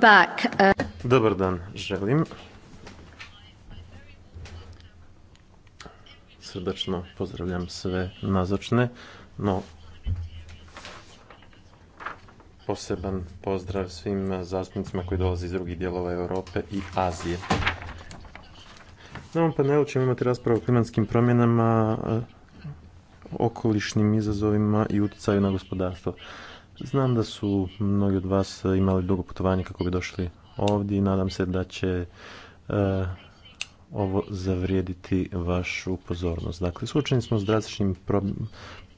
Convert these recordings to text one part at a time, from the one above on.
back. Uh, Dobar dan, želim. Srdačno pozdravljam sve nazočne, no poseban pozdrav svim zastupnicima koji dolaze iz drugih dijelova Europe i Azije. Na ovom panelu ćemo imati raspravu o klimatskim promjenama, okolišnim izazovima i utjecaju na gospodarstvo. Znam da su mnogi od vas imali dugo putovanje kako bi došli ovdje i nadam se da će e, ovo zavrijediti vašu pozornost. Dakle, suočeni smo s drastičnim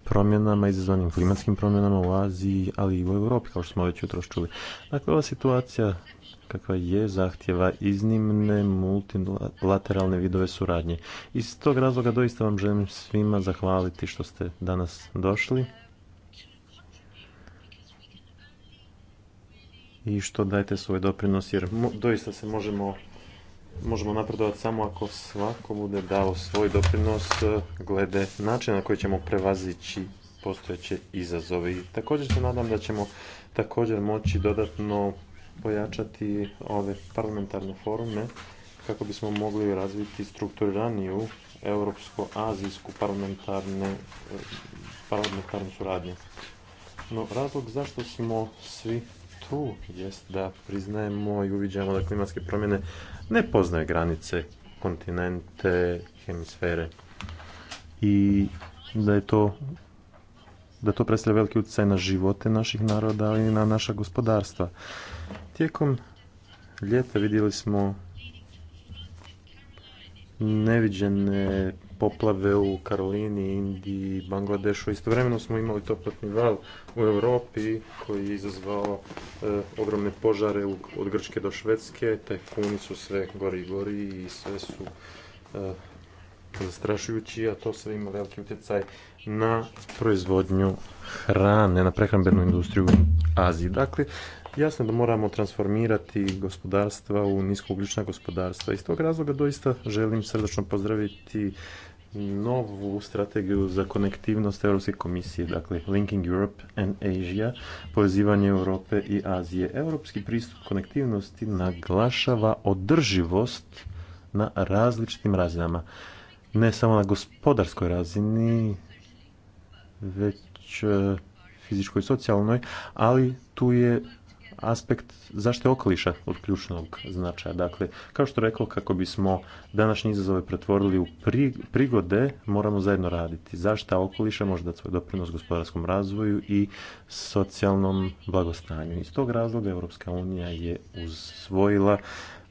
promjenama, izazvanim klimatskim promjenama u Aziji, ali i u Europi, kao što smo već jutro čuli. Dakle, ova situacija kakva je zahtjeva iznimne multilateralne vidove suradnje. Iz tog razloga doista vam želim svima zahvaliti što ste danas došli. i što dajte svoj doprinos jer doista se možemo možemo napredovati samo ako svako bude dao svoj doprinos e, glede načina na koji ćemo prevazići postojeće izazove. također se nadam da ćemo također moći dodatno pojačati ove parlamentarne forume kako bismo mogli razviti strukturiraniju europsko-azijsku parlamentarne, parlamentarnu suradnju. No, razlog zašto smo svi tu jest da priznajemo i uviđamo da klimatske promjene ne poznaju granice, kontinente, hemisfere i da je to da to predstavlja veliki utjecaj na živote naših naroda i na naša gospodarstva. Tijekom ljeta vidjeli smo neviđene poplave u Karolini, Indiji, Bangladešu. Istovremeno smo imali toplatni val u Europi koji je izazvao eh, ogromne požare u, od Grčke do Švedske. Tajfuni su sve gori i gori i sve su eh, zastrašujući, a to sve ima veliki utjecaj na proizvodnju hrane, na prehrambenu industriju u Aziji. Dakle, Jasno da moramo transformirati gospodarstva u niskougljična gospodarstva. Iz tog razloga doista želim srdačno pozdraviti novu strategiju za konektivnost Europske komisije, dakle Linking Europe and Asia, povezivanje Europe i Azije. Europski pristup konektivnosti naglašava održivost na različitim razinama. Ne samo na gospodarskoj razini, već e, fizičkoj i socijalnoj, ali tu je aspekt zaštite okoliša od ključnog značaja. Dakle, kao što rekao, kako bismo današnje izazove pretvorili u prigode, moramo zajedno raditi. Zaštita okoliša može dati svoj doprinos gospodarskom razvoju i socijalnom blagostanju. Iz tog razloga Europska unija je usvojila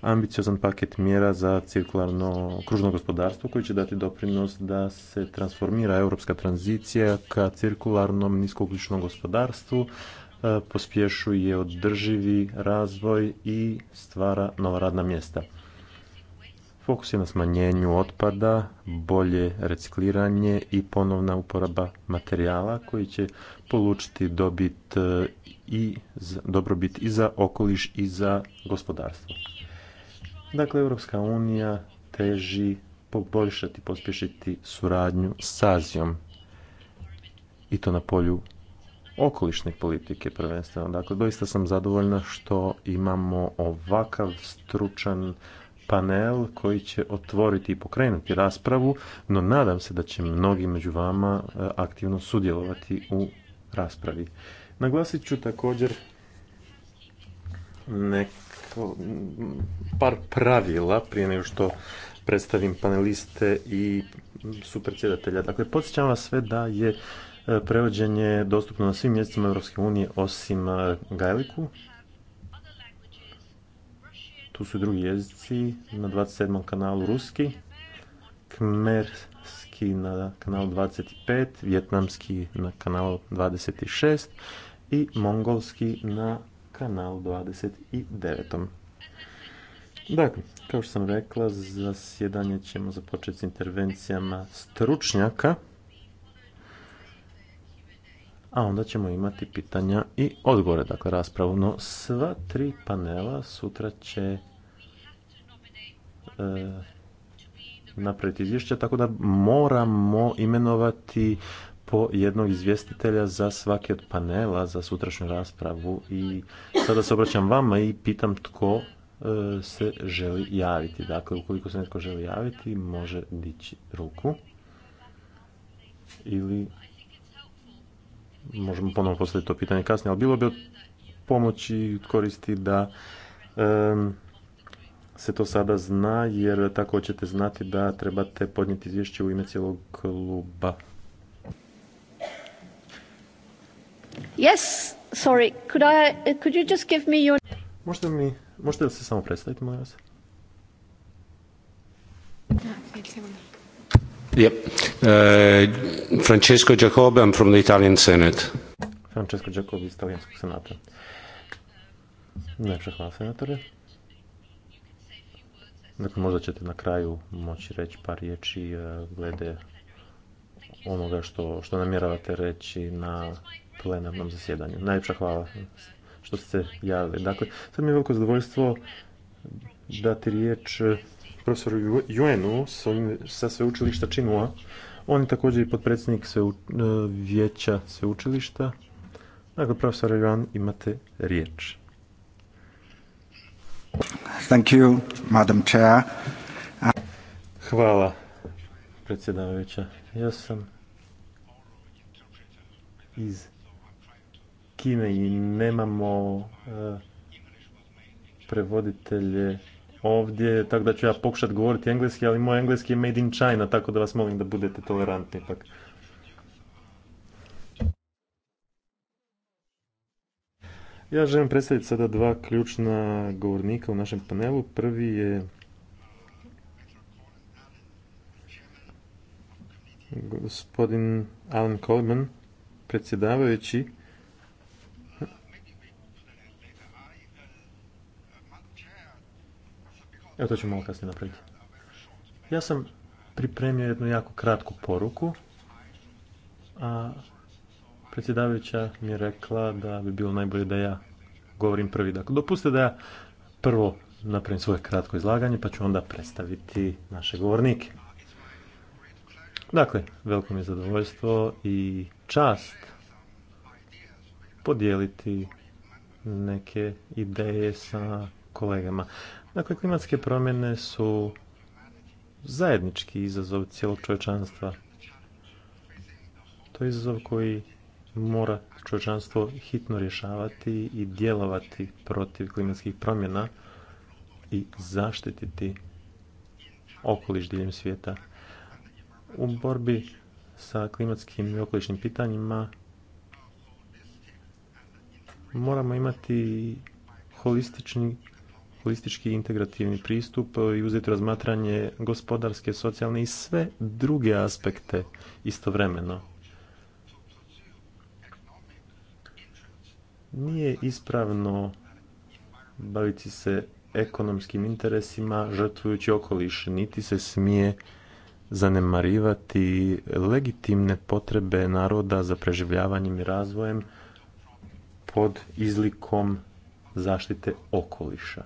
ambiciozan paket mjera za cirkularno kružno gospodarstvo koji će dati doprinos da se transformira europska tranzicija ka cirkularnom niskougljičnom gospodarstvu E, pospješuje održivi razvoj i stvara nova radna mjesta. Fokus je na smanjenju otpada, bolje recikliranje i ponovna uporaba materijala koji će polučiti dobit e, i dobrobit i za okoliš i za gospodarstvo. Dakle, Europska unija teži poboljšati, pospješiti suradnju s Azijom i to na polju okolišne politike prvenstveno. Dakle, doista sam zadovoljna što imamo ovakav stručan panel koji će otvoriti i pokrenuti raspravu, no nadam se da će mnogi među vama e, aktivno sudjelovati u raspravi. Naglasit ću također neko, par pravila prije nego što predstavim paneliste i supredsjedatelja. Dakle, podsjećam vas sve da je E, prevođenje dostupno na svim mjestima Europske unije osim e, Gajliku. Tu su drugi jezici, na 27. kanalu ruski, kmerski na kanalu 25, vjetnamski na kanalu 26 i mongolski na kanalu 29. Dakle, kao što sam rekla, zasjedanje ćemo započeti s intervencijama stručnjaka a onda ćemo imati pitanja i odgovore, dakle raspravu. No, sva tri panela sutra će e, napraviti izvješće, tako da moramo imenovati po jednog izvjestitelja za svaki od panela za sutrašnju raspravu i sada se obraćam vama i pitam tko e, se želi javiti. Dakle, ukoliko se netko želi javiti, može dići ruku ili možemo ponovno postaviti to pitanje kasnije, ali bilo bi od pomoći koristi da se to sada zna, jer tako ćete znati da trebate podnijeti izvješće u ime cijelog kluba. Yes, Možete, mi, li se samo predstaviti, molim vas? Da, Yep. Uh, Francesco Giacobbe, I'm from the Italian Senate. Francesco Giacobbe iz Italijanskog senata. senatore. Dakle, možda ćete na kraju moći reći par riječi uh, glede onoga što, što namjeravate reći na plenarnom zasjedanju. Najljepša hvala što ste javili. Dakle, sad mi je veliko zadovoljstvo dati riječ profesoru Juenu sa sveučilišta Činua. On je također i podpredsjednik e, vijeća sveučilišta. Dakle, profesor Juan, imate riječ. Thank you, Madam Hvala, predsjedavajuća. Ja sam iz Kine i nemamo e, prevoditelje ovdje, tako da ću ja pokušati govoriti engleski, ali moj engleski je made in China, tako da vas molim da budete tolerantni ipak. Ja želim predstaviti sada dva ključna govornika u našem panelu. Prvi je gospodin Alan Coleman, predsjedavajući Evo to ćemo malo kasnije napraviti. Ja sam pripremio jednu jako kratku poruku, a predsjedavajuća mi je rekla da bi bilo najbolje da ja govorim prvi. Dakle, dopustite da ja prvo napravim svoje kratko izlaganje, pa ću onda predstaviti naše govornike. Dakle, veliko mi je zadovoljstvo i čast podijeliti neke ideje sa kolegama. Dakle, klimatske promjene su zajednički izazov cijelog čovječanstva. To je izazov koji mora čovječanstvo hitno rješavati i djelovati protiv klimatskih promjena i zaštititi okoliš diljem svijeta. U borbi sa klimatskim i okolišnim pitanjima moramo imati holistični holistički integrativni pristup i uzeti razmatranje gospodarske, socijalne i sve druge aspekte istovremeno. Nije ispravno baviti se ekonomskim interesima žrtvujući okoliš, niti se smije zanemarivati legitimne potrebe naroda za preživljavanjem i razvojem pod izlikom zaštite okoliša.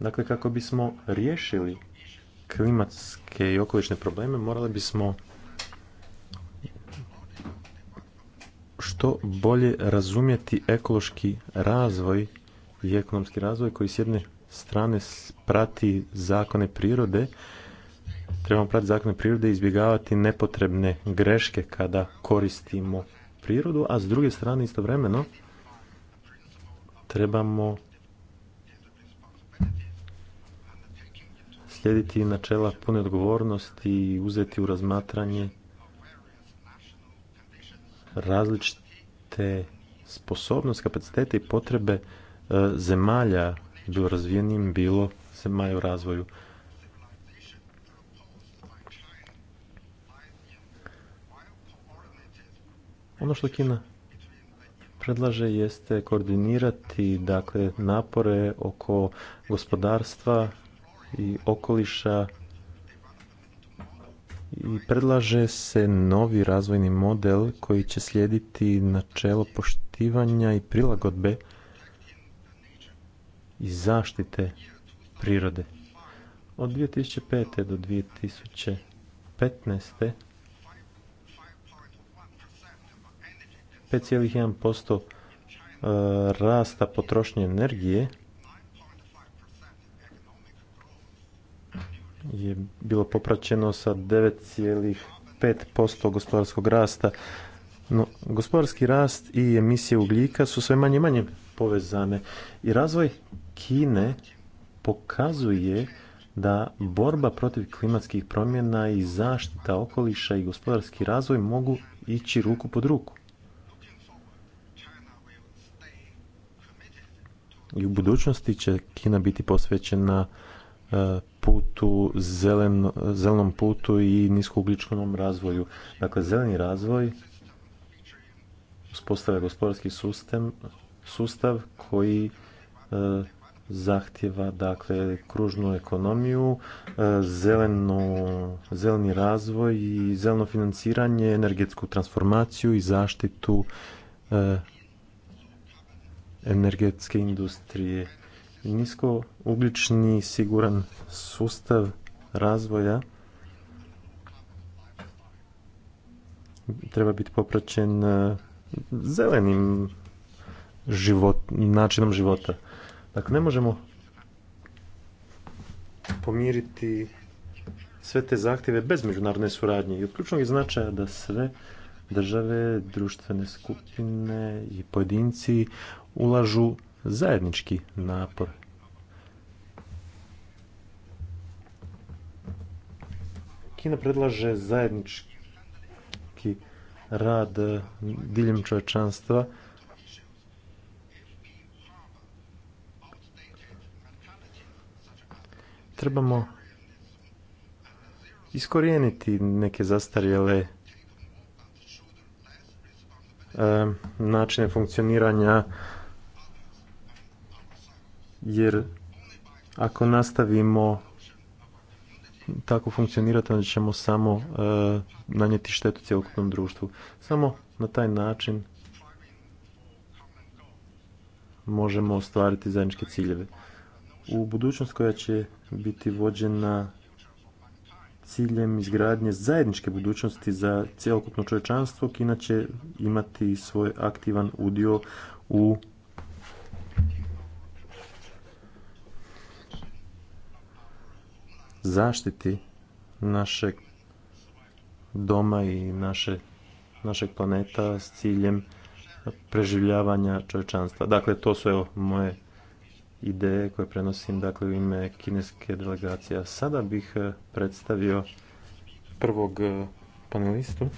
Dakle, kako bismo riješili klimatske i okolišne probleme, morali bismo što bolje razumjeti ekološki razvoj i ekonomski razvoj koji s jedne strane prati zakone prirode, trebamo prati zakone prirode i izbjegavati nepotrebne greške kada koristimo prirodu, a s druge strane istovremeno trebamo slijediti načela pune odgovornosti i uzeti u razmatranje različite sposobnosti, kapacitete i potrebe e, zemalja, bilo razvijenim, bilo zemalja u razvoju. Ono što Kina predlaže jeste koordinirati dakle napore oko gospodarstva i okoliša i predlaže se novi razvojni model koji će slijediti načelo poštivanja i prilagodbe i zaštite prirode. Od 2005. do 2015. 5,1% e, rasta potrošnje energije je bilo popraćeno sa 9,5% gospodarskog rasta. No, gospodarski rast i emisije ugljika su sve manje i manje povezane i razvoj Kine pokazuje da borba protiv klimatskih promjena i zaštita okoliša i gospodarski razvoj mogu ići ruku pod ruku. I u budućnosti će Kina biti posvećena e, putu, zelenom putu i niskougličkom razvoju. Dakle, zeleni razvoj uspostavlja gospodarski sustav, sustav koji e, zahtjeva dakle kružnu ekonomiju, e, zeleni razvoj i zeleno financiranje, energetsku transformaciju i zaštitu e, energetske industrije nisko ugljični siguran sustav razvoja treba biti popraćen e, zelenim život, načinom života. Dakle, ne možemo pomiriti sve te zahtjeve bez međunarodne suradnje. I od ključnog je značaja da sve države, društvene skupine i pojedinci ulažu zajednički napor. Kina predlaže zajednički rad e, diljem čovječanstva trebamo iskorijeniti neke zastarjele e, načine funkcioniranja jer ako nastavimo tako funkcionirati, onda ćemo samo e, nanijeti štetu cjelokupnom društvu. Samo na taj način možemo ostvariti zajedničke ciljeve. U budućnost koja će biti vođena ciljem izgradnje zajedničke budućnosti za cjelokupno čovječanstvo, Kina će imati svoj aktivan udio u zaštiti našeg doma i naše, našeg planeta s ciljem preživljavanja čovječanstva. Dakle, to su evo moje ideje koje prenosim dakle, u ime kineske delegacije. Sada bih e, predstavio prvog e, panelistu.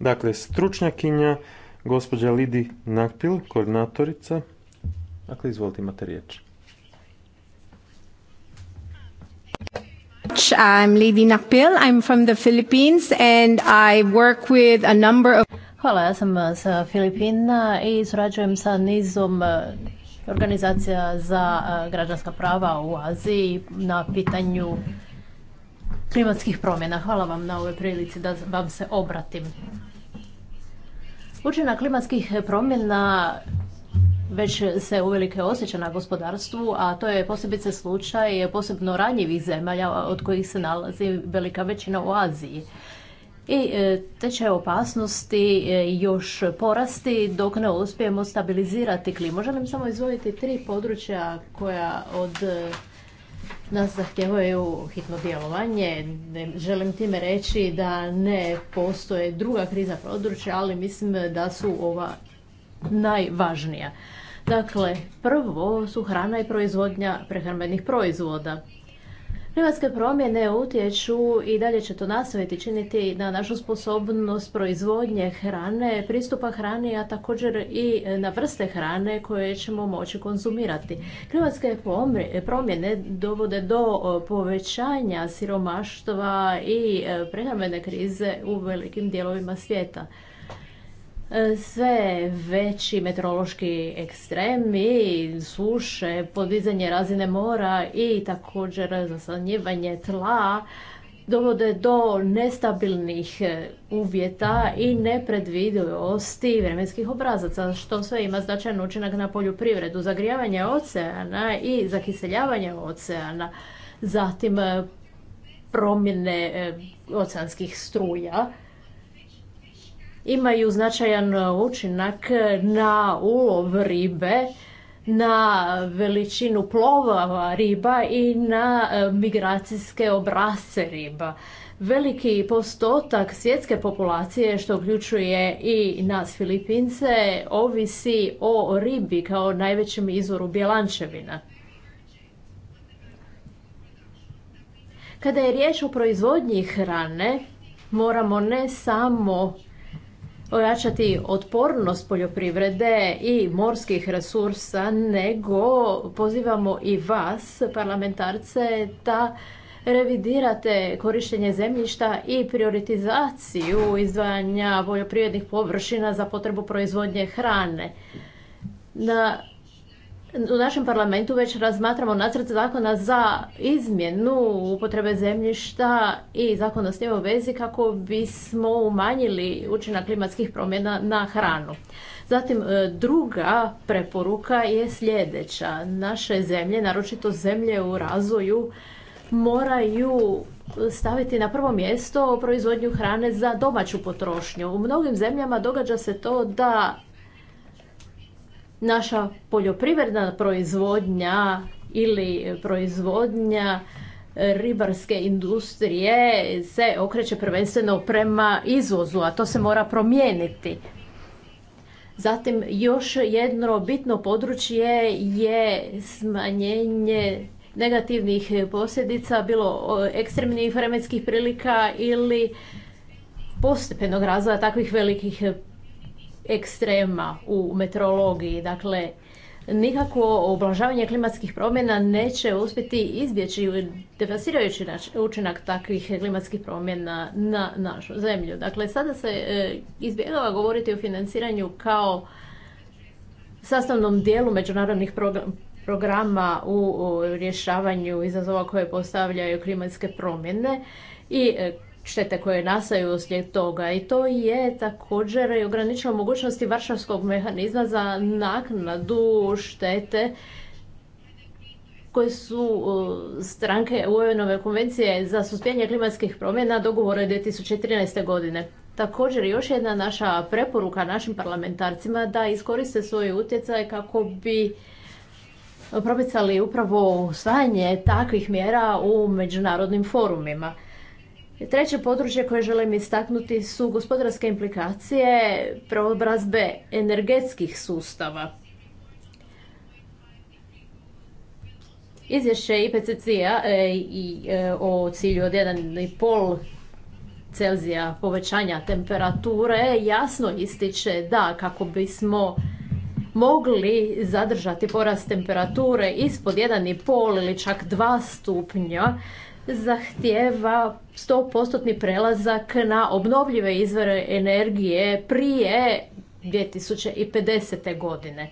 Dakle, stručnjakinja, gospođa Lidi Nakpil, koordinatorica. Dakle, izvolite, imate riječ. I'm Nakpil. I'm from the Philippines and I work with a number of... Hvala, ja sam eh, sa Filipina i surađujem sa nizom eh, organizacija za eh, građanska prava u Aziji na pitanju klimatskih promjena. Hvala vam na ovoj prilici da vam se obratim. Učinak klimatskih promjena već se uvelike osjeća na gospodarstvu, a to je posebice slučaj posebno ranjivih zemalja od kojih se nalazi velika većina u Aziji. I e, te će opasnosti e, još porasti dok ne uspijemo stabilizirati klimu. Želim samo izvojiti tri područja koja od nas zahtjevaju hitno djelovanje. želim time reći da ne postoje druga kriza područja, ali mislim da su ova najvažnija. Dakle, prvo su hrana i proizvodnja prehrambenih proizvoda. Klimatske promjene utječu i dalje će to nastaviti činiti na našu sposobnost proizvodnje hrane, pristupa hrani, a također i na vrste hrane koje ćemo moći konzumirati. Klimatske promjene dovode do povećanja siromaštva i e, prehrambene krize u velikim dijelovima svijeta sve veći meteorološki ekstremi, suše, podizanje razine mora i također zasanjivanje tla dovode do nestabilnih uvjeta i nepredvidivosti vremenskih obrazaca, što sve ima značajan učinak na poljoprivredu, zagrijavanje oceana i zakiseljavanje oceana, zatim e, promjene e, oceanskih struja imaju značajan e, učinak na ulov ribe, na veličinu plova riba i na e, migracijske obrasce riba. Veliki postotak svjetske populacije, što uključuje i nas Filipince, ovisi o ribi kao najvećem izvoru bjelančevina. Kada je riječ o proizvodnji hrane, moramo ne samo ojačati otpornost poljoprivrede i morskih resursa, nego pozivamo i vas, parlamentarce, da revidirate korištenje zemljišta i prioritizaciju izdvajanja poljoprivrednih površina za potrebu proizvodnje hrane. Na u našem parlamentu već razmatramo nacrt zakona za izmjenu upotrebe zemljišta i zakona s njim u vezi kako bismo umanjili učinak klimatskih promjena na hranu. Zatim, e, druga preporuka je sljedeća. Naše zemlje, naročito zemlje u razvoju, moraju staviti na prvo mjesto proizvodnju hrane za domaću potrošnju. U mnogim zemljama događa se to da naša poljoprivredna proizvodnja ili proizvodnja e, ribarske industrije se okreće prvenstveno prema izvozu, a to se mora promijeniti. Zatim još jedno bitno područje je smanjenje negativnih posljedica, bilo ekstremnih vremenskih prilika ili postepenog razvoja takvih velikih ekstrema u meteorologiji. Dakle, nikako ublažavanje klimatskih promjena neće uspjeti izbjeći devastirajući učinak takvih klimatskih promjena na našu zemlju. Dakle, sada se e, izbjegava govoriti o financiranju kao sastavnom dijelu međunarodnih programa u rješavanju izazova koje postavljaju klimatske promjene i e, štete koje nastaju uslijed toga i to je također i ograničeno mogućnosti varšavskog mehanizma za naknadu štete koje su stranke UN-ove konvencije za suspjenje klimatskih promjena dogovore 2013. godine. Također još jedna naša preporuka našim parlamentarcima da iskoriste svoj utjecaje kako bi propicali upravo usvajanje takvih mjera u međunarodnim forumima. Treće područje koje želim istaknuti su gospodarske implikacije preobrazbe energetskih sustava. Izvješće IPCC-a i e, e, o cilju od 1,5 Celzija povećanja temperature jasno ističe da kako bismo mogli zadržati porast temperature ispod 1,5 ili čak 2 stupnja, zahtjeva 100% prelazak na obnovljive izvore energije prije 2050. godine.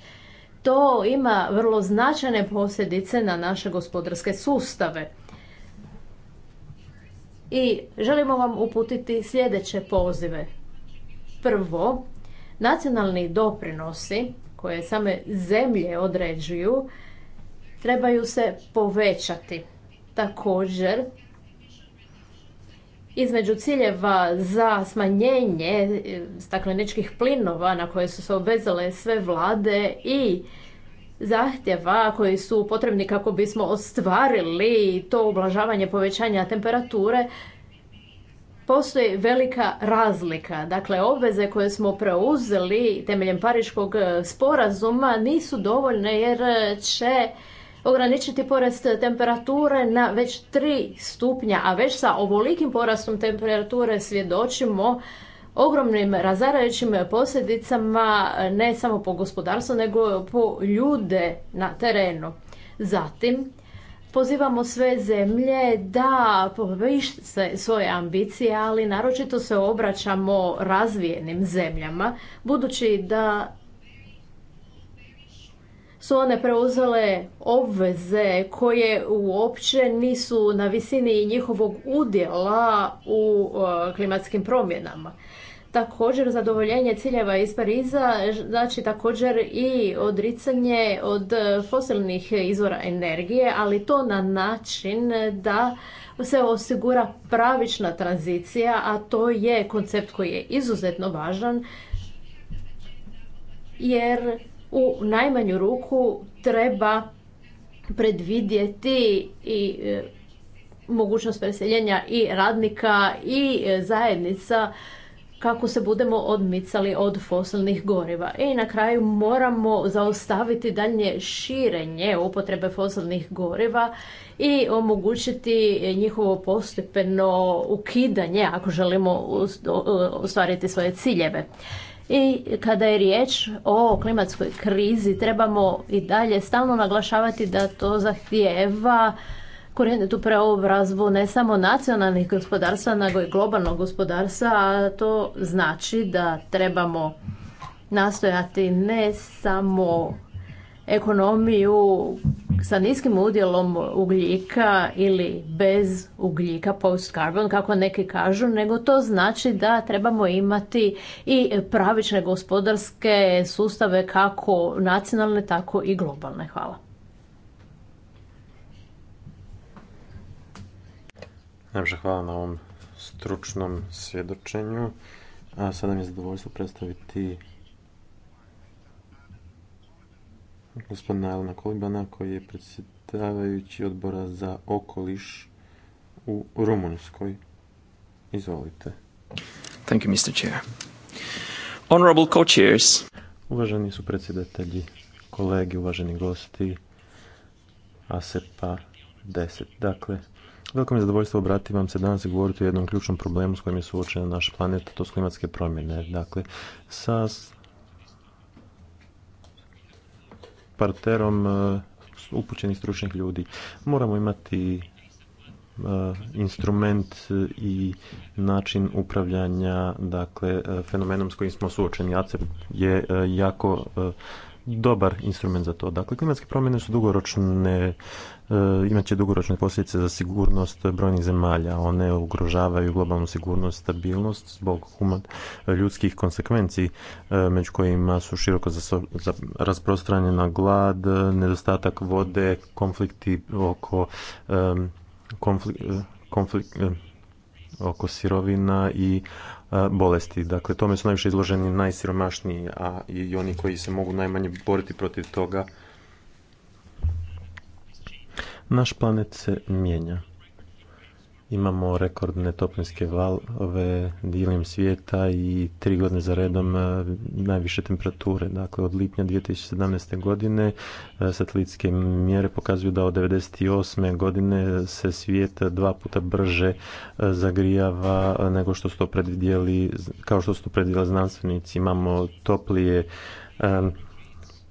To ima vrlo značajne posljedice na naše gospodarske sustave. I želimo vam uputiti sljedeće pozive. Prvo, nacionalni doprinosi koje same zemlje određuju trebaju se povećati Također, između ciljeva za smanjenje e, stakleničkih plinova na koje su se obvezale sve vlade i zahtjeva koji su potrebni kako bismo ostvarili to ublažavanje povećanja temperature, postoji velika razlika. Dakle, obveze koje smo preuzeli temeljem Pariškog sporazuma nisu dovoljne jer će ograničiti porast temperature na već 3 stupnja, a već sa ovolikim porastom temperature svjedočimo ogromnim razarajućim posljedicama ne samo po gospodarstvo nego po ljude na terenu. Zatim, pozivamo sve zemlje da povište svoje ambicije, ali naročito se obraćamo razvijenim zemljama, budući da su one preuzele obveze koje uopće nisu na visini njihovog udjela u e, klimatskim promjenama. Također zadovoljenje ciljeva iz Pariza znači također i odricanje od fosilnih izvora energije, ali to na način da se osigura pravična tranzicija, a to je koncept koji je izuzetno važan jer u najmanju ruku treba predvidjeti i e, mogućnost preseljenja i radnika i e, zajednica kako se budemo odmicali od fosilnih goriva. I na kraju moramo zaustaviti dalje širenje upotrebe fosilnih goriva i omogućiti njihovo postepeno ukidanje ako želimo ostvariti svoje ciljeve. I kada je riječ o klimatskoj krizi, trebamo i dalje stalno naglašavati da to zahtijeva korijenitu preobrazbu ne samo nacionalnih gospodarstva, nego i globalnog gospodarstva, a to znači da trebamo nastojati ne samo ekonomiju sa niskim udjelom ugljika ili bez ugljika post carbon kako neki kažu, nego to znači da trebamo imati i pravične gospodarske sustave kako nacionalne tako i globalne. Hvala. hvala na ovom stručnom svjedočenju. A sada mi je zadovoljstvo predstaviti gospodina Elena Kolibana koji je predsjedavajući odbora za okoliš u Rumunjskoj. Izvolite. Thank you, Mr. Chair. Honorable co-chairs. Uvaženi su predsjedatelji, kolegi, uvaženi gosti ASEPA 10. Dakle, veliko mi je zadovoljstvo obrati vam se danas i govoriti o jednom ključnom problemu s kojim je suočena naš planet, to su klimatske promjene. Dakle, sa Parterom e, upućenih stručnih ljudi. Moramo imati e, instrument i način upravljanja dakle, e, fenomenom s kojim smo suočeni. ACEP je jako dobar instrument za to. Dakle, klimatske promjene su dugoročne, e, imat će dugoročne posljedice za sigurnost brojnih zemalja. One ugrožavaju globalnu sigurnost, stabilnost zbog human, ljudskih konsekvenci, e, među kojima su široko rasprostranjena glad, nedostatak vode, konflikti oko e, konflikt oko sirovina i bolesti. Dakle, tome su najviše izloženi najsiromašniji, a i oni koji se mogu najmanje boriti protiv toga. Naš planet se mijenja. Imamo rekordne toplinske valove diljem svijeta i tri godine za redom e, najviše temperature. Dakle, od lipnja 2017. godine e, satelitske mjere pokazuju da od 1998. godine se svijet dva puta brže e, zagrijava nego što su to predvidjeli, kao što su to predvidjeli znanstvenici. Imamo toplije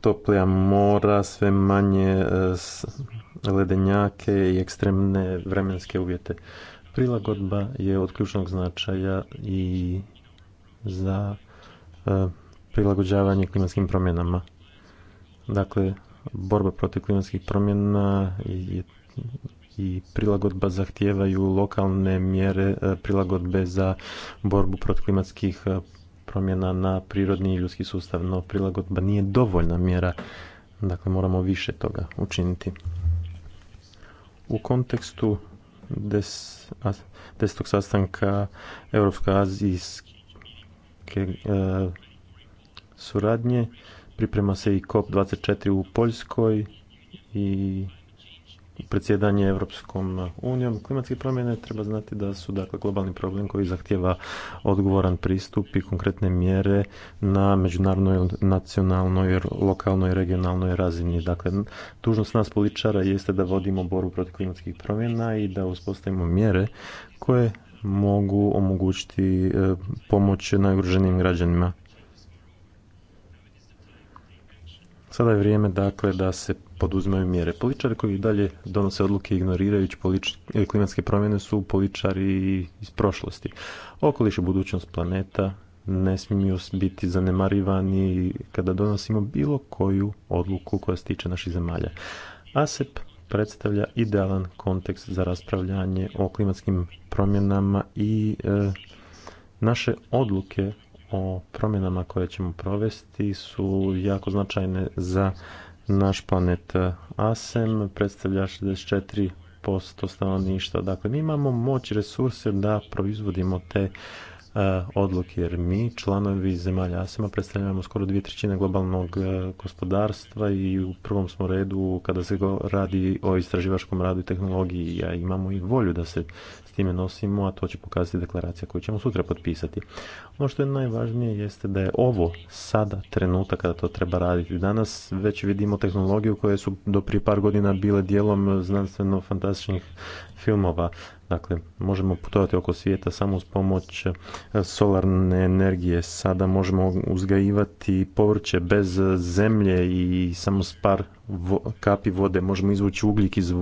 toplija mora, sve manje ledenjake i ekstremne vremenske uvjete. Prilagodba je od ključnog značaja i za e, prilagođavanje klimatskim promjenama. Dakle, borba protiv klimatskih promjena i prilagodba zahtijevaju lokalne mjere e, prilagodbe za borbu protiv klimatskih e, promjena na prirodni i ljudski sustav, no prilagodba nije dovoljna mjera, dakle moramo više toga učiniti. U kontekstu des, desetog sastanka Europske azijske e, suradnje priprema se i COP24 u Poljskoj i i predsjedanje Europskom unijom. Klimatske promjene treba znati da su dakle globalni problem koji zahtjeva odgovoran pristup i konkretne mjere na međunarodnoj, nacionalnoj, lokalnoj, regionalnoj razini. Dakle, dužnost nas političara jeste da vodimo boru protiv klimatskih promjena i da uspostavimo mjere koje mogu omogućiti e, pomoć najugroženijim građanima. Sada je vrijeme dakle da se poduzmaju mjere. Poličari koji dalje donose odluke ignorirajući eh, klimatske promjene su poličari iz prošlosti. Okoliš i budućnost planeta ne smiju biti zanemarivani kada donosimo bilo koju odluku koja se tiče naših zemalja. ASEP predstavlja idealan kontekst za raspravljanje o klimatskim promjenama i eh, naše odluke o promjenama koje ćemo provesti su jako značajne za naš planet ASEM, predstavlja 64% stanovništva. Dakle, mi imamo moć resurse da proizvodimo te e, odluke, jer mi, članovi zemalja asem predstavljamo skoro dvije trećine globalnog e, gospodarstva i u prvom smo redu kada se radi o istraživačkom radu i tehnologiji, ja imamo i volju da se s time nosimo, a to će pokazati deklaracija koju ćemo sutra potpisati. Ono što je najvažnije jeste da je ovo sada trenutak kada to treba raditi. Danas već vidimo tehnologiju koje su do prije par godina bile dijelom znanstveno-fantastičnih filmova. Dakle, možemo putovati oko svijeta samo uz pomoć e, solarne energije. Sada možemo uzgajivati povrće bez zemlje i samo s par kapi vode. Možemo izvući ugljik iz,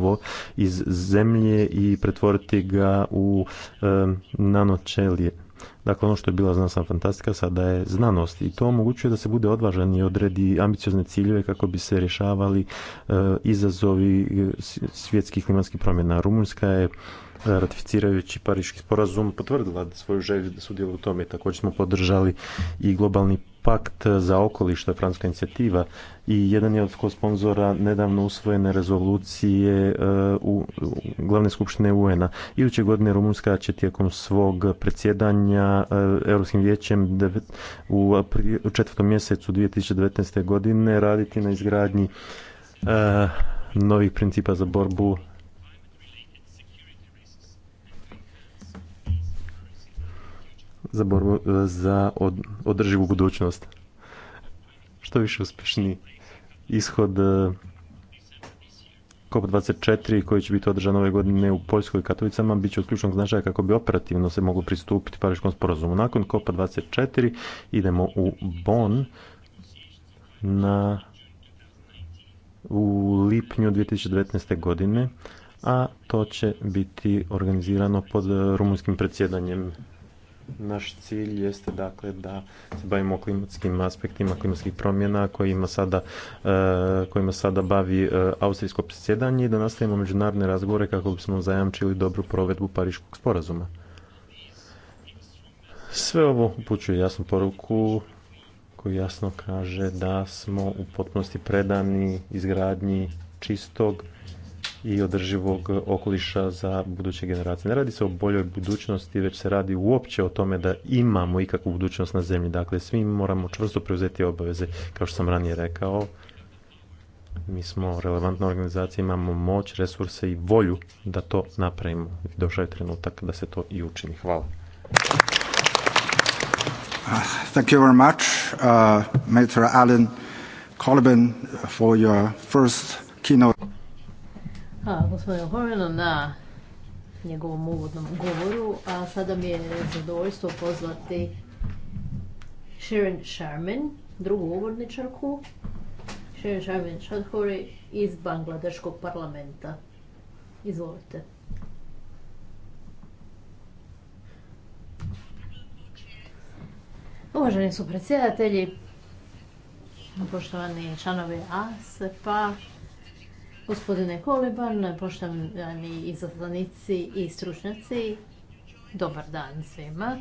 iz zemlje i pretvoriti ga u e, Dakle, ono što je bila znanstvena fantastika sada je znanost i to omogućuje da se bude odvažan i odredi ambiciozne ciljeve kako bi se rješavali e, izazovi e, svjetskih klimatskih promjena. Rumunjska je e, ratificirajući Pariški sporazum potvrdila svoju želju da sudjeluje u tome. Također smo podržali i globalni pakt za okoliš, to francuska inicijativa i jedan je od sponzora nedavno usvojene rezolucije e, u glavne skupštine UN-a. Iduće godine Rumunjska će tijekom svog predsjedanja e, Europskim vijećem u četvrtom mjesecu 2019. godine raditi na izgradnji e, novih principa za borbu za borbu e, za održivu budućnost. Što više uspješni ishod e, COP24 koji će biti održan ove godine u Poljskoj Katovicama bit će od ključnog značaja kako bi operativno se moglo pristupiti Pariškom sporazumu. Nakon COP24 idemo u Bonn na u lipnju 2019. godine, a to će biti organizirano pod e, rumunskim predsjedanjem naš cilj jeste dakle da se bavimo klimatskim aspektima klimatskih promjena kojima sada, e, kojima sada bavi e, austrijsko predsjedanje i da nastavimo međunarodne razgovore kako bismo zajamčili dobru provedbu pariškog sporazuma. Sve ovo upućuje jasnu poruku koji jasno kaže da smo u potpunosti predani izgradnji čistog i održivog okoliša za buduće generacije. Ne radi se o boljoj budućnosti, već se radi uopće o tome da imamo ikakvu budućnost na zemlji. Dakle, svi moramo čvrsto preuzeti obaveze. Kao što sam ranije rekao, mi smo relevantna organizacija, imamo moć, resurse i volju da to napravimo. Došao je trenutak da se to i učini. Hvala. Uh, thank you very much, uh, Mr. Alan Corbin, for your first keynote. Hvala gospodinu Horvino na njegovom uvodnom govoru, a sada mi je zadovoljstvo pozvati Shirin Sharmin, drugu uvodničarku, Sharon Sharman Shadhuri iz Bangladeškog parlamenta. Izvolite. Uvaženi su predsjedatelji, poštovani članovi ASF-a, Gospodine Koleban, poštovani izazvanici i stručnjaci, dobar dan svima.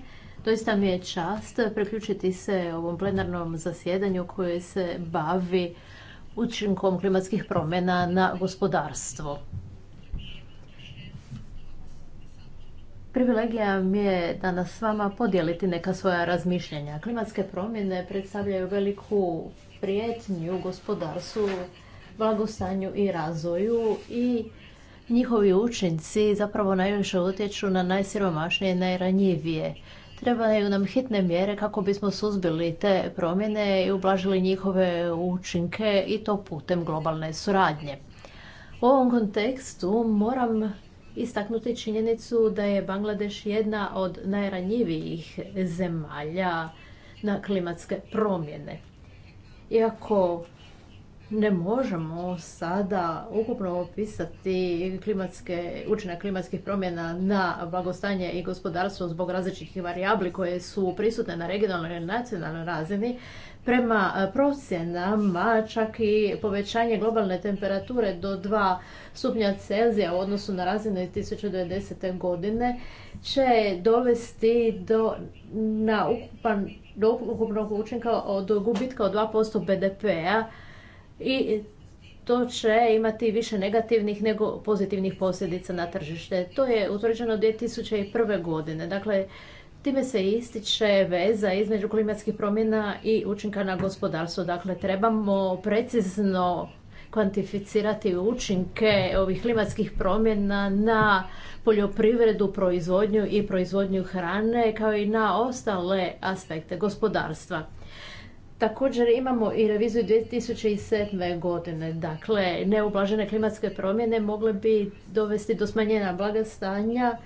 Doista mi je čast priključiti se ovom plenarnom zasjedanju koje se bavi učinkom klimatskih promjena na gospodarstvo. Privilegija mi je danas s vama podijeliti neka svoja razmišljanja. Klimatske promjene predstavljaju veliku prijetnju gospodarstvu blagostanju i razvoju i njihovi učinci zapravo najviše utječu na najsiromašnije i najranjivije. Trebaju nam hitne mjere kako bismo suzbili te promjene i ublažili njihove učinke i to putem globalne suradnje. U ovom kontekstu moram istaknuti činjenicu da je Bangladeš jedna od najranjivijih zemalja na klimatske promjene. Iako ne možemo sada ukupno opisati klimatske, učinak klimatskih promjena na blagostanje i gospodarstvo zbog različitih varijabli koje su prisutne na regionalnoj i nacionalnoj razini. Prema procjenama čak i povećanje globalne temperature do 2 stupnja Celzija u odnosu na razinu iz 1990. godine će dovesti do, ukupan, do ukupnog učinka od gubitka od 2% BDP-a i to će imati više negativnih nego pozitivnih posljedica na tržište. To je utvrđeno 2001. godine. Dakle, Time se ističe veza između klimatskih promjena i učinka na gospodarstvo. Dakle, trebamo precizno kvantificirati učinke ovih klimatskih promjena na poljoprivredu, proizvodnju i proizvodnju hrane, kao i na ostale aspekte gospodarstva. Također imamo i reviziju 2007. godine. Dakle, neublažene klimatske promjene mogle bi dovesti do smanjenja blagostanja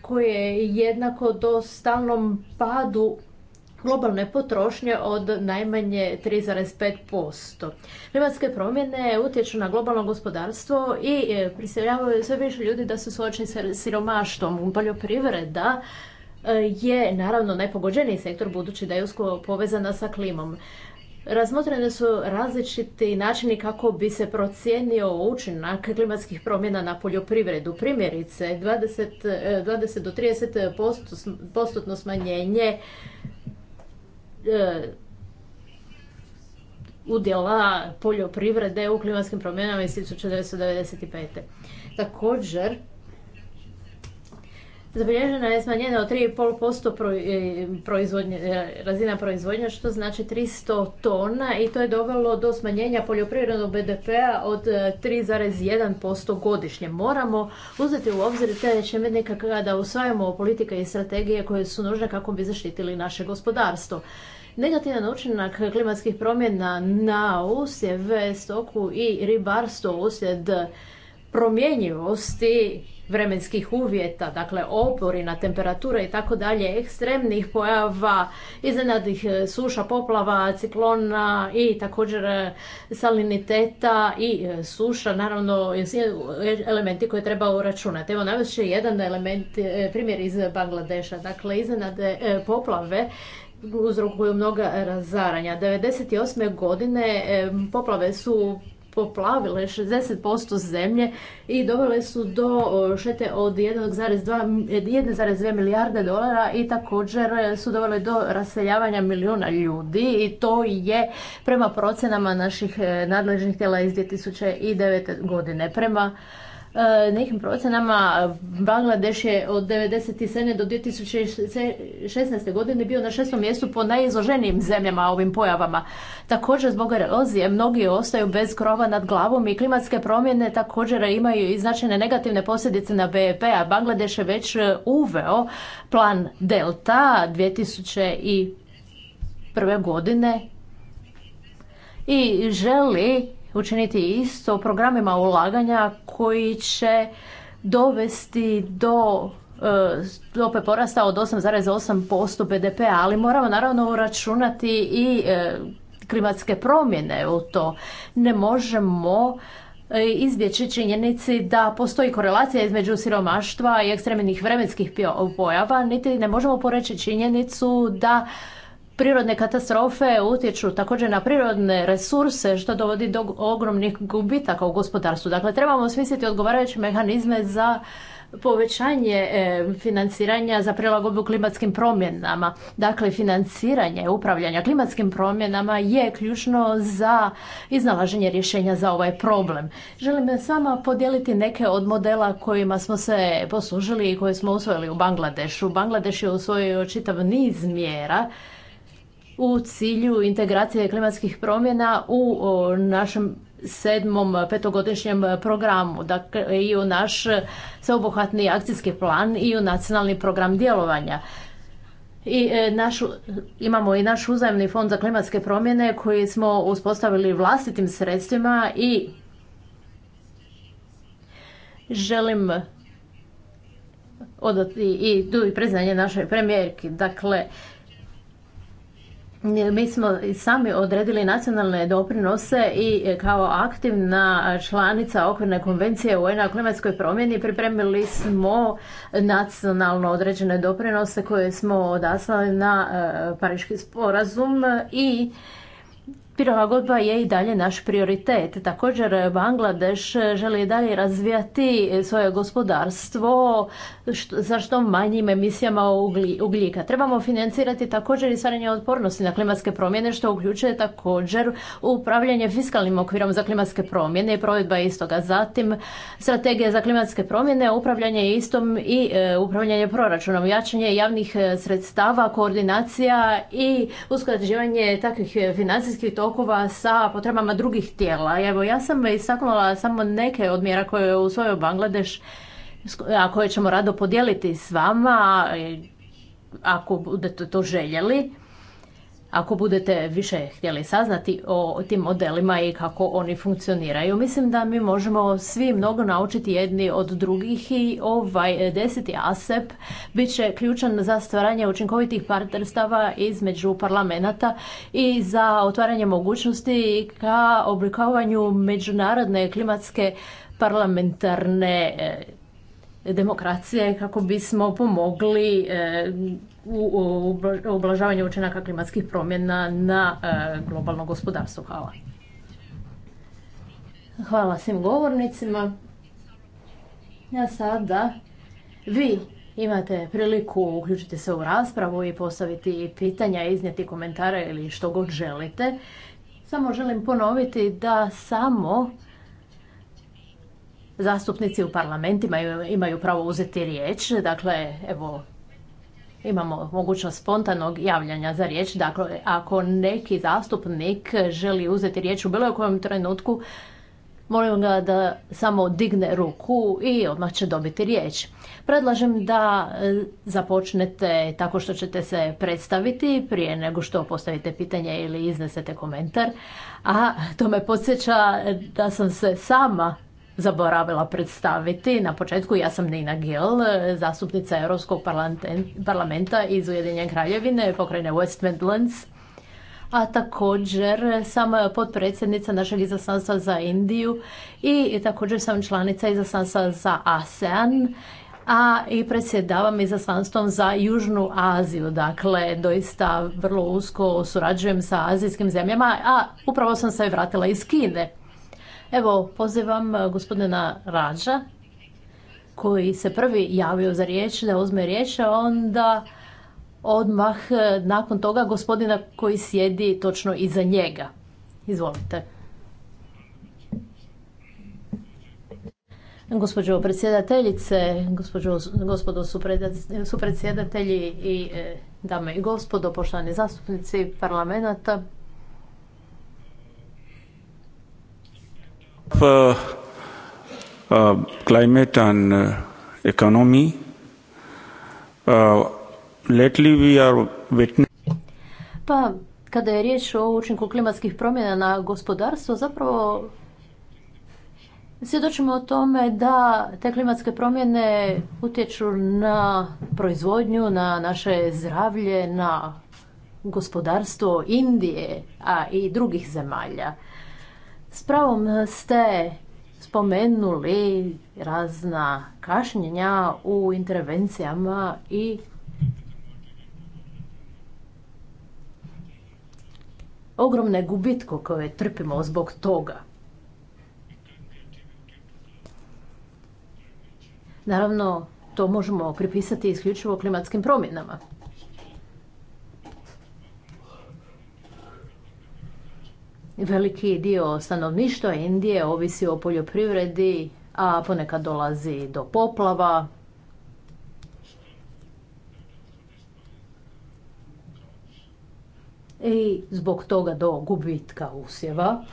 koje je jednako do stalnom padu globalne potrošnje od najmanje 3,5%. Klimatske promjene utječu na globalno gospodarstvo i e, prisiljavaju sve više ljudi da su suočeni sa siromaštvom. Poljoprivreda E, je naravno najpogođeniji sektor budući da je usko povezana sa klimom. Razmotrene su različiti načini kako bi se procijenio učinak klimatskih promjena na poljoprivredu. Primjerice, 20, e, do 30 postotno smanjenje e, udjela poljoprivrede u klimatskim promjenama iz 1995. Također, Zabilježena je smanjena od 3,5% e, proizvodnje, e, razina proizvodnja, što znači 300 tona i to je dovelo do smanjenja poljoprivrednog BDP-a od 3,1% e, godišnje. Moramo uzeti u obzir te čemednika kada usvajamo politike i strategije koje su nužne kako bi zaštitili naše gospodarstvo. Negativan učinak klimatskih promjena na usjeve, stoku i ribarstvo uslijed promjenjivosti vremenskih uvjeta, dakle oborina, temperature i tako dalje, ekstremnih pojava, iznenadnih e, suša, poplava, ciklona i također e, saliniteta i e, suša, naravno elementi koje treba uračunati. Evo navest ću jedan element, primjer iz Bangladeša, dakle iznenade poplave uzrokuju mnoga razaranja. 98. godine poplave su poplavile 60% zemlje i dovele su do šete od 1,2 milijarde dolara i također su dovele do raseljavanja milijuna ljudi i to je prema procjenama naših e, nadležnih tijela iz 2009. godine. Prema E, nekim procenama e, Bangladeš je od 1997. do 2016. godine bio na šestom mjestu po najizloženijim zemljama ovim pojavama. Također zbog erozije mnogi ostaju bez krova nad glavom i klimatske promjene također imaju i značajne negativne posljedice na BEP, a Bangladeš je već e, uveo plan Delta 2001. godine i želi učiniti isto programima ulaganja koji će dovesti do e, stope porasta od 8,8% BDP-a, ali moramo naravno uračunati i e, klimatske promjene u to. Ne možemo e, izbjeći činjenici da postoji korelacija između siromaštva i ekstremnih vremenskih pojava, niti ne možemo poreći činjenicu da Prirodne katastrofe utječu također na prirodne resurse što dovodi do ogromnih gubitaka u gospodarstvu. Dakle, trebamo smisliti odgovarajuće mehanizme za povećanje e, financiranja za prilagodbu klimatskim promjenama. Dakle, financiranje upravljanja klimatskim promjenama je ključno za iznalaženje rješenja za ovaj problem. Želim s vama podijeliti neke od modela kojima smo se poslužili i koje smo usvojili u Bangladešu. Bangladeš je usvojio čitav niz mjera u cilju integracije klimatskih promjena u našem sedmom petogodišnjem programu dakle, i u naš sveobuhvatni akcijski plan i u nacionalni program djelovanja. I e, imamo i naš uzajemni fond za klimatske promjene koji smo uspostavili vlastitim sredstvima i želim odati i tu i priznanje našoj premijerki. Dakle, mi smo sami odredili nacionalne doprinose i e, kao aktivna članica okvirne konvencije UN-a o klimatskoj promjeni pripremili smo nacionalno određene doprinose koje smo odaslali na e, Pariški sporazum i Prilagodba je i dalje naš prioritet. Također Bangladeš želi i dalje razvijati svoje gospodarstvo za što manjim emisijama ugljika. Trebamo financirati također i stvaranje otpornosti na klimatske promjene što uključuje također upravljanje fiskalnim okvirom za klimatske promjene i provedba istoga. Zatim strategija za klimatske promjene, upravljanje istom i e, upravljanje proračunom, jačanje javnih e, sredstava, koordinacija i usklađivanje takvih e, financijskih tokova sukoba sa potrebama drugih tijela. Evo, ja sam istaknula samo neke od mjera koje je usvojio Bangladeš, a koje ćemo rado podijeliti s vama, ako budete to željeli ako budete više htjeli saznati o tim modelima i kako oni funkcioniraju. Mislim da mi možemo svi mnogo naučiti jedni od drugih i ovaj deseti ASEP bit će ključan za stvaranje učinkovitih partnerstava između parlamenta i za otvaranje mogućnosti ka oblikovanju međunarodne klimatske parlamentarne demokracije kako bismo pomogli e, u ublažavanju učinaka klimatskih promjena na e, globalno gospodarstvo. Hvala. Hvala svim govornicima. Ja sada vi imate priliku uključiti se u raspravu i postaviti pitanja, iznijeti komentare ili što god želite. Samo želim ponoviti da samo zastupnici u parlamentima imaju pravo uzeti riječ. Dakle, evo, imamo mogućnost spontanog javljanja za riječ. Dakle, ako neki zastupnik želi uzeti riječ u bilo kojem trenutku, molim ga da samo digne ruku i odmah će dobiti riječ. Predlažem da e, započnete tako što ćete se predstaviti prije nego što postavite pitanje ili iznesete komentar. A to me podsjeća da sam se sama zaboravila predstaviti. Na početku ja sam Nina Gill, zastupnica Europskog parlamenta iz Ujedinjene kraljevine, pokrajine West Midlands. A također sam potpredsjednica našeg izaslanstva za Indiju i također sam članica izaslanstva za ASEAN a i predsjedavam izaslanstvom za Južnu Aziju. Dakle, doista vrlo usko surađujem sa azijskim zemljama, a upravo sam se vratila iz Kine. Evo, pozivam e, gospodina Rađa, koji se prvi javio za riječ, da uzme riječ, a onda odmah e, nakon toga gospodina koji sjedi točno iza njega. Izvolite. Gospođo predsjedateljice, gospođo, gospodo supredsjedatelji i e, dame i gospodo, poštovani zastupnici parlamenta, Uh, uh, climate and uh, economy, lately we are Pa, kada je riječ o učinku klimatskih promjena na gospodarstvo, zapravo svjedočimo o tome da te klimatske promjene utječu na proizvodnju, na naše zdravlje, na gospodarstvo Indije, a i drugih zemalja. S pravom eh, ste spomenuli razna kašnjenja u intervencijama i ogromne gubitko koje trpimo zbog toga. Naravno, to možemo pripisati isključivo klimatskim promjenama. Veliki dio stanovništva Indije ovisi o poljoprivredi, a ponekad dolazi do poplava. I zbog toga do gubitka usjeva.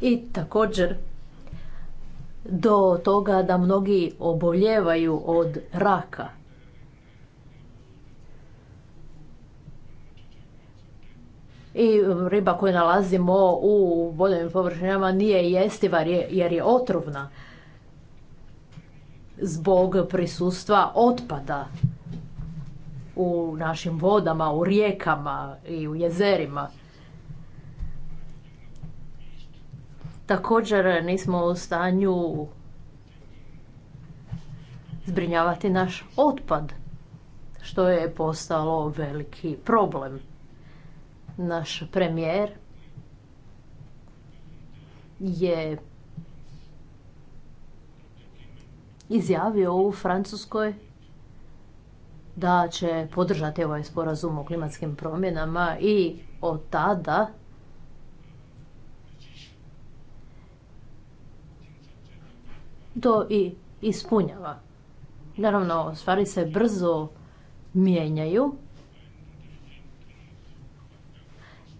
i također do toga da mnogi oboljevaju od raka. I riba koju nalazimo u vodnim površinama nije jestiva jer je otrovna zbog prisustva otpada u našim vodama, u rijekama i u jezerima. Također nismo u stanju zbrinjavati naš otpad, što je postalo veliki problem. Naš premijer je izjavio u Francuskoj da će podržati ovaj sporazum o klimatskim promjenama i od tada to i ispunjava. Naravno, stvari se brzo mijenjaju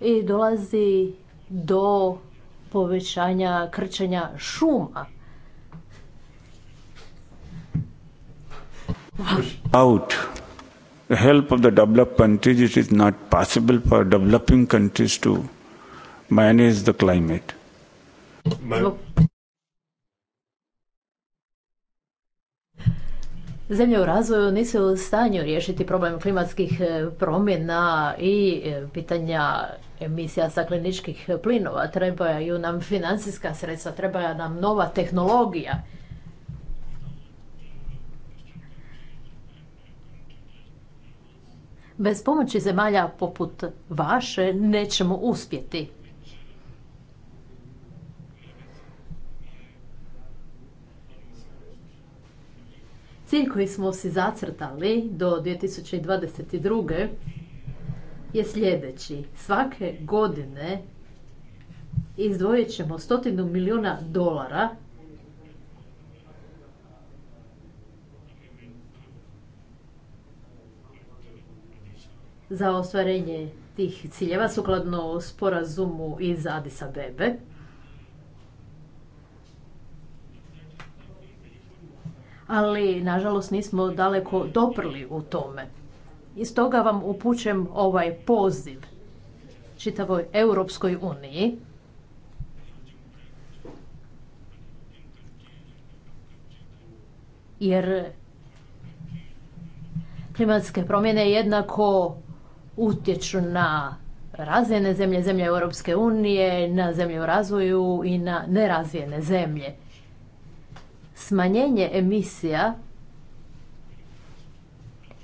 i dolazi do povećanja krčenja šuma. Out. Help of the developed countries, it is not possible for developing countries to manage the climate. zemlje u razvoju nisu u stanju riješiti problem klimatskih e, promjena i e, pitanja emisija stakleničkih plinova. Trebaju nam financijska sredstva, treba nam nova tehnologija. Bez pomoći zemalja poput vaše nećemo uspjeti. Cilj koji smo si zacrtali do 2022. je sljedeći. Svake godine izdvojit ćemo stotinu milijuna dolara za ostvarenje tih ciljeva sukladno sporazumu iz Adisa Bebe. ali nažalost nismo daleko doprli u tome. I stoga vam upućem ovaj poziv čitavoj Europskoj uniji jer klimatske promjene jednako utječu na razvijene zemlje, zemlje Europske unije, na zemlje u razvoju i na nerazvijene zemlje smanjenje emisija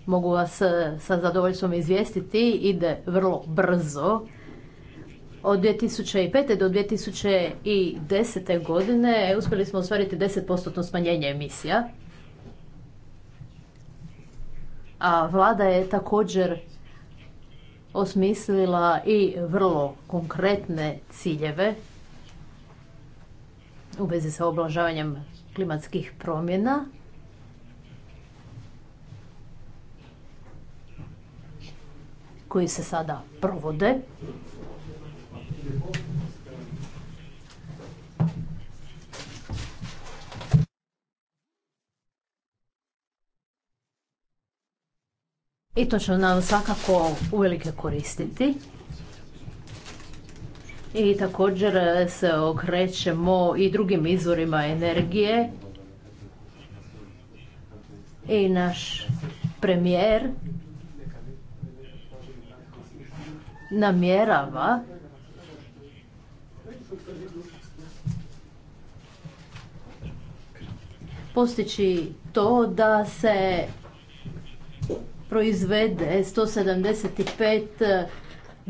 mogu vas e, sa zadovoljstvom izvijestiti, ide vrlo brzo. Od 2005. do 2010. godine uspjeli smo ostvariti 10% smanjenje emisija. A vlada je također osmislila i vrlo konkretne ciljeve u vezi sa oblažavanjem klimatskih promjena. koji se sada provode. I to će nam svakako uvelike koristiti i također e, se okrećemo i drugim izvorima energije i naš premijer namjerava postići to da se proizvede 175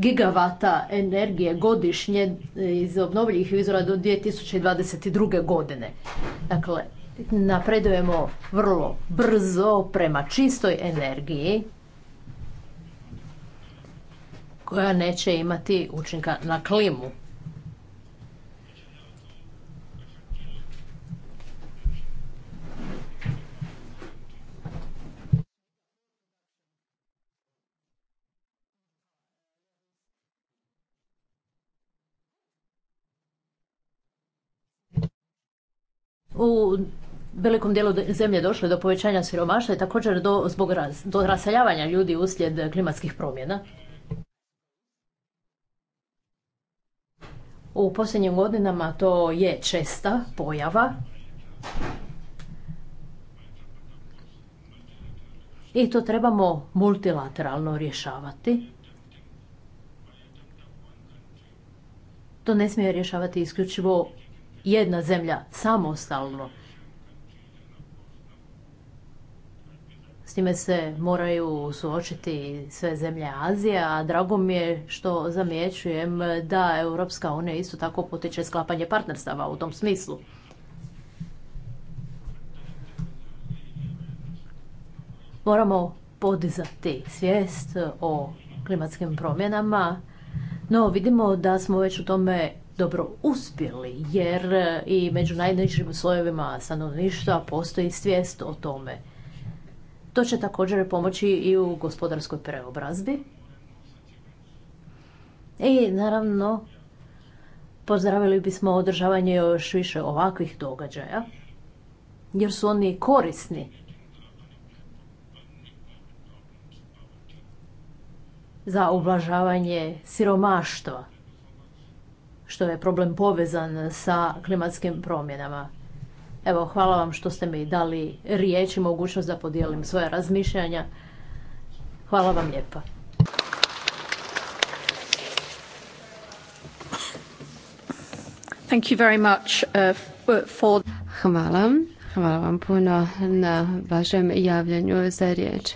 gigavata energije godišnje iz obnovljivih izvora do 2022. godine. Dakle, napredujemo vrlo brzo prema čistoj energiji koja neće imati učinka na klimu. u velikom dijelu zemlje došlo do povećanja siromaštva i također do, zbog raz, do raseljavanja ljudi uslijed klimatskih promjena. U posljednjim godinama to je česta pojava. I to trebamo multilateralno rješavati. To ne smije rješavati isključivo jedna zemlja samostalno. S time se moraju suočiti sve zemlje Azije, a drago mi je što zamjećujem da Europska unija isto tako potiče sklapanje partnerstava u tom smislu. Moramo podizati svijest o klimatskim promjenama, no vidimo da smo već u tome dobro uspjeli jer e, i među najnižim slojevima stanovništva postoji svijest o tome. To će također pomoći i u gospodarskoj preobrazbi. I naravno pozdravili bismo održavanje još više ovakvih događaja jer su oni korisni. za ublažavanje siromaštva što je problem povezan sa klimatskim promjenama. Evo, hvala vam što ste mi dali riječ i mogućnost da podijelim svoja razmišljanja. Hvala vam lijepa. Thank you very much uh, for... Hvala. Hvala vam puno na vašem javljanju za riječ.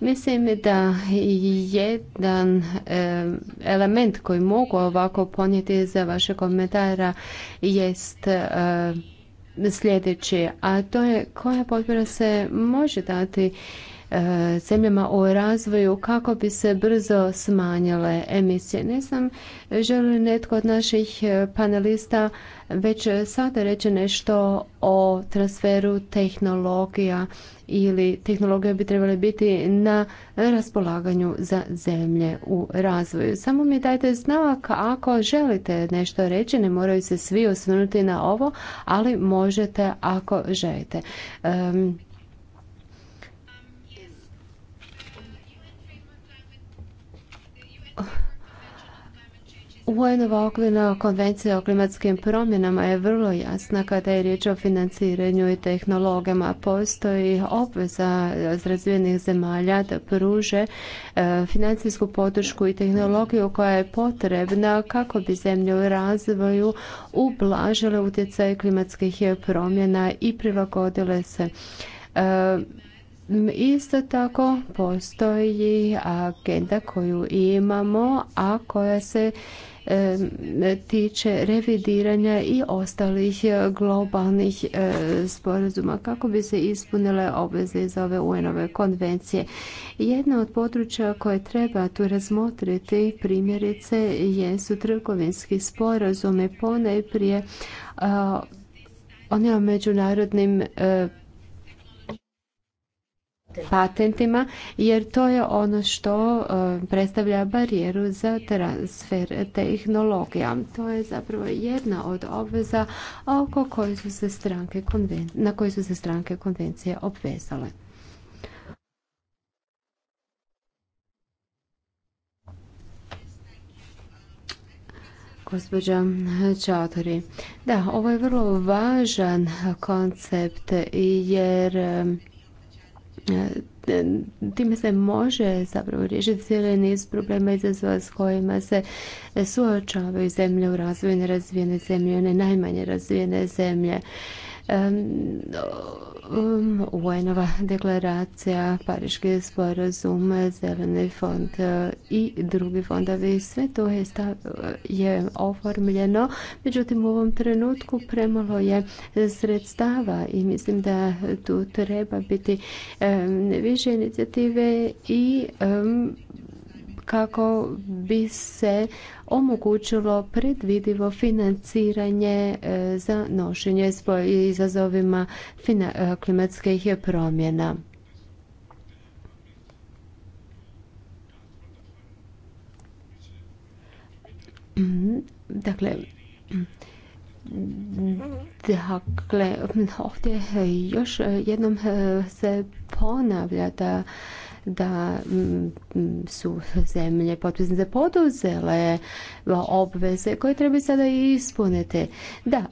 Mislim da jedan e, element koji mogu ovako ponijeti za vaše komentara jest e, sljedeći, a to je koja potpora se može dati E, zemljama u razvoju kako bi se brzo smanjile emisije. Ne znam, želi netko od naših e, panelista već sada reći nešto o transferu tehnologija ili tehnologije bi trebale biti na raspolaganju za zemlje u razvoju. Samo mi dajte znak ako želite nešto reći, ne moraju se svi osvrnuti na ovo, ali možete ako želite. UN-ova okvirna konvencija o klimatskim promjenama je vrlo jasna kada je riječ o financiranju i tehnologama. Postoji obveza razvijenih zemalja da pruže e, financijsku podršku i tehnologiju koja je potrebna kako bi zemlje u razvoju ublažile utjecaj klimatskih promjena i prilagodile se e, Isto tako postoji agenda koju imamo, a koja se tiče revidiranja i ostalih e, globalnih e, sporazuma kako bi se ispunile obveze iz ove UN-ove konvencije. Jedna od područja koje treba tu razmotriti primjerice jesu trgovinski sporazumi ponajprije o međunarodnim e, patentima jer to je ono što e, predstavlja barijeru za transfer tehnologija. To je zapravo jedna od obveza oko koje su se stranke, na koje su se stranke konvencije obvezale. gospođa Čatori. Da, ovo je vrlo važan koncept jer E, time se može zapravo riješiti cijeli niz problema izazova s kojima se suočavaju zemlje u razvoju razvijene zemlje, one najmanje razvijene zemlje. UN-ova deklaracija, Pariški sporazum, Zeleni fond e, i drugi fondovi, sve to je, stav, je oformljeno. Međutim, u ovom trenutku premalo je sredstava i mislim da tu treba biti više inicijative i kako bi se omogućilo predvidivo financiranje e, za nošenje s izazovima e, klimatskih promjena. Dakle, dakle, ovdje još jednom e, se ponavlja da da mm, mm, su zemlje potpisnice poduzele obveze koje treba sada i ispuniti. Da,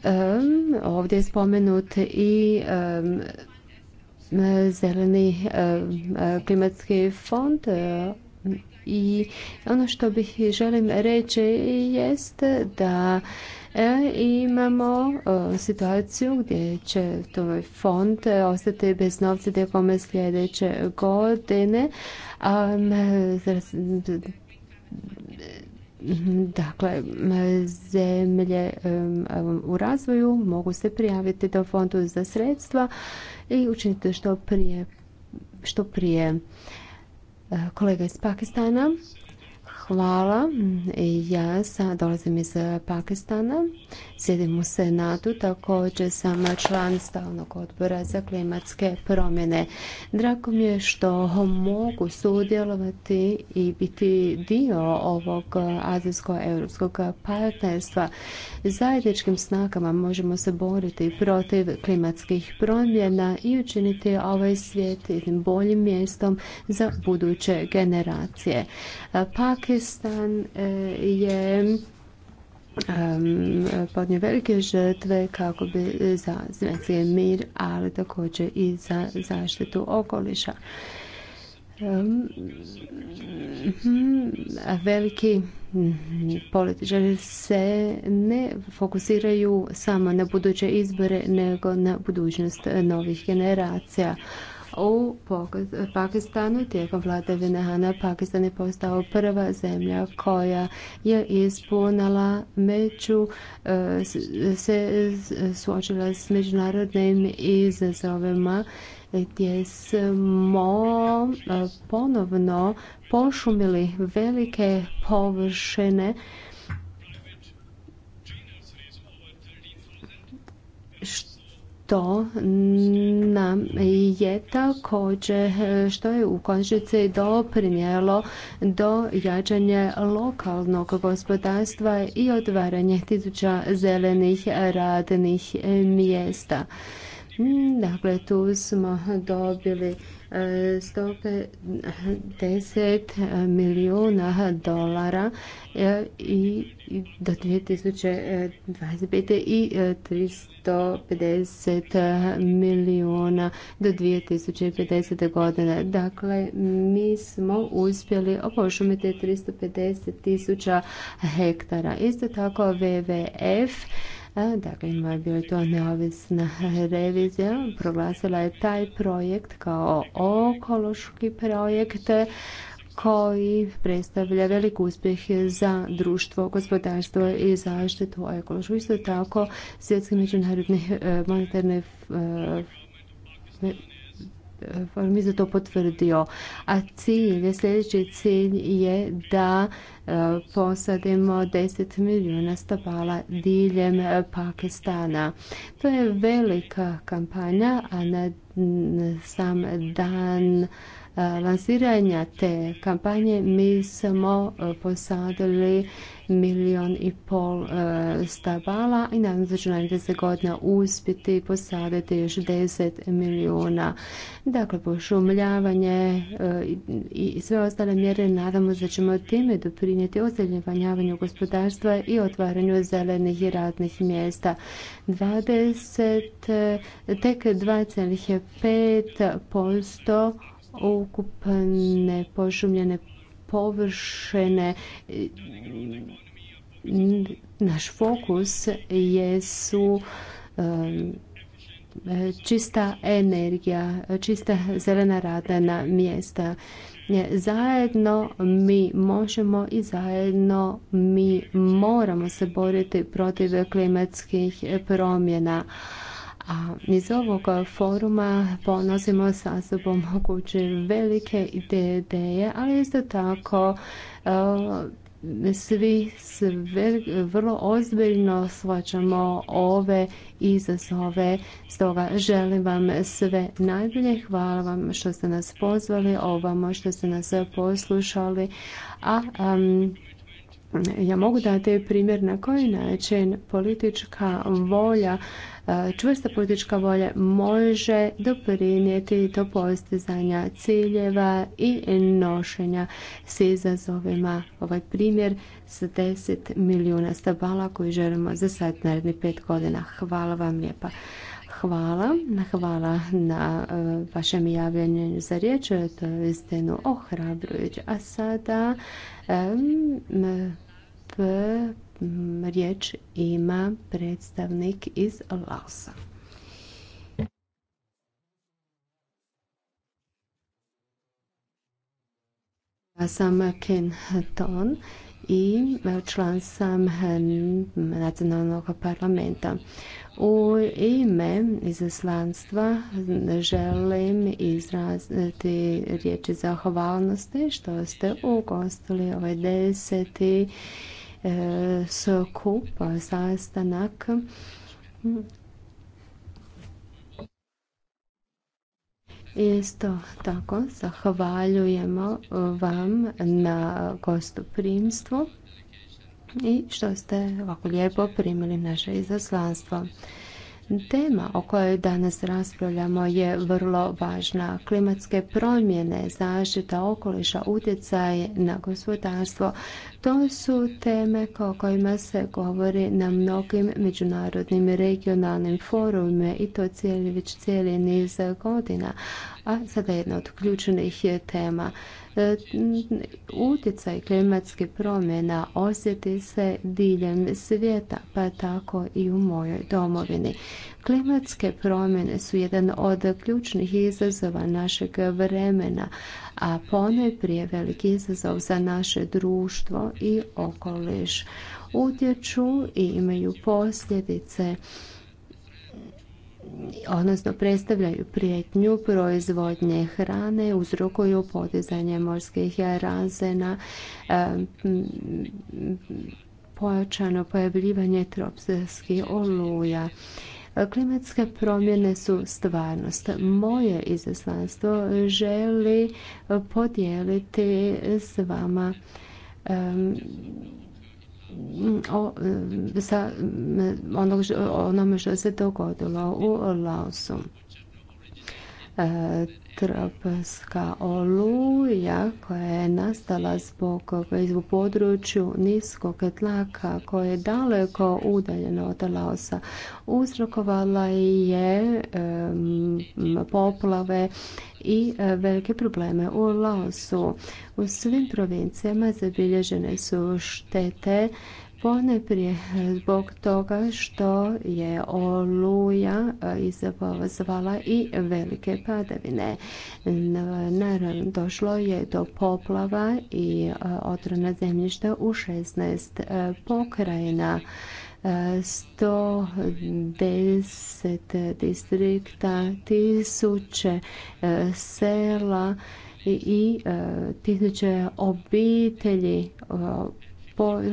ovdje je spomenut i zeleni klimatski fond i ono što bih želim reći jest da E, imamo e, situaciju gdje će to fond e, ostati bez novca tijekom sljedeće godine. Dakle, zemlje u razvoju mogu se prijaviti do fondu za sredstva i učiniti što Što prije. Kolega iz Pakistana Hvala. Ja sam, dolazim iz e, Pakistana. Sjedim u Senatu. Također sam član stalnog odbora za klimatske promjene. Drago mi je što mogu sudjelovati i biti dio ovog e, azijsko-europskog partnerstva. Zajedničkim snagama možemo se boriti protiv klimatskih promjena i učiniti ovaj svijet boljim mjestom za buduće generacije. Pakistan Pakistan e, je podnio velike žrtve kako bi za znači, mir, ali također i za zaštitu okoliša. Hm, veliki hm, političari se ne fokusiraju samo na buduće izbore, nego na budućnost novih generacija u Pakistanu tijekom vladavine Hana Pakistan je postao prva zemlja koja je ispunila među e, se suočila s međunarodnim izazovima e, gdje smo e, ponovno pošumili velike površine to nam je također što je u konačnici doprinijelo do jačanja lokalnog gospodarstva i otvaranje tisuća zelenih radnih mjesta. Dakle, tu smo dobili 150 milijuna dolara e, i do 2025. i 350 e, milijuna do 2050. godine. Dakle, mi smo uspjeli opošumiti 350 tisuća hektara. Isto tako WWF Dakle, ima je bio to neovisna revizija. Proglasila je taj projekt kao okološki projekt koji predstavlja velik uspjeh za društvo, gospodarstvo i zaštitu ekološku. Isto tako, Svjetski međunarodni e, monetarni e, mi za to potvrdio. A cilj, sljedeći cilj je da e, posadimo 10 milijuna stabala diljem e, Pakistana. To je velika kampanja, a na sam dan lansiranja te kampanje mi smo e, posadili milion i pol e, stabala i nadam se da će na godina uspjeti posaditi još 10 milijuna. Dakle, pošumljavanje e, i sve ostale mjere nadamo se da ćemo time doprinijeti ozeljevanjavanju gospodarstva i otvaranju zelenih i radnih mjesta. 20, tek 2,5% ukupne pošumljene površene. naš fokus su eh, čista energija, čista zelena radna mjesta. Zajedno mi možemo i zajedno mi moramo se boriti protiv klimatskih promjena. A iz ovog foruma ponosimo sa sobom moguće velike ideje, ali isto tako e, svi vrlo ozbiljno shvaćamo ove izazove. Stoga želim vam sve najbolje. Hvala vam što ste nas pozvali ovamo, što ste nas poslušali. A ja mogu dati primjer na koji način politička volja Čvrsta politička volja može doprinijeti do postizanja ciljeva i nošenja s izazovima. Ovaj primjer sa 10 milijuna stabala koji želimo za sad naredni pet godina. Hvala vam lijepa. Hvala, hvala na e, vašem javljanju za riječ, to je istinu ohrabrujuć. A sada riječ ima predstavnik iz Laosa. Ja sam Ken Ton i član sam nacionalnog parlamenta. U ime izaslanstva želim izraziti riječi zahvalnosti što ste ugostili ovaj deseti E, skup, sastanak Isto tako, zahvaljujemo vam na gostoprimstvu i što ste ovako lijepo primili naše izaslanstvo. Tema o kojoj danas raspravljamo je vrlo važna. Klimatske promjene, zaštita okoliša, utjecaj na gospodarstvo, to su teme o kojima se govori na mnogim međunarodnim regionalnim forumima i to cijeli, već cijeli niz godina. A sada jedna od ključnih je tema. E, utjecaj klimatskih promjena osjeti se diljem svijeta, pa tako i u mojoj domovini. Klimatske promjene su jedan od ključnih izazova našeg vremena, a pone prije veliki izazov za naše društvo i okoliš. Utječu i imaju posljedice odnosno predstavljaju prijetnju proizvodnje hrane, uzrokuju podizanje morskih razena, pojačano pojavljivanje tropskih oluja. Klimatske promjene su stvarnost. Moje izaslanstvo želi podijeliti s vama o, e, sa e, onog, onome što se dogodilo u Laosu. E, tropska oluja koja je nastala zbog u području niskog tlaka koje je daleko udaljeno od Laosa uzrokovala je poplave i e, velike probleme u Laosu. U svim provincijama zabilježene su štete Poneprije zbog toga što je oluja izazvala i velike padavine. Naravno, došlo je do poplava i e, otrona zemljišta u 16 e, pokrajina. 110 e, distrikta, tisuće sela i tisuće obitelji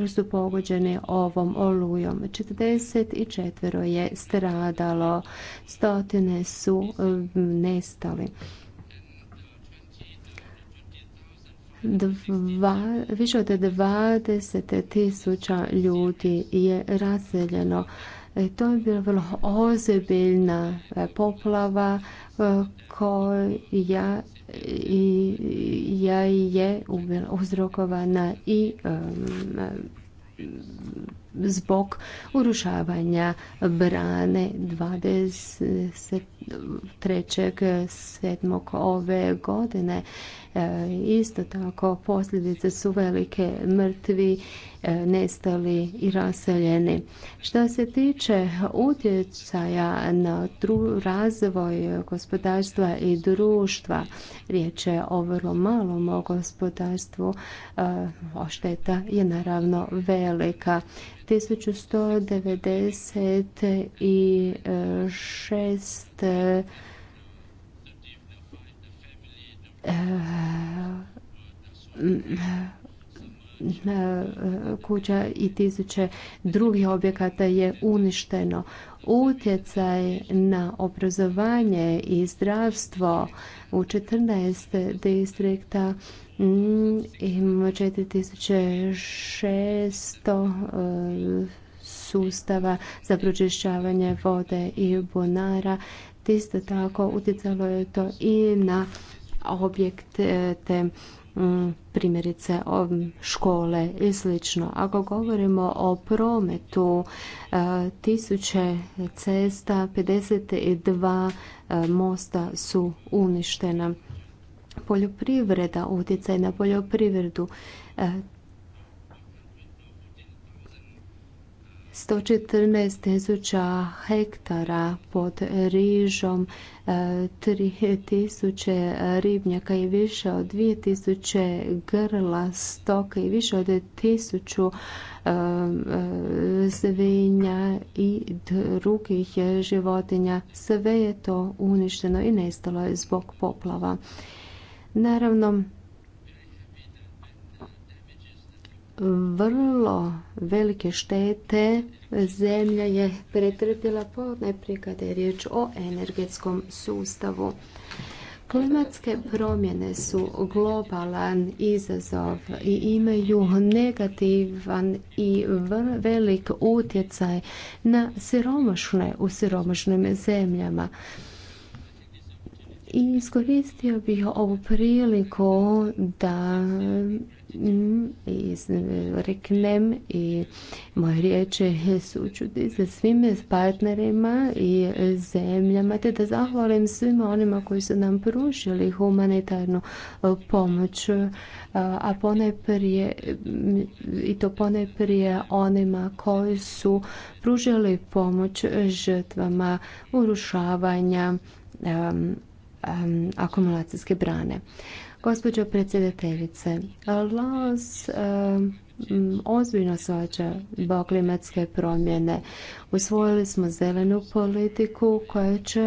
su pogođeni ovom olujom. 44 je stradalo, stotine su nestali. Dva, više od 20 tisuća ljudi je raseljeno. E, to je bila vrlo ozbiljna e, poplava e, koja i je uzrokovana i zbog urušavanja brane 7. ove godine E, isto tako posljedice su velike mrtvi, e, nestali i raseljeni. Što se tiče utjecaja na razvoj gospodarstva i društva, riječ je o vrlo malom gospodarstvu, ošteta e, je naravno velika. 1196 kuća i tisuće drugih objekata je uništeno. Utjecaj na obrazovanje i zdravstvo u 14 distrikta mm, imamo 4600 e, sustava za pročišćavanje vode i bunara. Isto tako utjecalo je to i na objekte mm, primjerice škole i slično. Ako govorimo o prometu, e, tisuće cesta, 52 e, mosta su uništena. Poljoprivreda, utjecaj na poljoprivredu, e, 114 tisuća hektara pod rižom, 3 e, tisuće ribnjaka i više od 2 tisuće grla stoka i više od tisuću e, e, svinja i drugih životinja. Sve je to uništeno i nestalo je zbog poplava. Naravno, vrlo velike štete zemlja je pretrpjela po najprije kada je riječ o energetskom sustavu. Klimatske promjene su globalan izazov i imaju negativan i velik utjecaj na siromašne u siromašnim zemljama. I iskoristio bih ovu priliku da i reknem i moje riječi sučuti za svim partnerima i zemljama te da zahvalim svima onima koji su nam pružili humanitarnu pomoć a prije i to prije onima koji su pružili pomoć žrtvama urušavanja akumulacijske brane. Gospođo predsjedateljice, Laos eh, ozbiljno svađa do klimatske promjene. Usvojili smo zelenu politiku koja će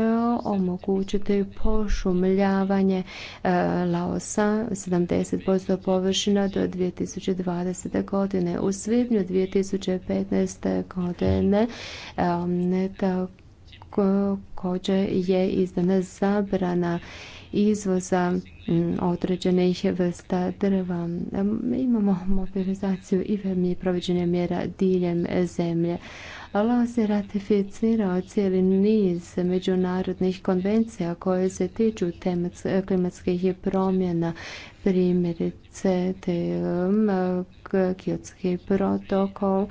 omogućiti pošumljavanje eh, Laosa 70% površina do 2020. godine. U svibnju 2015. godine eh, također je izdana zabrana izvoza mm, određenih vrsta drva. Imamo mobilizaciju i provođenje mjera diljem zemlje. Laos je ratificirao cijeli niz međunarodnih konvencija koje se tiču klimatskih promjena, primjerice Kijotski protokol,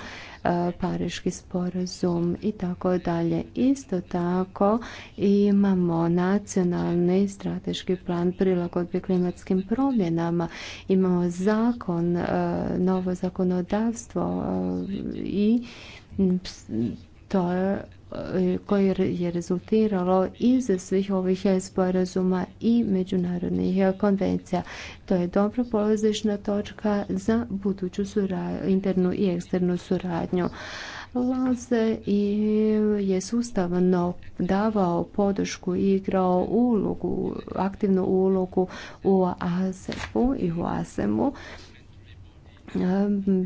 Pariški sporazum i tako dalje. Isto tako imamo nacionalni strateški plan prilagodbi klimatskim promjenama, imamo zakon, novo zakonodavstvo i to e, koje je rezultiralo iz svih ovih sporazuma i međunarodnih konvencija. To je dobro polazišna točka za buduću internu i eksternu suradnju. Laze je sustavno davao podršku i igrao ulogu, aktivnu ulogu u ASEP-u i u ASEM-u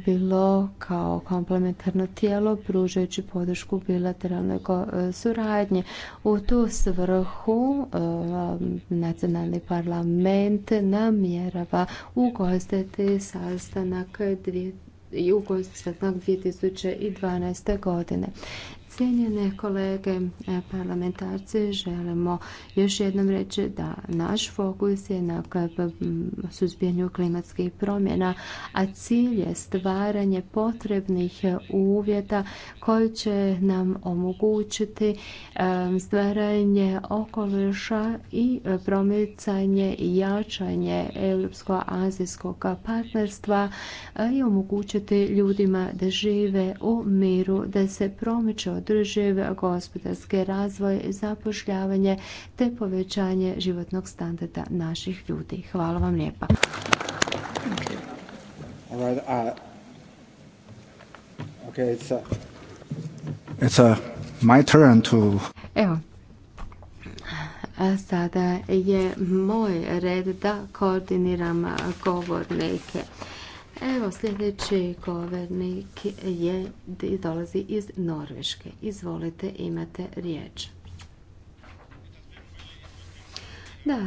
bilo kao komplementarno tijelo pružajući podršku bilateralnoj suradnje. U tu svrhu e, nacionalni parlament namjerava ugostiti sastanak i ugosti sastanak 2012. godine. Cijenjene kolege e, parlamentarci, želimo još jednom reći da naš fokus je na suzbijanju klimatskih promjena, a cilj je stvaranje potrebnih uvjeta koji će nam omogućiti e, stvaranje okoliša i promicanje i jačanje europsko-azijskog partnerstva e, i omogućiti ljudima da žive u miru, da se promiče od održiv gospodarski razvoj, zapošljavanje te povećanje životnog standarda naših ljudi. Hvala vam lijepa. Evo, sada je moj red da koordiniram govornike. Evo, sljedeći govornik je, dolazi iz Norveške. Izvolite, imate riječ. Da,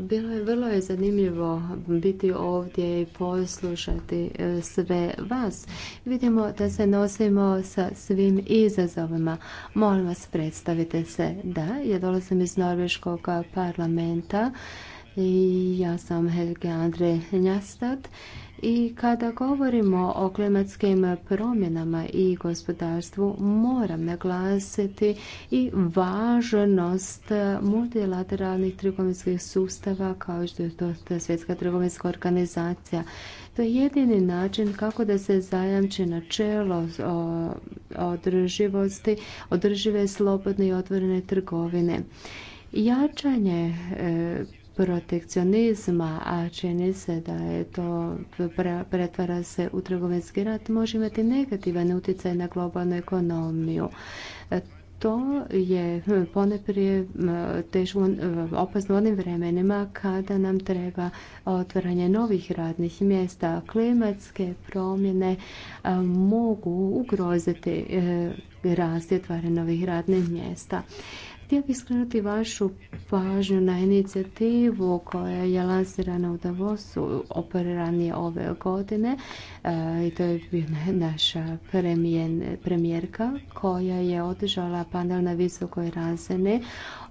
bilo je vrlo je zanimljivo biti ovdje i poslušati e, sve vas. Vidimo da se nosimo sa svim izazovima. Molim vas, predstavite se. Da, ja dolazim iz Norveškog parlamenta i ja sam Helge Andre Njastad i kada govorimo o klimatskim promjenama i gospodarstvu, moram naglasiti i važnost multilateralnih trgovinskih sustava kao što je to Svjetska trgovinska organizacija. To je jedini način kako da se zajamči načelo održivosti, održive slobodne i otvorene trgovine. Jačanje e, protekcionizma, a čini se da je to pretvara se u trgovinski rat, može imati negativan utjecaj na globalnu ekonomiju e, to je hm, poneprije teško opasno onim vremenima kada nam treba otvaranje novih radnih mjesta. Klimatske promjene e, mogu ugroziti e, rast i otvaranje novih radnih mjesta. Htio bih skrenuti vašu pažnju na inicijativu koja je lansirana u Davosu ove godine e, i to je bila naša premijen, premijerka koja je održala panel na visokoj razini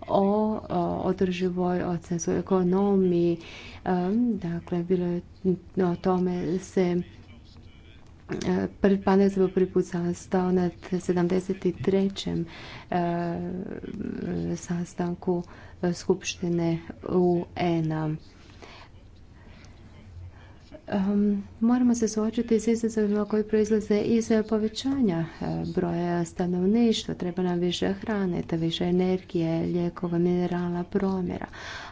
o održivoj ocenzu ekonomiji. E, dakle, bilo je o tome se Prvi panel se prvi put sastao na 73. E, sastanku Skupštine UN-a. Um, moramo se suočiti s izazovima koji proizlaze iz e, povećanja e, broja stanovništva. Treba nam više hrane, te više energije, lijekova, minerala, promjera.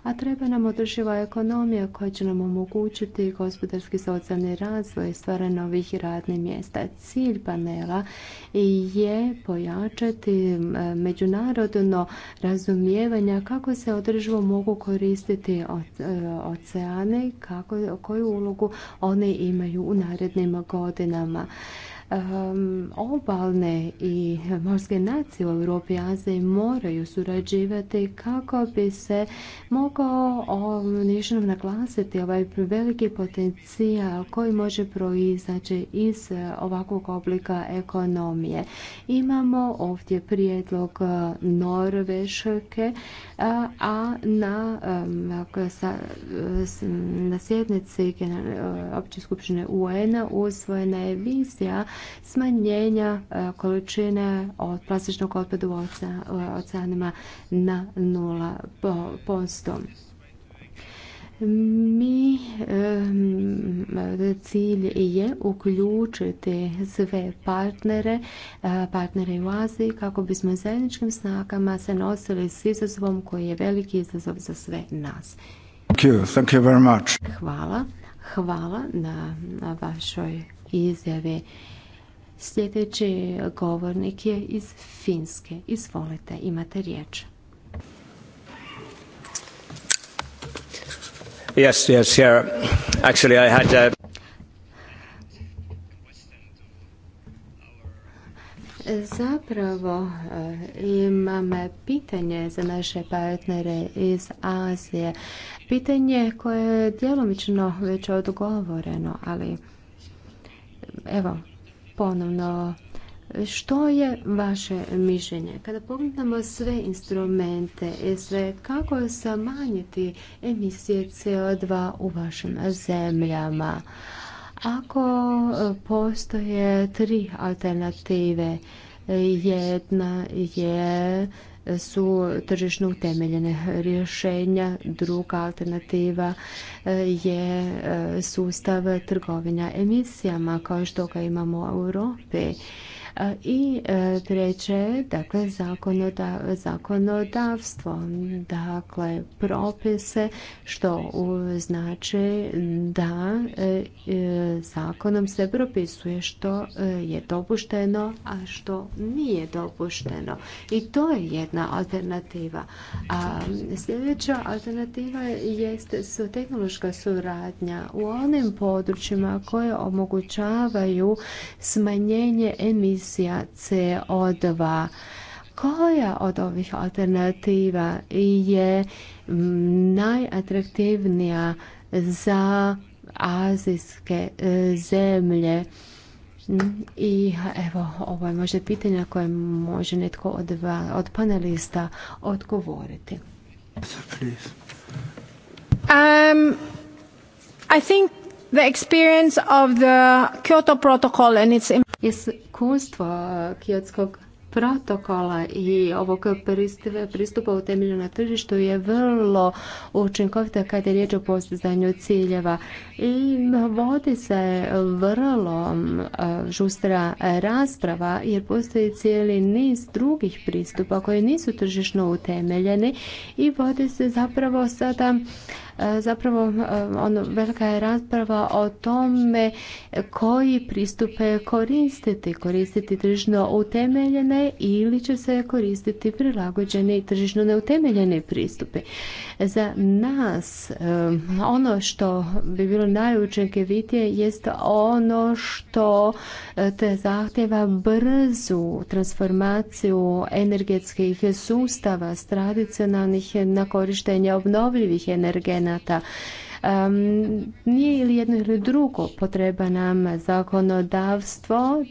A treba nam održiva ekonomija koja će nam omogućiti gospodarski socijalni razvoj stvaranje stvara novih radnih mjesta. Cilj panela je pojačati međunarodno razumijevanja kako se održivo mogu koristiti e, oceane, kako, koju ulogu one imaju u narednim godinama. obalne i morske nacije u Europi i Aziji moraju surađivati kako bi se mogao nišnom naglasiti ovaj veliki potencijal koji može proizaći iz ovakvog oblika ekonomije. Imamo ovdje prijedlog Norveške a na, na sjednici opće skupštine UN-a usvojena je vizija smanjenja e, količine od plastičnog otpada u oceanima na 0%. Mi cilj je uključiti sve partnere, partnere u Aziji kako bismo zajedničkim snagama se nosili s izazovom koji je veliki izazov za sve nas. Hvala, hvala na, na vašoj izjavi. Sljedeći govornik je iz Finske. Izvolite, imate riječ. Yes, yes, Actually, I had uh, Zapravo eh, imam pitanje za naše partnere iz Azije. Pitanje koje je djelomično već odgovoreno, ali evo ponovno što je vaše mišljenje? Kada pogledamo sve instrumente, sve kako samanjiti emisije CO2 u vašim zemljama? Ako e, postoje tri alternative, jedna je su tržišno utemeljene rješenja. Druga alternativa e, je e, sustav trgovina emisijama kao što ga imamo u Europi. I e, treće, dakle, zakonodavstvo, dakle, propise, što znači da e, e, zakonom se propisuje što je dopušteno, a što nije dopušteno. I to je jedna alternativa. A sljedeća alternativa jest su tehnološka suradnja u onim područjima koje omogućavaju smanjenje emisije emisija CO2. Koja od ovih alternativa je najatraktivnija za azijske e, zemlje? I evo, ovo je možda pitanje na koje može netko od, od panelista odgovoriti. Um, I think the experience of the Kyoto Protocol and its Iskustvo Kijotskog protokola i ovog pristupa u na tržištu je vrlo učinkovita kada je riječ o postizanju ciljeva i vodi se vrlo žustra rasprava jer postoji cijeli niz drugih pristupa koji nisu tržišno utemeljeni i vodi se zapravo sada E, zapravo, e, ono, velika je rasprava o tome koji pristupe koristiti. Koristiti tržišno utemeljene ili će se koristiti prilagođeni i tržišno neutemeljeni pristupi. Za nas, e, ono što bi bilo najučinkovitije jest ono što te zahtjeva brzu transformaciju energetskih sustava s tradicionalnih na korištenje obnovljivih energena. Um, nije ili jedno ili drugo, potreba nam zakonodavstvo,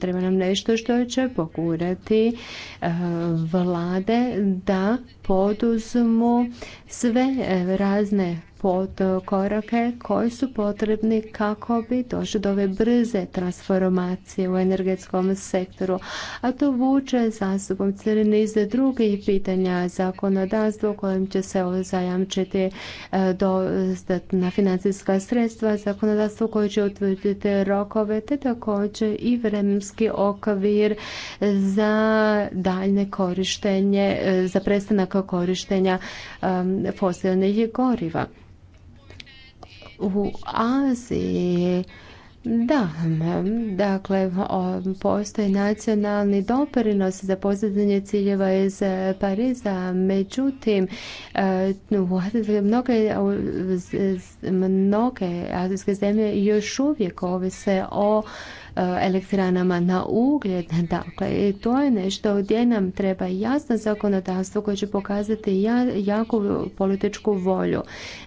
treba nam nešto što će pogurati eh, vlade da poduzmu sve razne korake koji su potrebni kako bi došli do ove brze transformacije u energetskom sektoru. A to vuče za sobom cijeli niz drugih pitanja u kojem će se zajamčiti e, na financijska sredstva, zakonodavstvo koje će utvrditi rokove te također i vremenski okvir za daljne korištenje, e, za prestanak korištenja fosilnih goriva. U Aziji da, dakle, postoji nacionalni doprinos za postizanje ciljeva iz Pariza, međutim, mnoge, mnoge azijske zemlje još uvijek ovise o E, elektranama na ugljed. Dakle, to je nešto gdje nam treba jasno zakonodavstvo koje će pokazati jaku političku volju.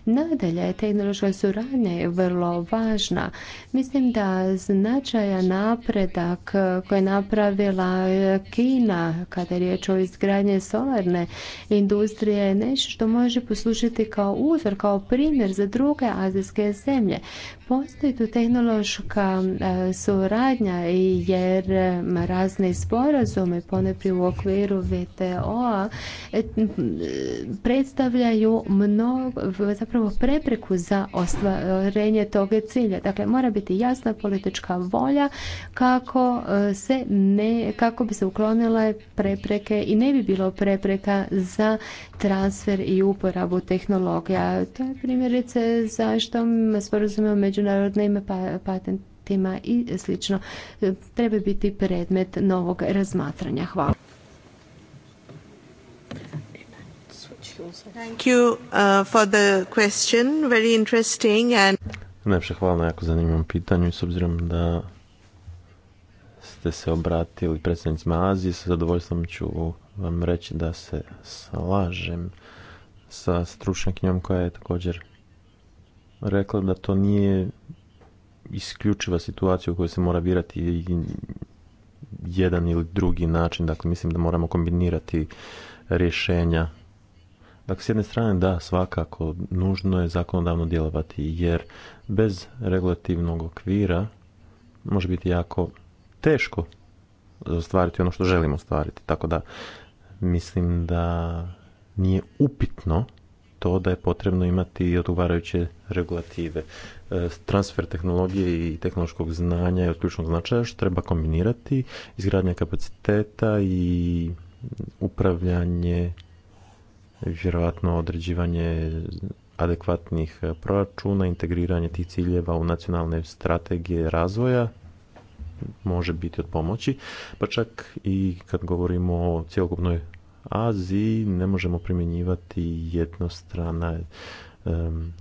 Nadalje, tehnološka suradnja je vrlo važna. Mislim da značaja napredak koji je napravila Kina kada je riječ o izgradnje solarne industrije je nešto što može poslužiti kao uzor, kao primjer za druge azijske zemlje. Postoji tu tehnološka e, suradnja jer e, razne sporazume, ponepri u okviru VTO-a, e, predstavljaju mnogo, zapravo prepreku za ostvarenje toga cilja. Dakle, mora biti jasna politička volja kako, se ne, kako bi se uklonile prepreke i ne bi bilo prepreka za transfer i uporabu tehnologija. To je primjerice zašto sporazumom među međunarodnim pa, patentima i slično e, treba biti predmet novog razmatranja. Hvala. Thank you uh, for the question. hvala na jako zanimljivom pitanju s obzirom da ste se obratili predstavnicima Azije. Sa zadovoljstvom ću vam reći da se slažem sa stručnjakinjom koja je također rekla da to nije isključiva situacija u kojoj se mora birati jedan ili drugi način, dakle mislim da moramo kombinirati rješenja. Dakle, s jedne strane da, svakako, nužno je zakonodavno djelovati, jer bez regulativnog okvira može biti jako teško ostvariti ono što želimo ostvariti. Tako da, mislim da nije upitno to da je potrebno imati odgovarajuće regulative. E, transfer tehnologije i tehnološkog znanja je od ključnog značaja što treba kombinirati izgradnja kapaciteta i upravljanje, vjerojatno određivanje adekvatnih proračuna, integriranje tih ciljeva u nacionalne strategije razvoja može biti od pomoći, pa čak i kad govorimo o cjelokupnoj Aziji ne možemo primjenjivati jednostrana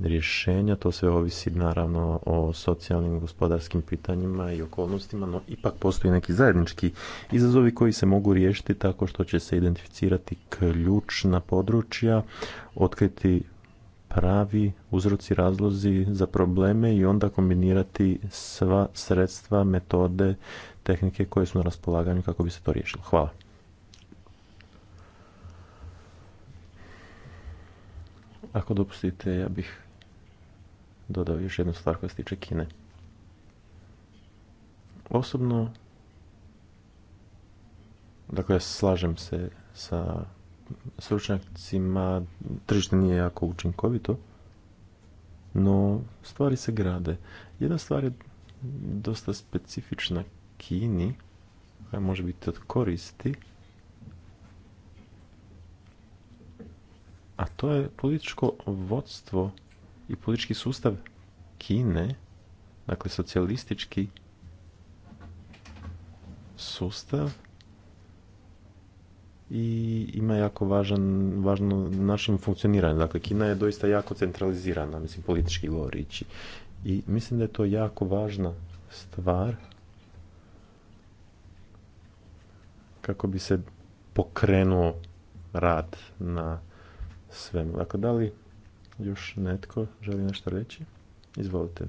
rješenja. To sve ovisi naravno o socijalnim i gospodarskim pitanjima i okolnostima, no ipak postoji neki zajednički izazovi koji se mogu riješiti tako što će se identificirati ključna područja, otkriti pravi uzroci, razlozi za probleme i onda kombinirati sva sredstva, metode, tehnike koje su na raspolaganju kako bi se to riješilo. Hvala. Ako dopustite, ja bih dodao još jednu stvar koja se tiče Kine. Osobno, dakle, ja slažem se sa sručnjacima, tržište nije jako učinkovito, no stvari se grade. Jedna stvar je dosta specifična Kini, koja može biti od koristi, a to je političko vodstvo i politički sustav Kine, dakle socijalistički sustav i ima jako važan, važno našim funkcioniranjem. Dakle, Kina je doista jako centralizirana, mislim, politički govorići. I mislim da je to jako važna stvar kako bi se pokrenuo rad na svemu. Dakle, da li još netko želi nešto reći? Izvolite.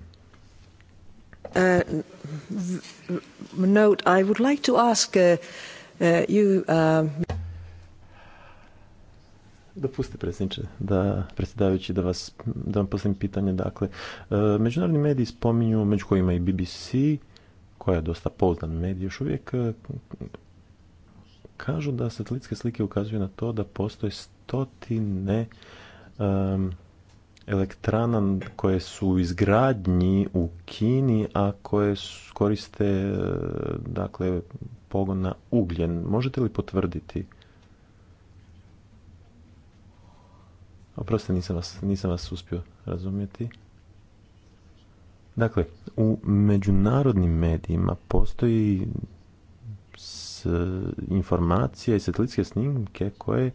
Uh, note, I would like to ask uh, uh, you... Um, Dopustite predsjedniče, da predsjedavajući da vas da vam postavim pitanje. Dakle, uh, međunarodni mediji spominju, među kojima i BBC, koja je dosta poznan medij još uvijek, kažu da satelitske slike ukazuju na to da postoje stotine um, elektrana koje su u izgradnji u Kini, a koje koriste e, dakle pogon na ugljen. Možete li potvrditi? Oprostite, nisam vas, nisam vas uspio razumjeti. Dakle, u međunarodnim medijima postoji s, informacija i satelitske snimke koje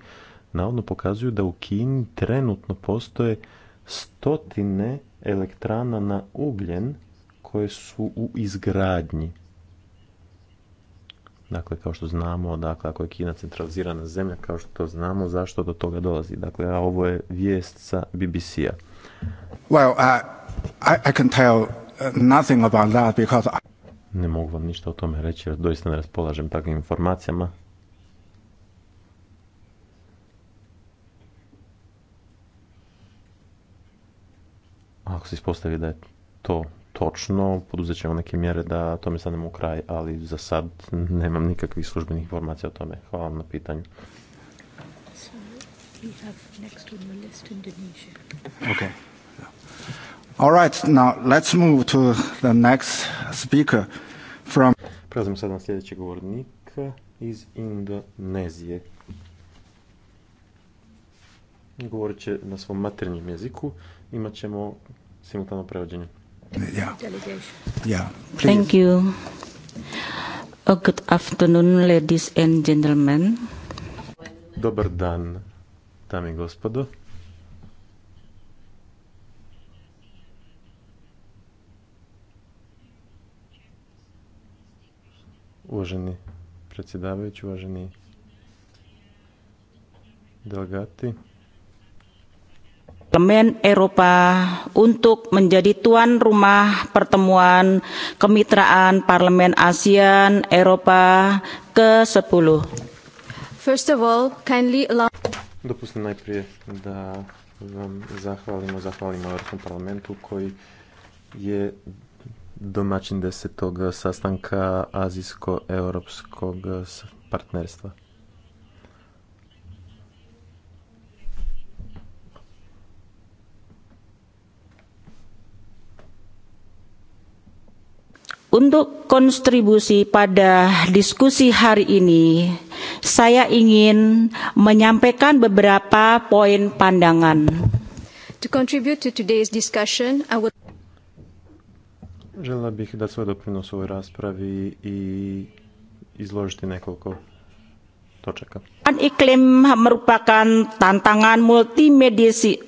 navodno pokazuju da u Kini trenutno postoje stotine elektrana na ugljen koje su u izgradnji. Dakle, kao što znamo, dakle, ako je Kina centralizirana zemlja, kao što znamo, zašto do toga dolazi. Dakle, a ovo je vijest sa BBC-a. Uh, uh, ne mogu vam ništa o tome reći jer doista ne raspolažem takvim informacijama ako se ispostavi da je to točno, poduzet ćemo neke mjere da tome stanemo u kraj, ali za sad nemam nikakvih službenih informacija o tome. Hvala vam na pitanju. Okay. All let's next from... Prelazimo sad na sljedeći govornik iz Indonezije. Govorit će na svom maternjem jeziku imat ćemo simultano prevođenje. Yeah. Yeah. Thank you. A good afternoon, ladies and gentlemen. Dobar dan, dame i gospodo. Uvaženi predsjedavajući, uvaženi delegati, Parlemen Eropa untuk menjadi tuan rumah pertemuan kemitraan Parlemen ASEAN Eropa ke-10. First of all, kindly allow Dopustim najprije da vam zahvalimo, zahvalimo Europskom parlamentu koji je domaćin desetog sastanka Azijsko-Europskog partnerstva. Untuk kontribusi pada diskusi hari ini, saya ingin menyampaikan beberapa poin pandangan. To contribute to today's discussion, I would... Žela bih da svoj doprinos ovoj raspravi i izložiti nekoliko točaka. Iklim merupakan tantangan multimediasi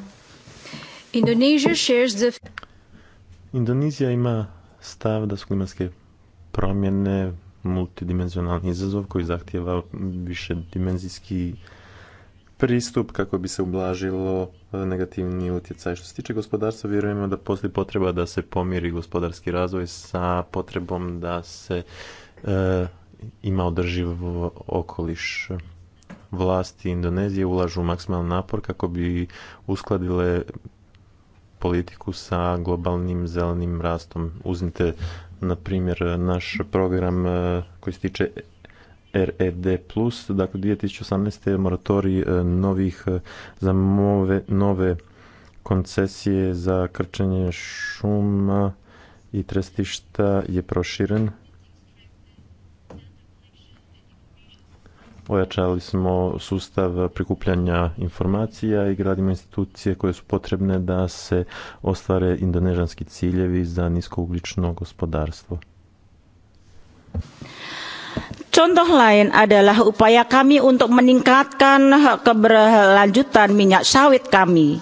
Indonesia shares the... Indonezija ima stav da su klimatske promjene multidimenzionalni izazov koji zahtjeva višedimenzijski pristup kako bi se ublažilo e, negativni utjecaj. Što se tiče gospodarstva, vjerujemo da postoji potreba da se pomiri gospodarski razvoj sa potrebom da se e, ima održiv okoliš. Vlasti Indonezije ulažu maksimalan napor kako bi uskladile politiku sa globalnim zelenim rastom. Uzmite, na primjer, naš program e, koji se tiče RED+, dakle 2018. moratorij e, novih e, za nove koncesije za krčenje šuma i trestišta je proširen Ojačali smo sustav prikupljanja informacija i gradimo institucije koje su potrebne da se ostvare indonežanski ciljevi za niskouglično gospodarstvo. Contoh lain adalah upaya kami untuk meningkatkan keberlanjutan minyak sawit kami.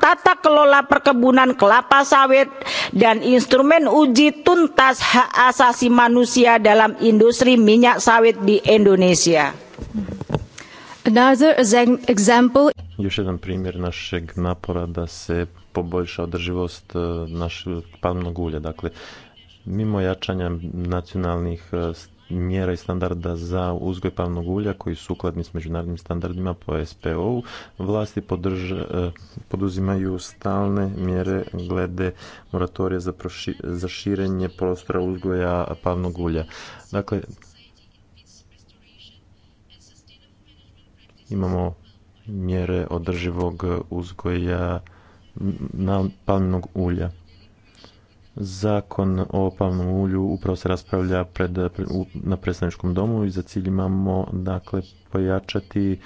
tata kelola perkebunan kelapa sawit dan instrumen uji tuntas hak asasi manusia dalam industri minyak sawit di Indonesia. Another example. Još jedan primjer našeg napora da se poboljša održivost eh, našeg palmnog ulja. Dakle, mimo jačanja nacionalnih eh, mjera i standarda za uzgoj pavnog ulja koji su ukladni s međunarodnim standardima po spo Vlasti e, poduzimaju stalne mjere glede moratorija za, za širenje prostora uzgoja pavnog ulja. Dakle, imamo mjere održivog uzgoja palminog ulja. Zakon o palnom ulju upravo se raspravlja pred, na predstavničkom domu i za cilj imamo dakle pojačati e,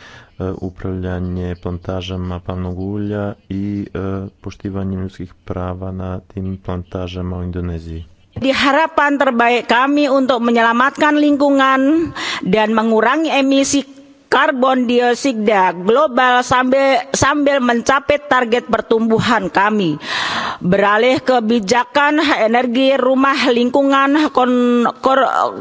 upravljanje plantažama palnog ulja i e, poštivanje ljudskih prava na tim plantažama u Indoneziji. Di harapan terbaik kami untuk menyelamatkan lingkungan dan mengurangi emisi karbon dioksida global sambil sambil mencapai target pertumbuhan kami. Beralih kebijakan energi rumah lingkungan kon, kor,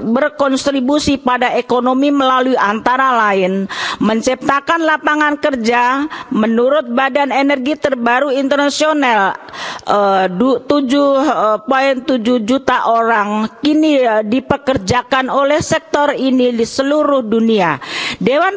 berkontribusi pada ekonomi melalui antara lain menciptakan lapangan kerja menurut Badan Energi Terbaru Internasional 7.7 eh, eh, juta orang kini eh, dipekerjakan oleh sektor ini di seluruh dunia. Dewan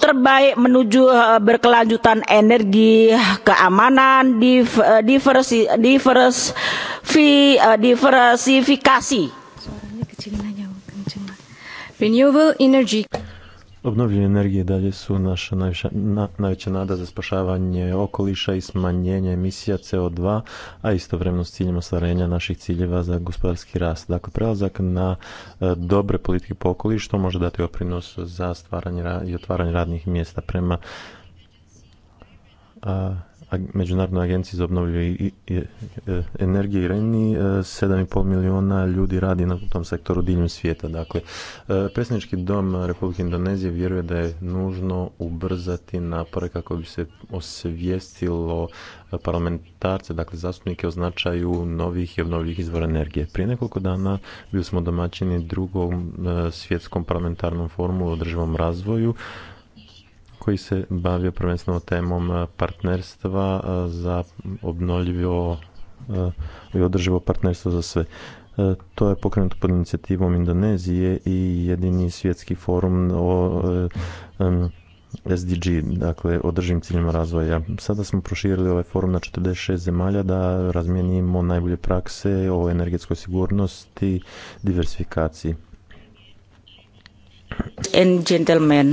terbaik menuju eh, berkelanjutan energi keamanan eh, diversi divers eh, diversifikasi oh, renewable energy Obnovljive energije dalje su naša najviša, na, najveća nada za spašavanje okoliša i smanjenje emisija CO2, a istovremeno s ciljem ostvarenja naših ciljeva za gospodarski rast. Dakle, prelazak na e, dobre politike po okolišu može dati oprinos za stvaranje i otvaranje radnih mjesta prema Međunarodnoj agenciji za obnovljive e, energije i reni 7,5 e, milijuna ljudi radi na tom sektoru diljem svijeta. Dakle, e, predsjednički dom Republike Indonezije vjeruje da je nužno ubrzati napore kako bi se osvijestilo parlamentarce, dakle zastupnike o značaju novih i obnovljivih izvora energije. Prije nekoliko dana bili smo domaćini drugom svjetskom parlamentarnom forumu o održivom razvoju koji se bavio prvenstveno temom e, partnerstva e, za obnovljivo e, i održivo partnerstvo za sve. To je pokrenuto pod inicijativom Indonezije i jedini svjetski forum o SDG, dakle održivim ciljima razvoja. Sada smo proširili ovaj forum na 46 zemalja da razmijenimo najbolje prakse o energetskoj sigurnosti, i diversifikaciji. gentlemen,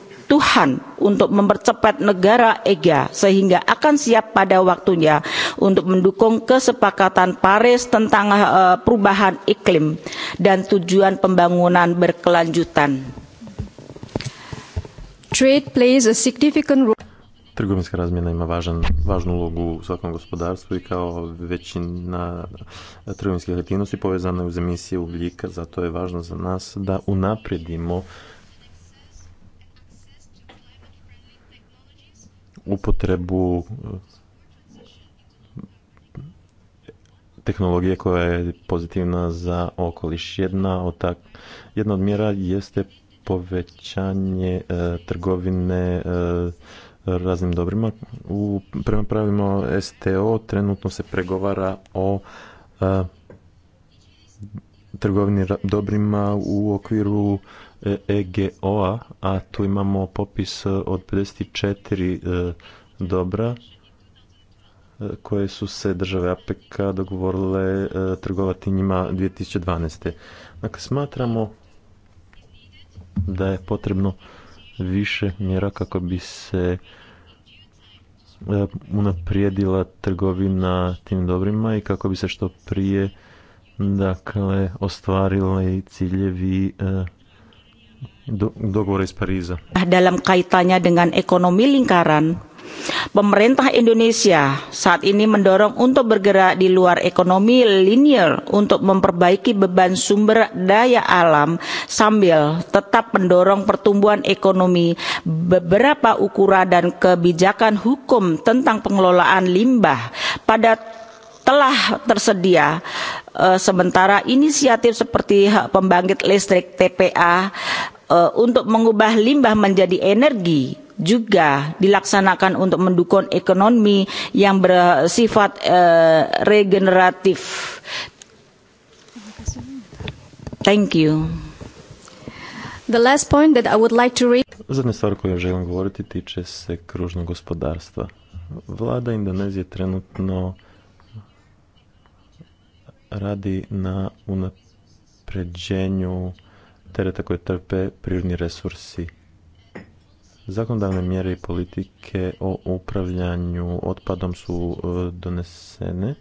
Tuhan untuk mempercepat negara EGA sehingga akan siap pada waktunya untuk mendukung kesepakatan Paris tentang uh, perubahan iklim dan tujuan pembangunan berkelanjutan. Trade plays a significant role Trgovinska razmjena ima važan, važnu ulogu u svakom gospodarstvu i kao većina eh, trgovinskih aktivnosti povezana je uz emisiju ugljika, zato je važno za nas da unaprijedimo upotrebu e, tehnologije koja je pozitivna za okoliš. Jedna od, od mjera jeste povećanje e, trgovine e, raznim dobrima. U, prema pravilima STO trenutno se pregovara o trgovini dobrima u okviru EGO-a, e a tu imamo popis e, od 54 e, dobra koje su se države apec dogovorile trgovati njima 2012. Dakle, smatramo da je potrebno više mjera kako bi se unaprijedila trgovina tim dobrima i kako bi se što prije dakle ostvarili ciljevi Dalam kaitannya dengan ekonomi lingkaran, Pemerintah Indonesia saat ini mendorong untuk bergerak di luar ekonomi linear untuk memperbaiki beban sumber daya alam sambil tetap mendorong pertumbuhan ekonomi. Beberapa ukuran dan kebijakan hukum tentang pengelolaan limbah pada telah tersedia eh, sementara inisiatif seperti pembangkit listrik TPA E, untuk mengubah limbah menjadi energi juga dilaksanakan untuk mendukung ekonomi yang bersifat uh, regeneratif. Thank you. The last point that I would like to read. Zadnja stvar koju želim govoriti tiče se kružnog gospodarstva. Vlada Indonezije trenutno radi na unapređenju tereta koje trpe prirodni resursi. Zakonodavne mjere i politike o upravljanju otpadom su e, donesene.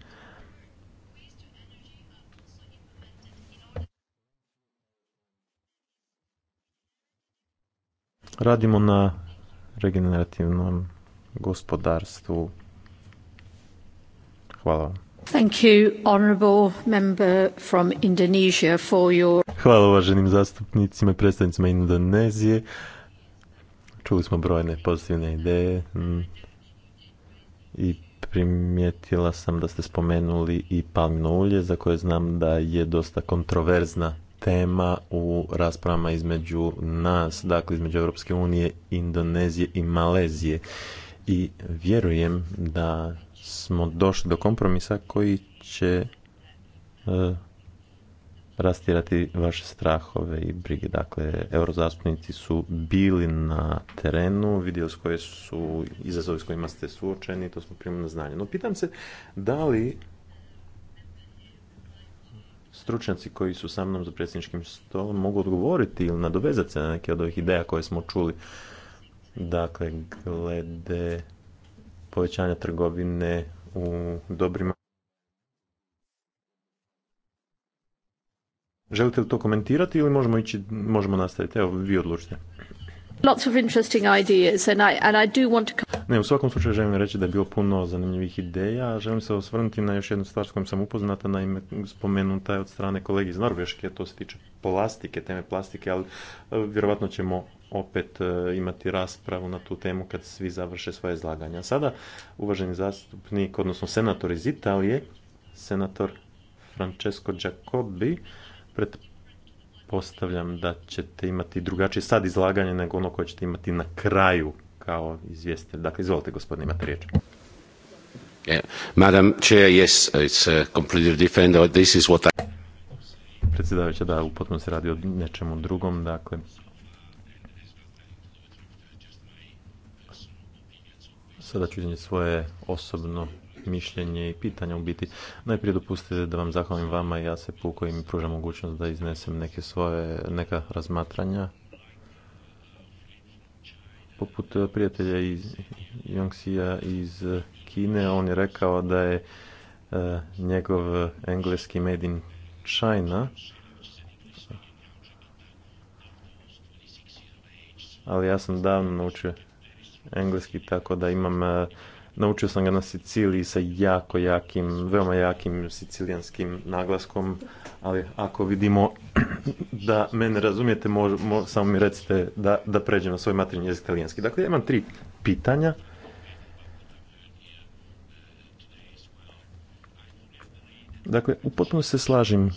Radimo na regenerativnom gospodarstvu. Hvala vam. Thank you, Hvala uvaženim zastupnicima i predstavnicima Indonezije. Čuli smo brojne pozitivne ideje mm, i primijetila sam da ste spomenuli i palmino ulje za koje znam da je dosta kontroverzna tema u raspravama između nas, dakle između Europske unije, Indonezije i Malezije. I vjerujem da smo došli do kompromisa koji će e, rastirati vaše strahove i brige. Dakle, eurozastupnici su bili na terenu, vidjeli s koje su izazove s kojima ste suočeni, to smo primili na znanje. No, pitam se da li stručnjaci koji su sa mnom za predsjedničkim stolom mogu odgovoriti ili nadovezati se na neke od ovih ideja koje smo čuli. Dakle, glede povećanja trgovine u dobrima. Želite li to komentirati ili možemo ići, možemo nastaviti? Evo, vi odlučite. Lots of interesting ideas and I, and I do want to... Ne, u svakom slučaju želim reći da je bilo puno zanimljivih ideja. Želim se osvrnuti na još jednu stvar s kojom sam upoznata, naime spomenuta je od strane kolegi iz Norveške, to se tiče plastike, teme plastike, ali e, vjerovatno ćemo opet e, imati raspravu na tu temu kad svi završe svoje izlaganja. Sada uvaženi zastupnik, odnosno senator iz Italije, senator Francesco Giacobbi, pretpostavljam da ćete imati drugačije sad izlaganje nego ono koje ćete imati na kraju kao izvjestitelj. Dakle, izvolite gospodine, imate riječ. Madam Chair, yes, it's uh, completely different. Uh, this is what I... Predsjedavajuća, da, u se radi o nečemu drugom, dakle, sada ću iznijeti svoje osobno mišljenje i pitanje u biti. Najprije dopustite da vam zahvalim vama i ja se puko i mi pruža mogućnost da iznesem neke svoje, neka razmatranja poput prijatelja iz Yongxia iz Kine, on je rekao da je e, njegov engleski made in China, ali ja sam davno naučio engleski, tako da imam, e, naučio sam ga na Siciliji sa jako jakim, veoma jakim sicilijanskim naglaskom, ali ako vidimo da mene razumijete, samo mi recite da, pređem na svoj materinje jezik talijanski. Dakle, imam tri pitanja. Dakle, u se slažem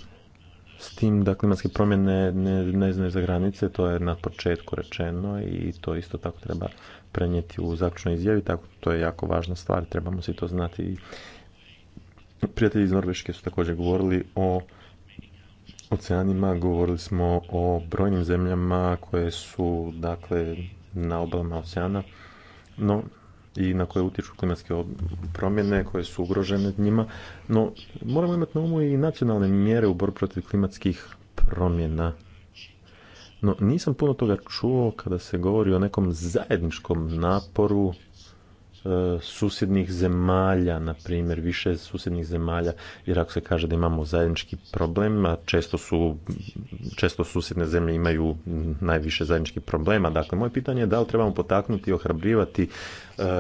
s tim da klimatske promjene ne znaju za granice, to je na početku rečeno i to isto tako treba prenijeti u zaključnoj izjavi, tako to je jako važna stvar, trebamo svi to znati. Prijatelji iz Norveške su također govorili o oceanima, govorili smo o brojnim zemljama koje su dakle na obalama oceana, no i na koje utječu klimatske promjene koje su ugrožene njima. No, moramo imati na umu i nacionalne mjere u borbi protiv klimatskih promjena. No, nisam puno toga čuo kada se govori o nekom zajedničkom naporu E, susjednih zemalja, na primjer više susjednih zemalja, jer ako se kaže da imamo zajednički problem, a često, su, često susjedne zemlje imaju najviše zajedničkih problema. Dakle, moje pitanje je da li trebamo potaknuti i ohrabrivati e,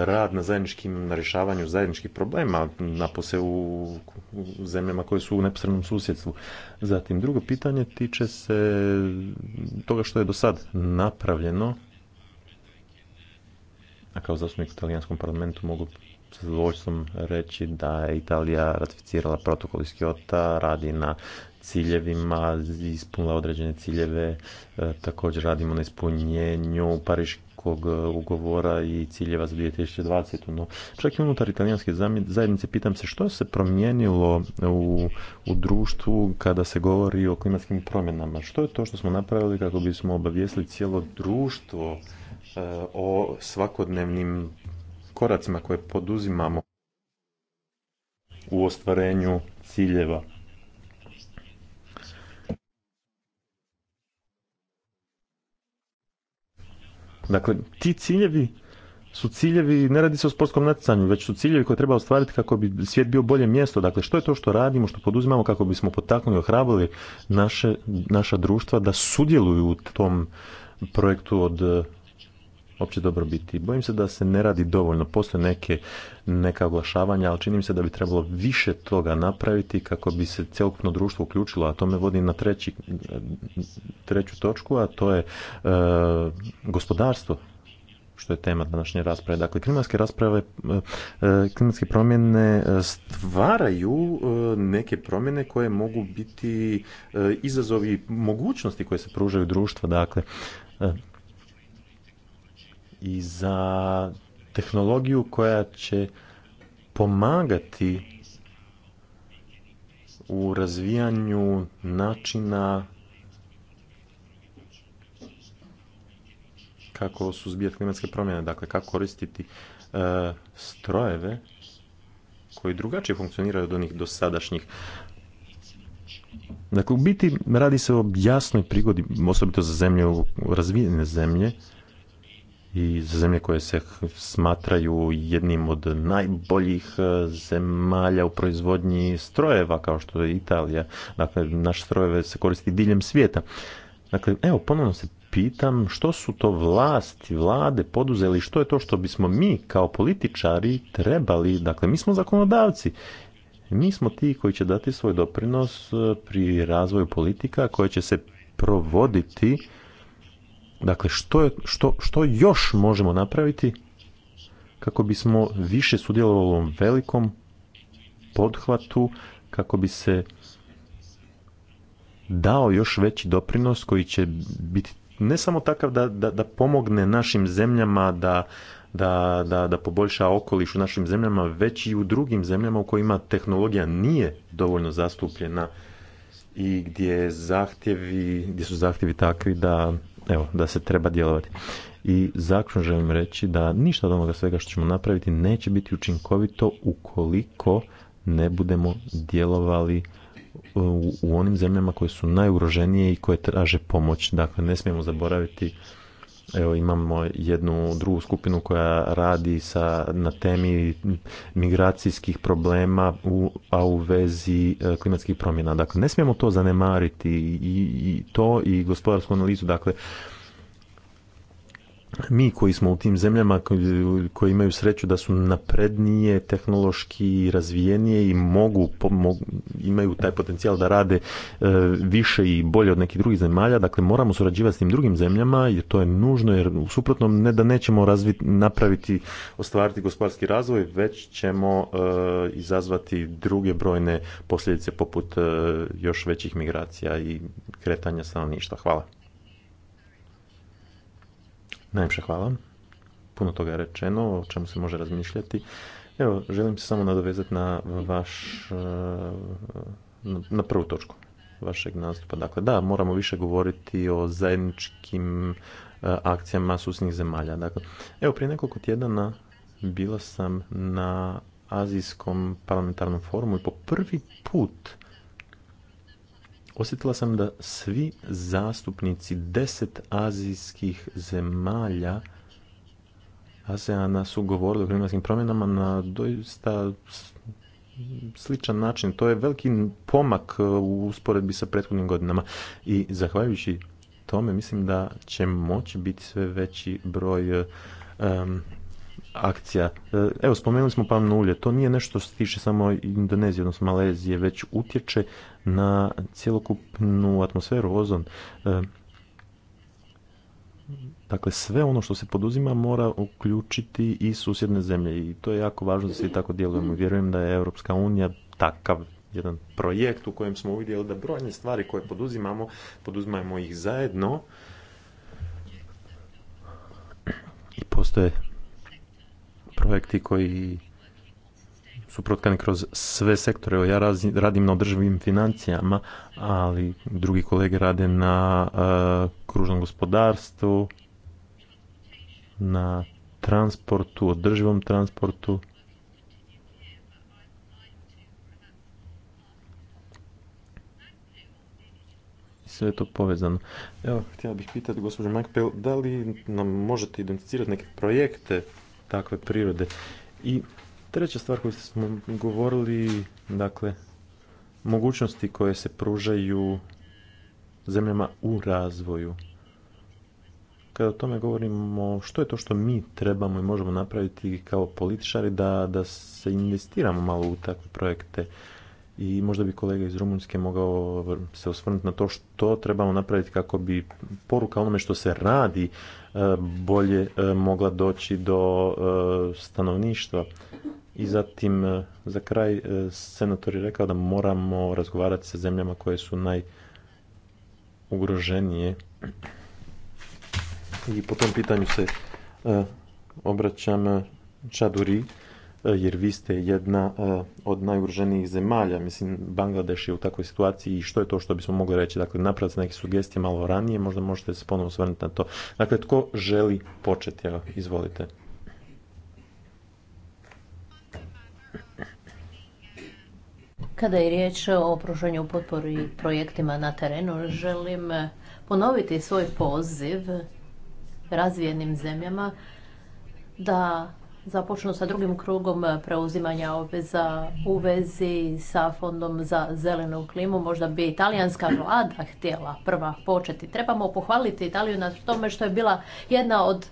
rad na zajedničkim, na rješavanju zajedničkih problema, napose u zemljama koje su u neposrednom susjedstvu. Zatim, drugo pitanje tiče se toga što je do sad napravljeno a kao zastupnik u talijanskom parlamentu mogu sa zadovoljstvom reći da je Italija ratificirala protokol iz Kyoto, radi na ciljevima, ispunila određene ciljeve, e, također radimo na ispunjenju pariškog e, ugovora i ciljeva za 2020. No, čak i unutar italijanske zajednice pitam se što se promijenilo u, u društvu kada se govori o klimatskim promjenama. Što je to što smo napravili kako bismo obavijestili cijelo društvo E, o svakodnevnim koracima koje poduzimamo u ostvarenju ciljeva. Dakle, ti ciljevi su ciljevi, ne radi se o sportskom natjecanju, već su ciljevi koje treba ostvariti kako bi svijet bio bolje mjesto. Dakle, što je to što radimo, što poduzimamo kako bismo potaknuli, ohrabrili naše, naša društva da sudjeluju u tom projektu od opće dobro biti. Bojim se da se ne radi dovoljno. Postoje neke, neka oglašavanja, ali čini mi se da bi trebalo više toga napraviti kako bi se cjelokupno društvo uključilo, a to me vodi na treći, treću točku, a to je e, gospodarstvo što je tema današnje rasprave. Dakle, klimatske rasprave, e, e, klimatske promjene stvaraju neke promjene koje mogu biti izazovi mogućnosti koje se pružaju društva. Dakle, i za tehnologiju koja će pomagati u razvijanju načina kako suzbijati klimatske promjene, dakle kako koristiti e, strojeve koji drugačije funkcioniraju od onih dosadašnjih. Dakle, u biti radi se o jasnoj prigodi, osobito za zemlje, razvijene zemlje, i za zemlje koje se smatraju jednim od najboljih e, zemalja u proizvodnji strojeva kao što je Italija. Dakle, naš strojeve se koristi diljem svijeta. Dakle, evo, ponovno se pitam što su to vlasti, vlade poduzeli, što je to što bismo mi kao političari trebali, dakle mi smo zakonodavci, mi smo ti koji će dati svoj doprinos e, pri razvoju politika koje će se provoditi Dakle, što, što, što još možemo napraviti kako bismo više sudjelovali u ovom velikom podhvatu, kako bi se dao još veći doprinos koji će biti ne samo takav da, da, da pomogne našim zemljama da, da, da, da poboljša okoliš u našim zemljama, već i u drugim zemljama u kojima tehnologija nije dovoljno zastupljena i gdje zahtjevi, gdje su zahtjevi takvi da evo, da se treba djelovati. I zaključno želim reći da ništa od onoga svega što ćemo napraviti neće biti učinkovito ukoliko ne budemo djelovali u, u onim zemljama koje su najugroženije i koje traže pomoć. Dakle, ne smijemo zaboraviti Evo imamo jednu drugu skupinu koja radi sa, na temi migracijskih problema, u, a u vezi e, klimatskih promjena. Dakle, ne smijemo to zanemariti i, i to i gospodarsku analizu. Dakle, mi koji smo u tim zemljama koji imaju sreću da su naprednije tehnološki razvijenije i mogu imaju taj potencijal da rade e, više i bolje od nekih drugih zemalja dakle moramo surađivati s tim drugim zemljama jer to je nužno jer u suprotnom ne da nećemo napraviti ostvariti gospodarski razvoj već ćemo e, izazvati druge brojne posljedice poput e, još većih migracija i kretanja stanovništva hvala najljepše hvala. Puno toga je rečeno, o čemu se može razmišljati. Evo, želim se samo nadovezati na vaš, eh, na prvu točku vašeg nastupa. Dakle, da, moramo više govoriti o zajedničkim eh, akcijama susnih zemalja. Dakle, evo, prije nekoliko tjedana bila sam na Azijskom parlamentarnom forumu i po prvi put osjetila sam da svi zastupnici deset azijskih zemalja ASEANA su govorili o klimatskim promjenama na doista sličan način. To je veliki pomak u usporedbi sa prethodnim godinama i zahvaljujući tome mislim da će moći biti sve veći broj um, akcija. E, evo, spomenuli smo pam ulje. To nije nešto što se tiče samo Indonezije, odnosno Malezije, već utječe na cjelokupnu atmosferu, ozon. E, dakle, sve ono što se poduzima mora uključiti i susjedne zemlje i to je jako važno da se tako djelujemo. Vjerujem da je Europska unija takav jedan projekt u kojem smo uvidjeli da brojne stvari koje poduzimamo, poduzimamo ih zajedno i postoje projekti koji su protkani kroz sve sektore. ja radim na održivim financijama, ali drugi kolege rade na e, kružnom gospodarstvu, na transportu, održivom transportu. sve je to povezano. Evo, htio bih pitati gospođu Mike da li nam možete identificirati neke projekte takve prirode. I treća stvar koju smo govorili, dakle, mogućnosti koje se pružaju zemljama u razvoju. Kada o tome govorimo, što je to što mi trebamo i možemo napraviti kao političari da, da se investiramo malo u takve projekte i možda bi kolega iz Rumunjske mogao se osvrnuti na to što trebamo napraviti kako bi poruka onome što se radi E, bolje e, mogla doći do e, stanovništva. I zatim, za kraj, senator je rekao da moramo razgovarati sa zemljama koje su najugroženije. I po tom pitanju se obraćam Čaduri E, jer vi ste jedna e, od najugroženijih zemalja. Mislim, Bangladeš je u takvoj situaciji i što je to što bismo mogli reći? Dakle, napraviti neke sugestije malo ranije, možda možete se ponovno osvrnuti na to. Dakle, tko želi početi? Evo, izvolite. Kada je riječ o pružanju potpori projektima na terenu, želim ponoviti svoj poziv razvijenim zemljama da započnu sa drugim krugom eh, preuzimanja obveza u vezi sa Fondom za zelenu klimu. Možda bi italijanska vlada htjela prva početi. Trebamo pohvaliti Italiju na tome što je bila jedna od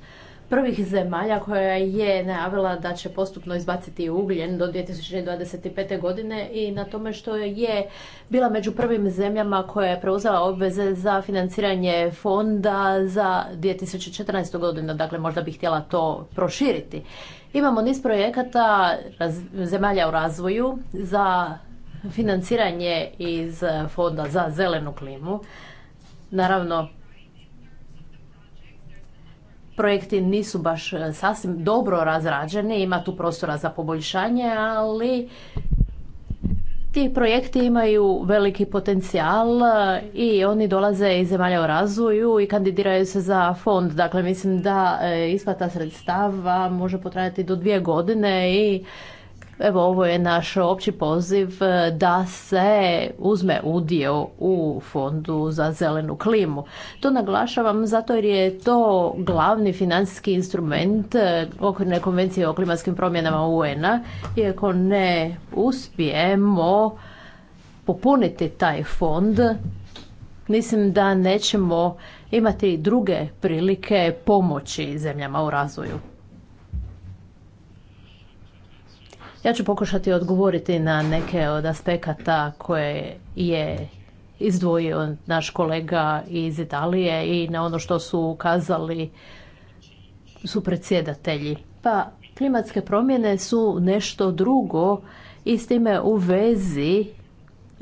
prvih zemalja koja je najavila da će postupno izbaciti ugljen do 2025. godine i na tome što je bila među prvim zemljama koja je preuzela obveze za financiranje fonda za 2014. godinu. Dakle, možda bih htjela to proširiti. Imamo niz projekata zemalja u razvoju za financiranje iz fonda za zelenu klimu. Naravno, projekti nisu baš e, sasvim dobro razrađeni, ima tu prostora za poboljšanje, ali ti projekti imaju veliki potencijal e, i oni dolaze iz zemalja u razvoju i kandidiraju se za fond. Dakle, mislim da e, isplata sredstava može potrajati do dvije godine i Evo, ovo je naš opći poziv e, da se uzme udio u fondu za zelenu klimu. To naglašavam zato jer je to glavni financijski instrument e, okvirne konvencije o klimatskim promjenama UN-a. Iako ne uspijemo popuniti taj fond, mislim da nećemo imati druge prilike pomoći zemljama u razvoju. Ja ću pokušati odgovoriti na neke od aspekata koje je izdvojio naš kolega iz Italije i na ono što su ukazali su predsjedatelji. Pa klimatske promjene su nešto drugo i s time u vezi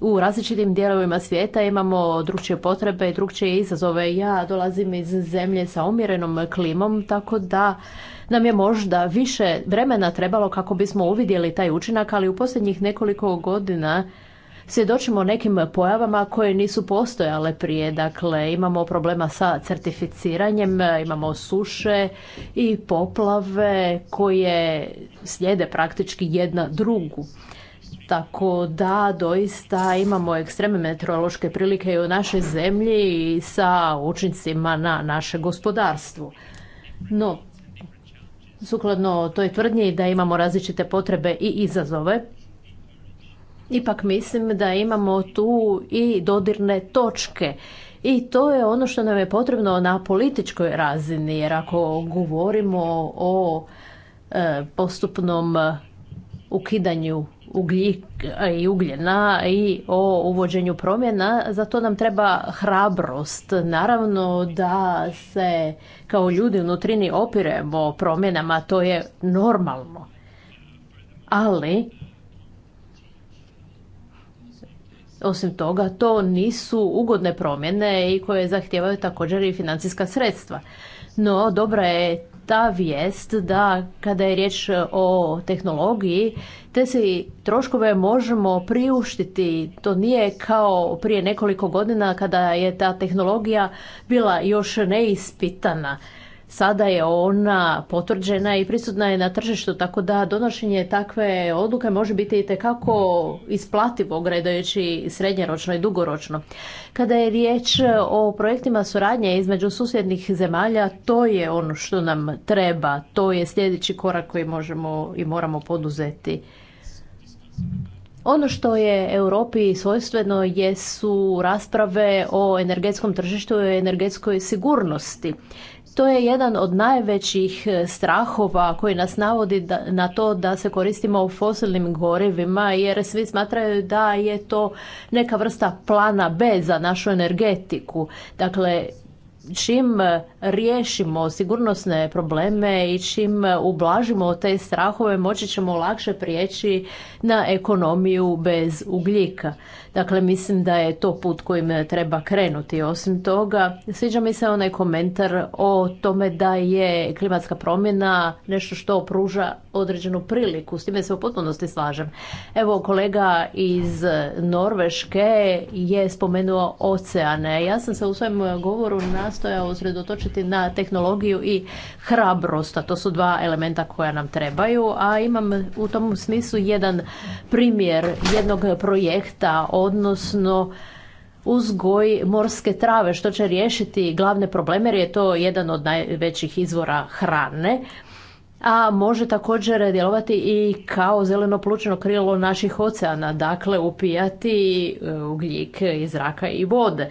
u različitim dijelovima svijeta imamo drukčije potrebe i drugčije izazove. Ja dolazim iz zemlje sa umjerenom klimom, tako da nam je možda više vremena trebalo kako bismo uvidjeli taj učinak, ali u posljednjih nekoliko godina svjedočimo nekim pojavama koje nisu postojale prije. Dakle, imamo problema sa certificiranjem, imamo suše i poplave koje slijede praktički jedna drugu. Tako da doista imamo ekstreme meteorološke prilike i u našoj zemlji i sa učincima na naše gospodarstvo. No, sukladno toj tvrdnji da imamo različite potrebe i izazove. Ipak mislim da imamo tu i dodirne točke. I to je ono što nam je potrebno na političkoj razini, jer ako govorimo o e, postupnom ukidanju ugljika i ugljena i o uvođenju promjena, za to nam treba hrabrost. Naravno da se kao ljudi unutrini opiremo promjenama, to je normalno. Ali, osim toga, to nisu ugodne promjene i koje zahtijevaju također i financijska sredstva. No, dobra je ta vijest da kada je riječ e, o tehnologiji, te si troškove možemo priuštiti. To nije kao prije nekoliko godina kada je ta tehnologija bila još neispitana sada je ona potvrđena i prisutna je na tržištu, tako da donošenje takve odluke može biti i tekako isplativo gledajući srednjeročno i dugoročno. Kada je riječ o projektima suradnje između susjednih zemalja, to je ono što nam treba, to je sljedeći korak koji možemo i moramo poduzeti. Ono što je Europi svojstveno jesu rasprave o energetskom tržištu i energetskoj sigurnosti. To je jedan od najvećih e, strahova koji nas navodi na to da se koristimo u fosilnim gorivima jer svi smatraju da je to neka vrsta plana B za našu energetiku. Dakle, čim e, riješimo sigurnosne probleme i čim e, ublažimo te strahove moći ćemo lakše prijeći na ekonomiju bez ugljika. Dakle, mislim da je to put kojim treba krenuti. Osim toga, sviđa mi se onaj komentar o tome da je klimatska promjena nešto što pruža određenu priliku. S time se u potpunosti slažem. Evo, kolega iz Norveške je spomenuo oceane. Ja sam se u svojem govoru nastojao usredotočiti na tehnologiju i hrabrost, a to su dva elementa koja nam trebaju, a imam u tom smislu jedan primjer jednog projekta odnosno uzgoj morske trave, što će riješiti glavne probleme jer je to jedan od najvećih izvora hrane a može također djelovati i kao zeleno plućno krilo naših oceana, dakle upijati e, ugljik iz zraka i vode.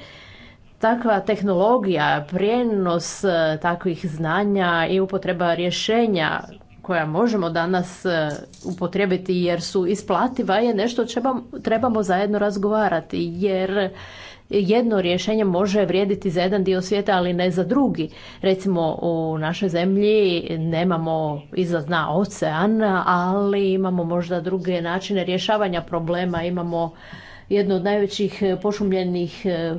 Takva tehnologija, prijenos e, takvih znanja i upotreba rješenja koja možemo danas e, upotrijebiti jer su isplativa je nešto trebamo zajedno razgovarati jer jedno rješenje može vrijediti za jedan dio svijeta, ali ne za drugi. Recimo u našoj zemlji nemamo iza dna oceana, ali imamo možda druge načine rješavanja problema. Imamo jednu od najvećih pošumljenih e,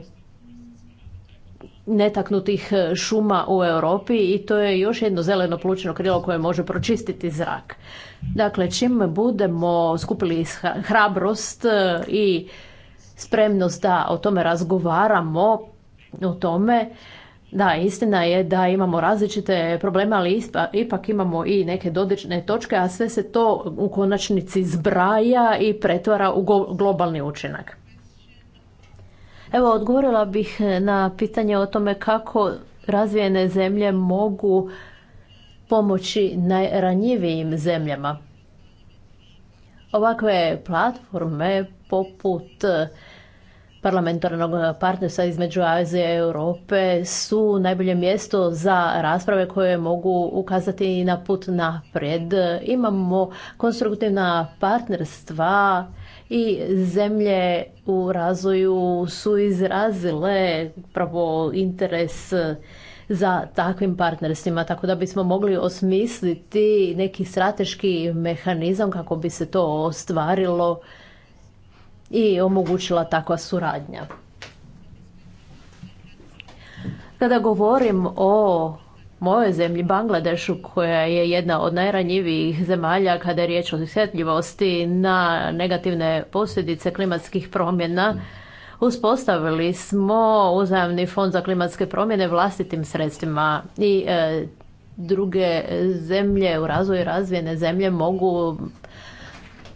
netaknutih e, šuma u Europi i to je još jedno zeleno plućno krilo koje može pročistiti zrak. Dakle, čim budemo skupili hrabrost e, i spremnost da o tome razgovaramo, o tome, da, istina je da imamo različite probleme, ali ipak imamo i neke dodične točke, a sve se to u konačnici zbraja i pretvara u globalni učinak. Evo odgovorila bih e, na pitanje o tome kako razvijene zemlje mogu pomoći najranjivijim zemljama. Ovakve platforme poput e, parlamentarnog partnerstva između Azije i Europe su najbolje mjesto za rasprave koje mogu ukazati i na put naprijed. Imamo konstruktivna partnerstva i zemlje u razvoju su izrazile pravo interes e, za takvim partnerstvima, tako da bismo mogli osmisliti neki strateški mehanizam kako bi se to ostvarilo i omogućila takva suradnja. Kada govorim o mojoj zemlji Bangladešu koja je jedna od najranjivijih zemalja kada je riječ o osjetljivosti na negativne posljedice klimatskih promjena uspostavili smo uzajamni fond za klimatske promjene vlastitim sredstvima i e, druge zemlje u razvoju razvijene zemlje mogu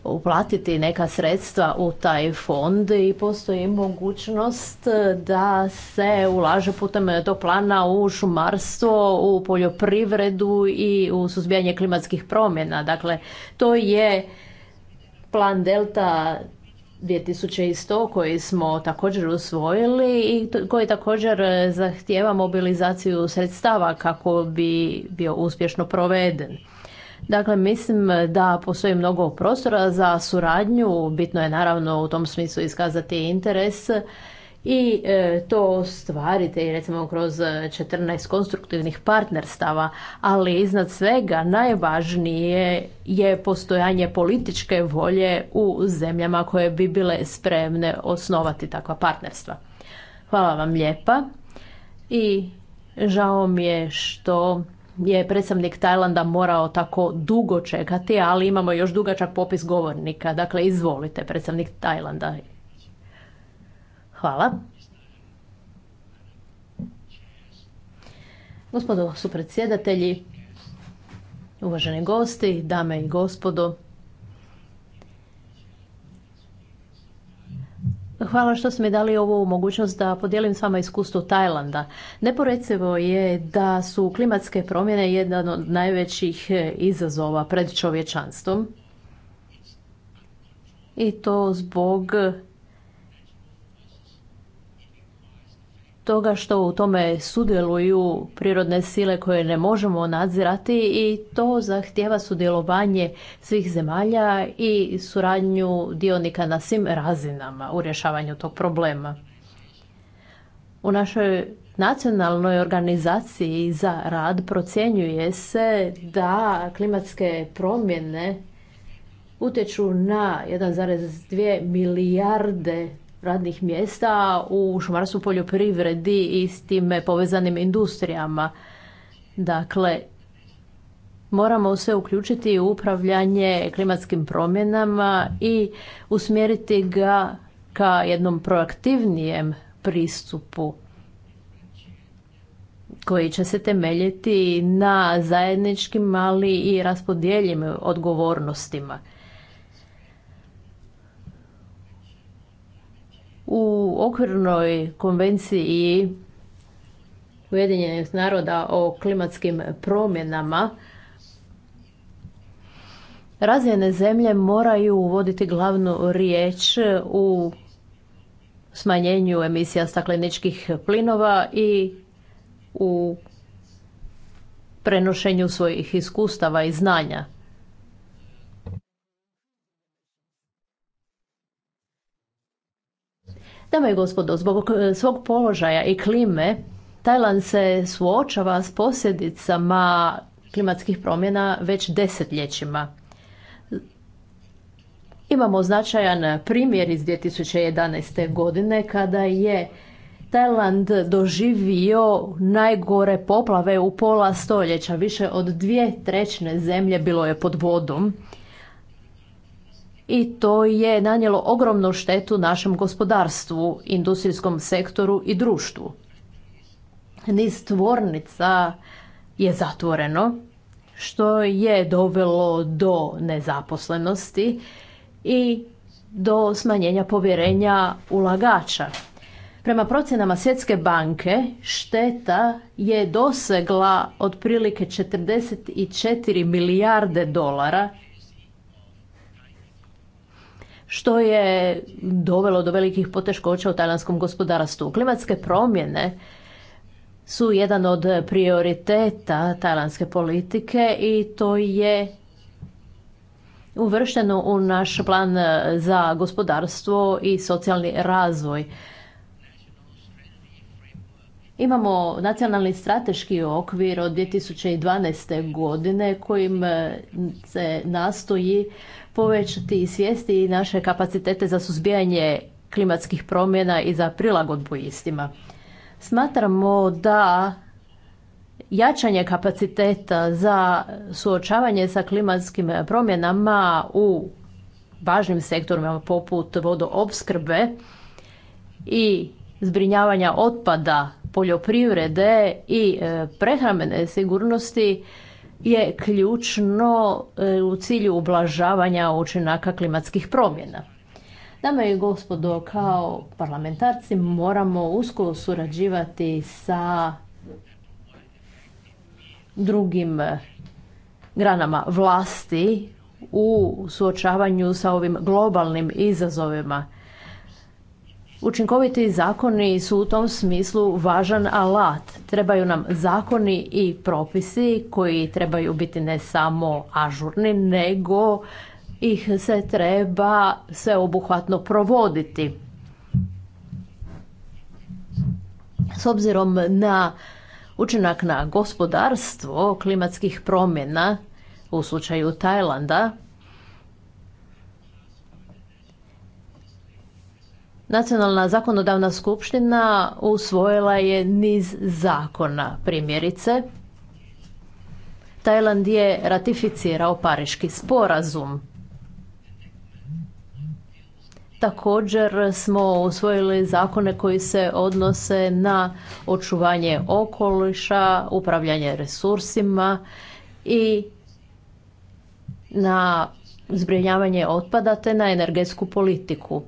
uplatiti neka sredstva u taj fond i postoji mogućnost da se ulaže putem tog plana u šumarstvo, u poljoprivredu i u suzbijanje klimatskih promjena. Dakle, to je plan Delta 2100 koji smo također usvojili i koji također zahtjeva mobilizaciju sredstava kako bi bio uspješno proveden. Dakle, mislim da postoji mnogo prostora za suradnju. Bitno je naravno u tom smislu iskazati interes i e, to ostvarite recimo kroz 14 konstruktivnih partnerstava, ali iznad svega najvažnije je postojanje političke volje u zemljama koje bi bile spremne osnovati takva partnerstva. Hvala vam lijepa i žao mi je što je predstavnik Tajlanda morao tako dugo čekati, ali imamo još dugačak popis govornika. Dakle, izvolite, predstavnik Tajlanda. Hvala. Gospodo supredsjedatelji, uvaženi gosti, dame i gospodo, Hvala što ste mi dali ovu mogućnost da podijelim s vama iskustvo Tajlanda. Neporecivo je da su klimatske promjene jedan od najvećih e, izazova pred čovječanstvom. I to zbog toga što u tome sudjeluju prirodne sile koje ne možemo nadzirati i to zahtjeva sudjelovanje svih zemalja i suradnju dionika na svim razinama u rješavanju tog problema. U našoj nacionalnoj organizaciji za rad procjenjuje se da klimatske promjene utječu na 1,2 milijarde radnih mjesta u šumarstvu, poljoprivredi i s time povezanim industrijama. Dakle, moramo se uključiti u upravljanje klimatskim promjenama i usmjeriti ga ka jednom proaktivnijem pristupu koji će se temeljiti na zajedničkim, ali i raspodijeljim odgovornostima. U okvirnoj konvenciji Ujedinjenih naroda o klimatskim promjenama razvijene zemlje moraju uvoditi glavnu riječ u smanjenju emisija stakleničkih plinova i u prenošenju svojih iskustava i znanja. Dame i gospodo, zbog e, svog položaja i klime, Tajland se suočava s posljedicama klimatskih promjena već desetljećima. Imamo značajan primjer iz 2011. godine kada je Tajland doživio najgore poplave u pola stoljeća. Više od dvije trećne zemlje bilo je pod vodom i to je nanijelo ogromnu štetu našem gospodarstvu, industrijskom sektoru i društvu. Niz tvornica je zatvoreno, što je dovelo do nezaposlenosti i do smanjenja povjerenja ulagača. Prema procjenama Svjetske banke šteta je dosegla otprilike 44 milijarde dolara što je dovelo do velikih poteškoća u talijanskom gospodarstvu. Klimatske promjene su jedan od prioriteta talijanske politike i to je uvršteno u naš plan za gospodarstvo i socijalni razvoj. Imamo nacionalni strateški okvir od 2012. godine kojim e, se nastoji povećati i svijesti i naše kapacitete za suzbijanje klimatskih promjena i za prilagodbu istima. Smatramo da jačanje kapaciteta za suočavanje sa klimatskim promjenama u važnim sektorima poput vodoopskrbe i zbrinjavanja otpada poljoprivrede i e, prehrambene sigurnosti je ključno e, u cilju ublažavanja učinaka klimatskih promjena. Dame i gospodo, kao parlamentarci moramo usko surađivati sa drugim granama vlasti u suočavanju sa ovim globalnim izazovima. Učinkoviti zakoni su u tom smislu važan alat. Trebaju nam zakoni i propisi koji trebaju biti ne samo ažurni, nego ih se treba sveobuhvatno provoditi. S obzirom na učinak na gospodarstvo klimatskih promjena u slučaju Tajlanda, Nacionalna zakonodavna skupština usvojila je niz zakona. Primjerice, Tajland je ratificirao Pariški sporazum. Također smo usvojili zakone koji se odnose na očuvanje okoliša, upravljanje resursima i na zbrinjavanje otpada te na energetsku politiku.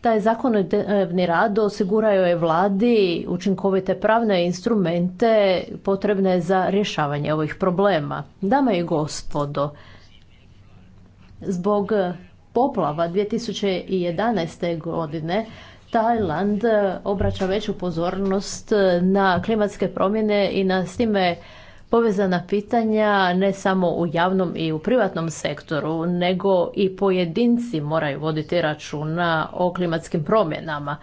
Taj zakonodavni rad osigurao je vladi učinkovite pravne instrumente potrebne za rješavanje ovih problema. Dame i gospodo, zbog poplava 2011. godine Tajland obraća veću pozornost na klimatske promjene i na s time povezana pitanja ne samo u javnom i u privatnom sektoru, nego i pojedinci moraju voditi računa o klimatskim promjenama.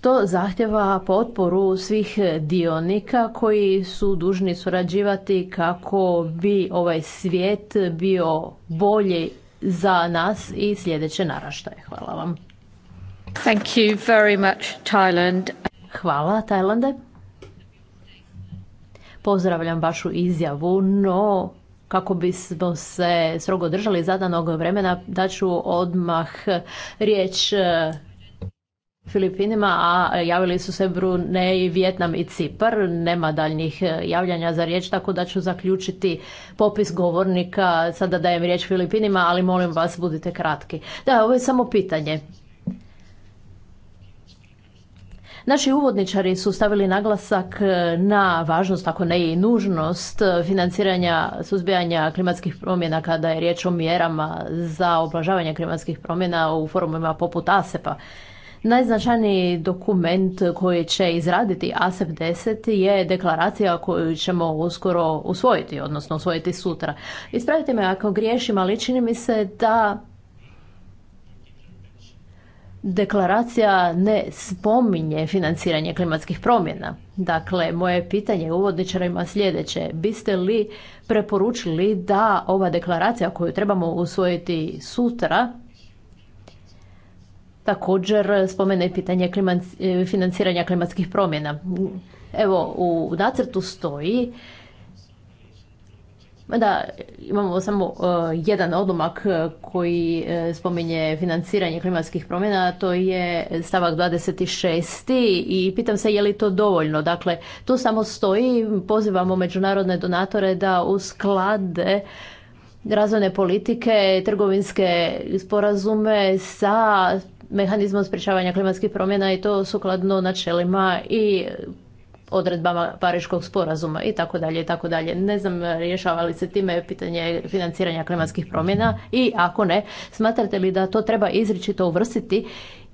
To zahtjeva potporu svih dionika koji su dužni surađivati kako bi ovaj svijet bio bolji za nas i sljedeće naraštaje. Hvala vam. Thank you very much, Thailand. Hvala, Tajlande. Pozdravljam vašu izjavu, no kako bismo se strogo držali zadanog vremena, daću odmah riječ e, Filipinima, a javili su se Brunei, Vjetnam i Cipar. Nema daljnjih e, javljanja za riječ, tako da ću zaključiti popis govornika. Sada dajem riječ Filipinima, ali molim vas budite kratki. Da, ovo je samo pitanje. Naši uvodničari su stavili naglasak e, na važnost, ako ne i nužnost, e, financiranja suzbijanja klimatskih promjena kada je riječ o mjerama za oblažavanje klimatskih promjena u forumima poput ASEPA. Najznačajniji dokument koji će izraditi ASEP e 10 je deklaracija koju ćemo uskoro usvojiti, odnosno usvojiti sutra. Ispravite me ako griješim, ali čini mi se da Deklaracija ne spominje financiranje klimatskih promjena. Dakle, moje pitanje uvodničarima sljedeće. Biste li preporučili da ova deklaracija koju trebamo usvojiti sutra također spomene pitanje eh, financiranja klimatskih promjena? Evo, u nacrtu stoji Mada imamo samo e, jedan odlomak e, koji e, spominje financiranje klimatskih promjena, to je stavak 26. i pitam se je li to dovoljno. Dakle, to samo stoji, pozivamo međunarodne donatore da usklade razvojne politike, trgovinske sporazume sa mehanizmom sprječavanja klimatskih promjena i to sukladno načelima i odredbama Pariškog sporazuma i tako dalje i tako dalje. Ne znam rješava li se time pitanje financiranja klimatskih promjena i ako ne, smatrate li da to treba izričito uvrstiti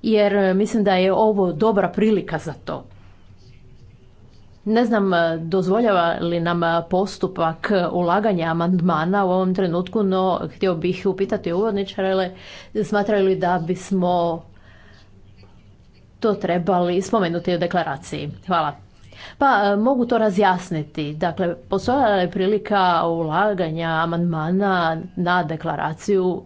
jer mislim da je ovo dobra prilika za to. Ne znam dozvoljava li nam postupak ulaganja amandmana u ovom trenutku, no htio bih upitati uvodničare, smatraju li da bismo to trebali spomenuti u deklaraciji. Hvala. Pa e, mogu to razjasniti. Dakle, postojala je prilika ulaganja amandmana na deklaraciju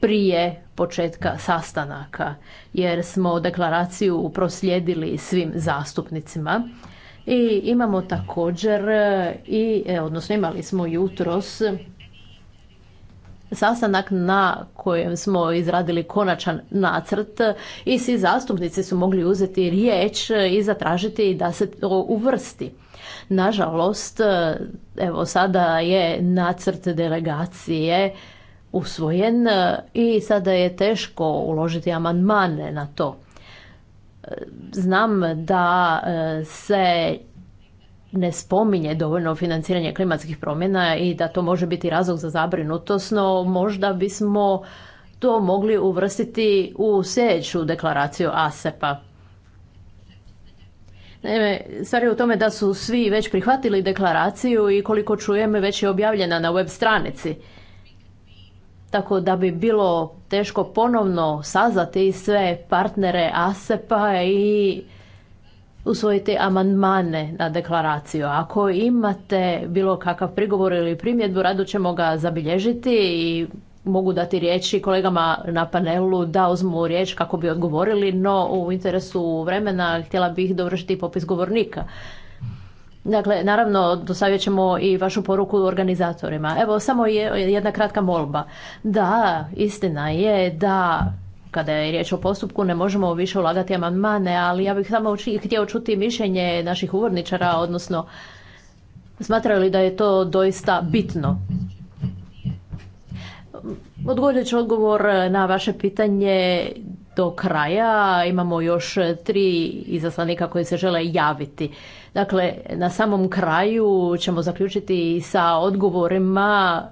prije početka sastanaka, jer smo deklaraciju proslijedili svim zastupnicima. I imamo također i e, odnosno imali smo jutros sastanak na kojem smo izradili konačan nacrt i svi zastupnici su mogli uzeti riječ i zatražiti da se to uvrsti. Nažalost, evo sada je nacrt delegacije usvojen i sada je teško uložiti amandmane na to. Znam da e, se ne spominje dovoljno financiranje klimatskih promjena i da to može biti razlog za zabrinutost, no možda bismo to mogli uvrstiti u sljedeću deklaraciju ASEPA. Naime, stvar je u tome da su svi već prihvatili deklaraciju i koliko čujem već je objavljena na web stranici. Tako da bi bilo teško ponovno sazvati sve partnere ASEPA i usvojiti amandmane na deklaraciju. Ako imate bilo kakav prigovor ili primjedbu, rado ćemo ga zabilježiti i mogu dati riječi kolegama na panelu da uzmu riječ kako bi odgovorili, no u interesu vremena htjela bih dovršiti popis govornika. Dakle, naravno, dostavit ćemo i vašu poruku organizatorima. Evo, samo je jedna kratka molba. Da, istina je da kada je riječ o postupku ne možemo više ulagati amandmane, ali ja bih samo htio čuti mišljenje naših uvodničara, odnosno smatraju li da je to doista bitno. Odgovorit ću odgovor na vaše pitanje do kraja. Imamo još tri izaslanika koji se žele javiti. Dakle, na samom kraju ćemo zaključiti sa odgovorima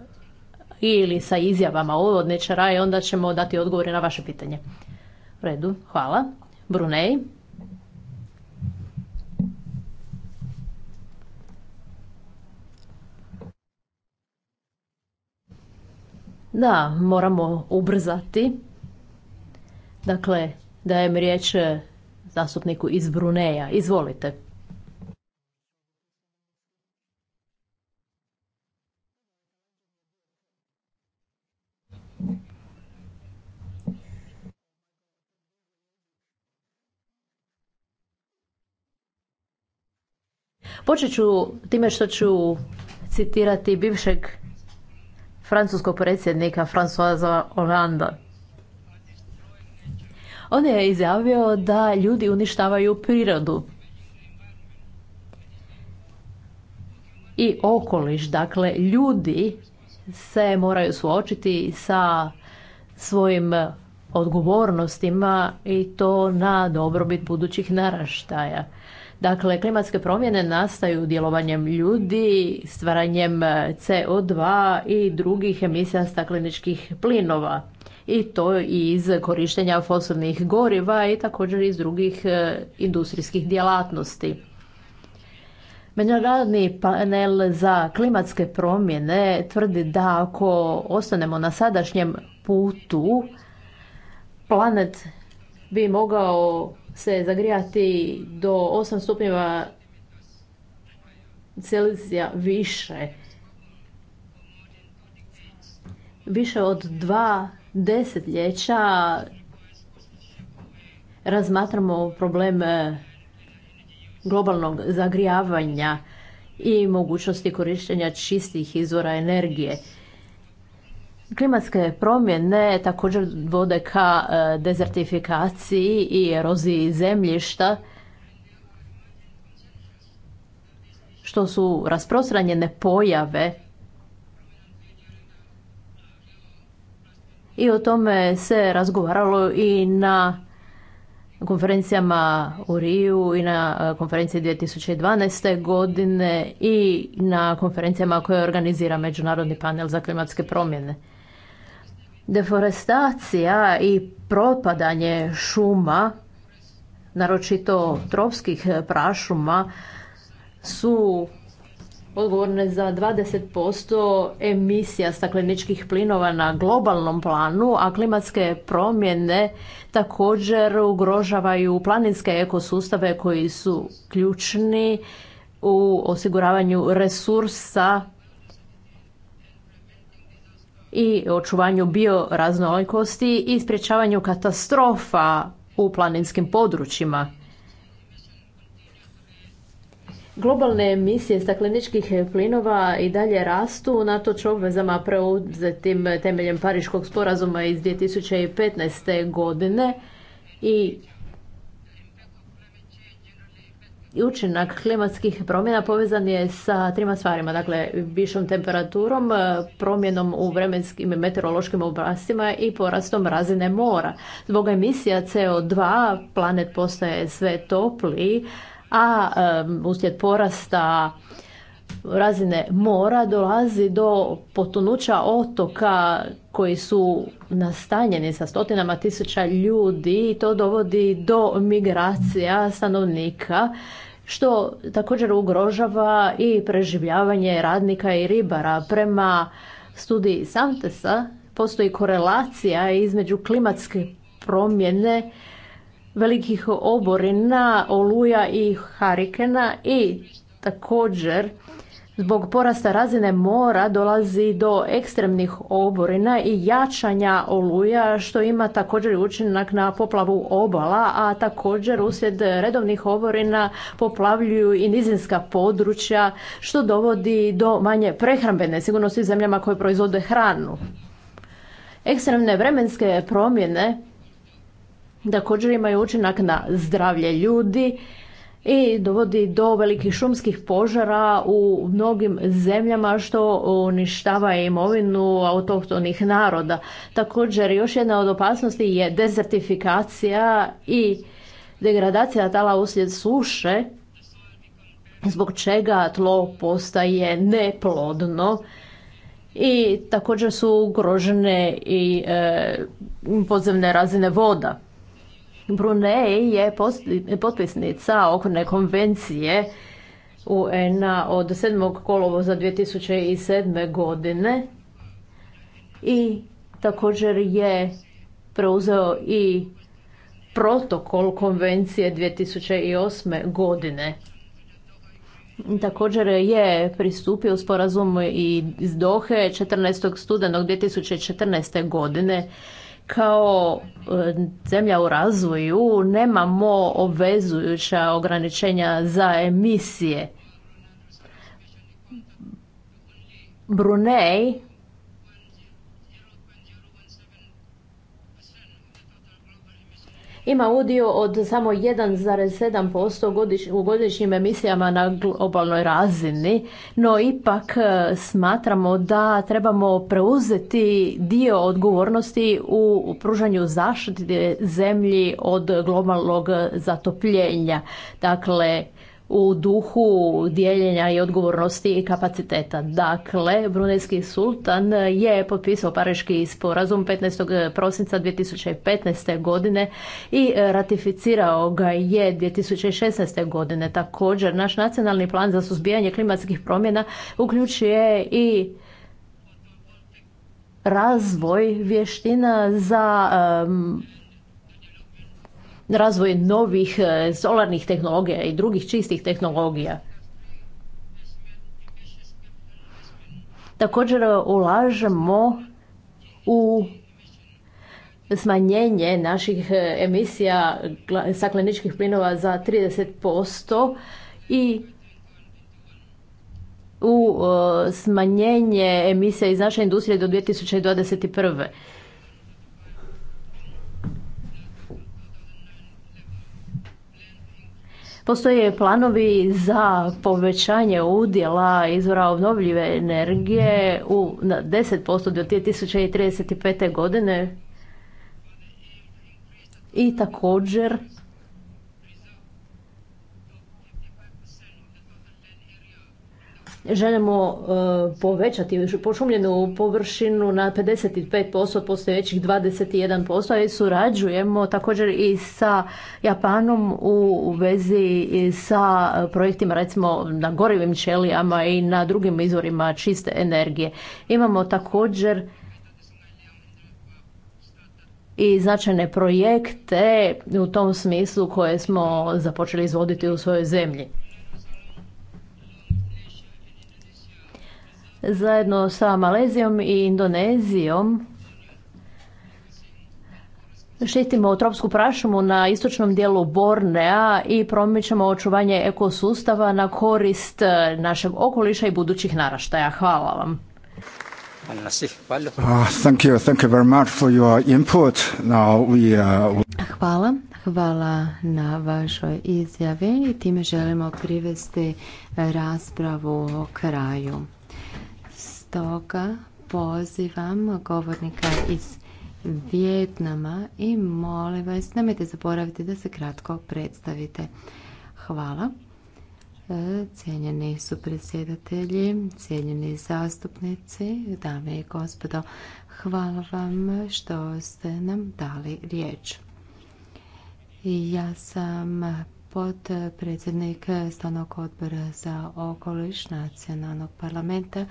ili sa izjavama uvodničara i e, onda ćemo dati odgovore na vaše pitanje. U redu, hvala. Brunei. Da, moramo ubrzati. Dakle, dajem riječ zastupniku iz Bruneja. Izvolite. Počet ću time što ću citirati bivšeg francuskog predsjednika Françoisa Hollande. On je izjavio da ljudi uništavaju prirodu i okoliš. Dakle, ljudi se moraju suočiti sa svojim odgovornostima i to na dobrobit budućih naraštaja. Dakle, klimatske promjene nastaju djelovanjem ljudi, stvaranjem e, CO2 i drugih emisija stakleničkih plinova. I to iz korištenja fosilnih goriva i također iz drugih e, industrijskih djelatnosti. Međunarodni panel za klimatske promjene tvrdi da ako ostanemo na sadašnjem putu, planet bi mogao se zagrijati do 8 stupnjeva Celzija više. Više od dva desetljeća razmatramo problem e, globalnog zagrijavanja i mogućnosti korištenja čistih izvora energije. Klimatske promjene također vode ka e, dezertifikaciji i eroziji zemljišta, što su rasprostranjene pojave i o tome se razgovaralo i na konferencijama u Riju i na e, konferenciji 2012. godine i na konferencijama koje organizira Međunarodni panel za klimatske promjene. Deforestacija i propadanje šuma, naročito tropskih prašuma, su odgovorne za 20% emisija stakleničkih plinova na globalnom planu, a klimatske promjene također ugrožavaju planinske ekosustave koji su ključni u osiguravanju resursa i očuvanju bioraznolikosti i sprječavanju katastrofa u planinskim područjima. Globalne emisije stakleničkih plinova i dalje rastu natoč obvezama preuzetim temeljem Pariškog sporazuma iz 2015. godine i učinak klimatskih promjena povezan je sa trima stvarima, dakle višom temperaturom, e, promjenom u vremenskim meteorološkim obrascima i porastom razine mora. Zbog emisija CO2 planet postaje sve topliji, a e, uslijed porasta razine mora dolazi do potonuća otoka koji su nastanjeni sa stotinama tisuća ljudi i to dovodi do migracija stanovnika što također ugrožava i preživljavanje radnika i ribara. Prema studiji Santesa postoji korelacija između klimatske promjene velikih oborina, oluja i harikena i također Zbog porasta razine mora dolazi do ekstremnih oborina i jačanja oluja što ima također učinak na poplavu obala, a također uslijed redovnih oborina poplavljuju i nizinska područja što dovodi do manje prehrambene sigurnosti zemljama koje proizvode hranu. Ekstremne vremenske promjene također imaju učinak na zdravlje ljudi i dovodi do velikih šumskih požara u mnogim zemljama što uništava imovinu autohtonih naroda. Također još jedna od opasnosti je dezertifikacija i degradacija tala uslijed suše zbog čega tlo postaje neplodno i također su ugrožene i e, podzemne razine voda. Brunei je potpisnica okvirne konvencije UN-a od 7. kolovoza 2007. godine i također je preuzeo i protokol konvencije 2008. godine. Također je pristupio sporazumu i iz Dohe 14. studenog 2014. godine kao e, zemlja u razvoju nemamo obvezujuća ograničenja za emisije. Brunei ima udio od samo 1,7% u godišnjim emisijama na globalnoj razini, no ipak e, smatramo da trebamo preuzeti dio odgovornosti u pružanju zaštite zemlji od globalnog zatopljenja. Dakle, u duhu dijeljenja i odgovornosti i kapaciteta. Dakle, Brunejski sultan je potpisao Pariški sporazum 15. prosinca 2015. godine i ratificirao ga je 2016. godine. Također, naš nacionalni plan za suzbijanje klimatskih promjena uključuje i razvoj vještina za razvoj novih e, solarnih tehnologija i drugih čistih tehnologija. Također e, ulažemo u smanjenje naših e, emisija stakleničkih plinova za 30% i u smanjenje emisija iz naše industrije do 2021. Postoje planovi za povećanje udjela izvora obnovljive energije u, na 10% do 2035. godine i također želimo e, povećati pošumljenu površinu na 55% postojećih 21%, a i surađujemo također i sa Japanom u vezi sa projektima recimo na gorivim čelijama i na drugim izvorima čiste energije. Imamo također i značajne projekte u tom smislu koje smo započeli izvoditi u svojoj zemlji. zajedno sa Malezijom i Indonezijom štitimo tropsku prašumu na istočnom dijelu Bornea i promičemo očuvanje ekosustava na korist e, našeg okoliša i budućih naraštaja. Hvala vam. Hvala. Hvala na vašoj izjavi i time želimo privesti e, raspravu o kraju. Stoga pozivam govornika iz Vjetnama i molim vas, nemojte zaboraviti da se kratko predstavite. Hvala. E, cijenjeni su predsjedatelji, cijenjeni zastupnici, dame i gospodo, hvala vam što ste nam dali riječ. Ja sam predsjednik Stalnog odbora za okoliš nacionalnog parlamenta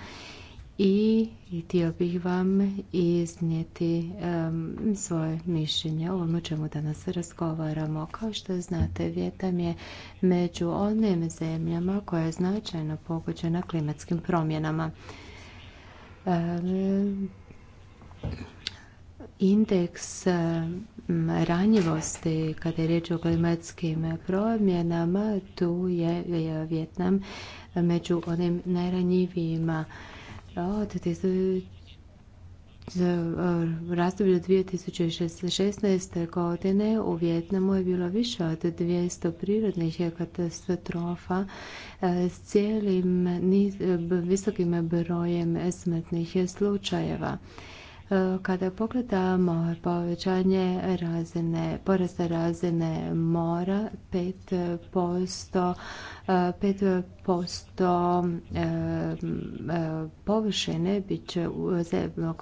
i htio bih vam iznijeti svoje mišljenje o ovom čemu danas razgovaramo. Kao što znate, Vjetam je među onim zemljama koja je značajno pogođena klimatskim promjenama. indeks ranjivosti kada je riječ o klimatskim promjenama, tu je Vjetnam među onim najranjivijima od za e, razdoblje od 2016. godine u Vjetnamu je bilo više od 200 prirodnih katastrofa e, s cijelim niz, e, visokim brojem smrtnih slučajeva. Kada pogledamo povećanje razine, porasta razine mora, 5% 5% eh, površine bit će,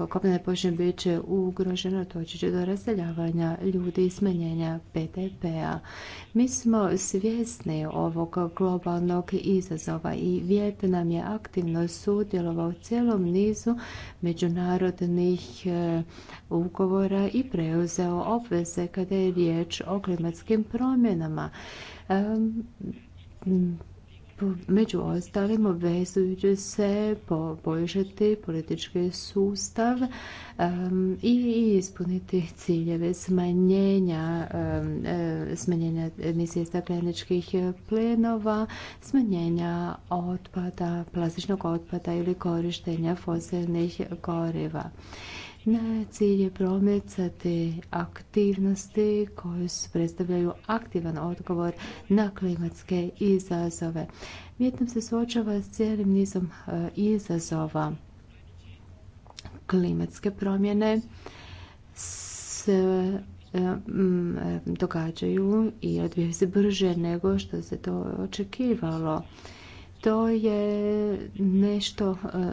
kopnene površine bit će ugroženo, to će do raseljavanja ljudi i smanjenja PTP-a. Mi smo svjesni ovog globalnog izazova i Vjetnam je aktivno sudjelovao u cijelom nizu međunarodnih eh, ugovora i preuzeo obveze kada je riječ o klimatskim promjenama. Mm, među ostalim obvezujući se poboljšati politički sustav i ispuniti ciljeve smanjenja, e, smanjenja emisije stakleničkih plinova, smanjenja otpada, plastičnog otpada ili korištenja fosilnih goriva. Na cilj je promicati aktivnosti koje predstavljaju aktivan odgovor na klimatske izazove. Vjetnam se suočava s cijelim nizom e, izazova klimatske promjene s e, e, događaju i odvijaju se brže nego što se to očekivalo. To je nešto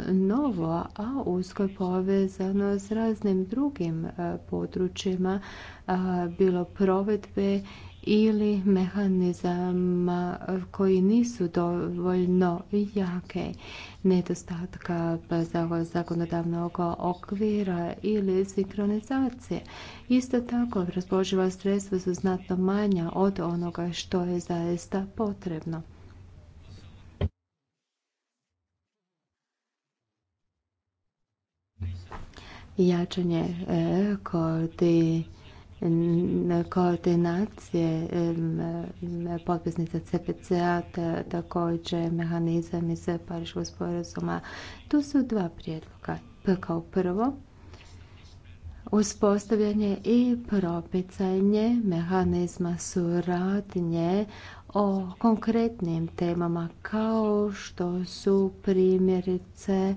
e, novo, a usko je povezano s raznim drugim e, područjima, e, bilo provedbe ili mehanizama koji nisu dovoljno jake nedostatka pa zakonodavnog okvira ili sinkronizacije. Isto tako, raspoloživa sredstva su znatno manja od onoga što je zaista potrebno. jačanje e, koordinacije potpisnica CPC-a, također mehanizam iz Pariškog sporazuma. Tu su dva prijedloga. Kao prvo, uspostavljanje i propicanje mehanizma suradnje o konkretnim temama kao što su primjerice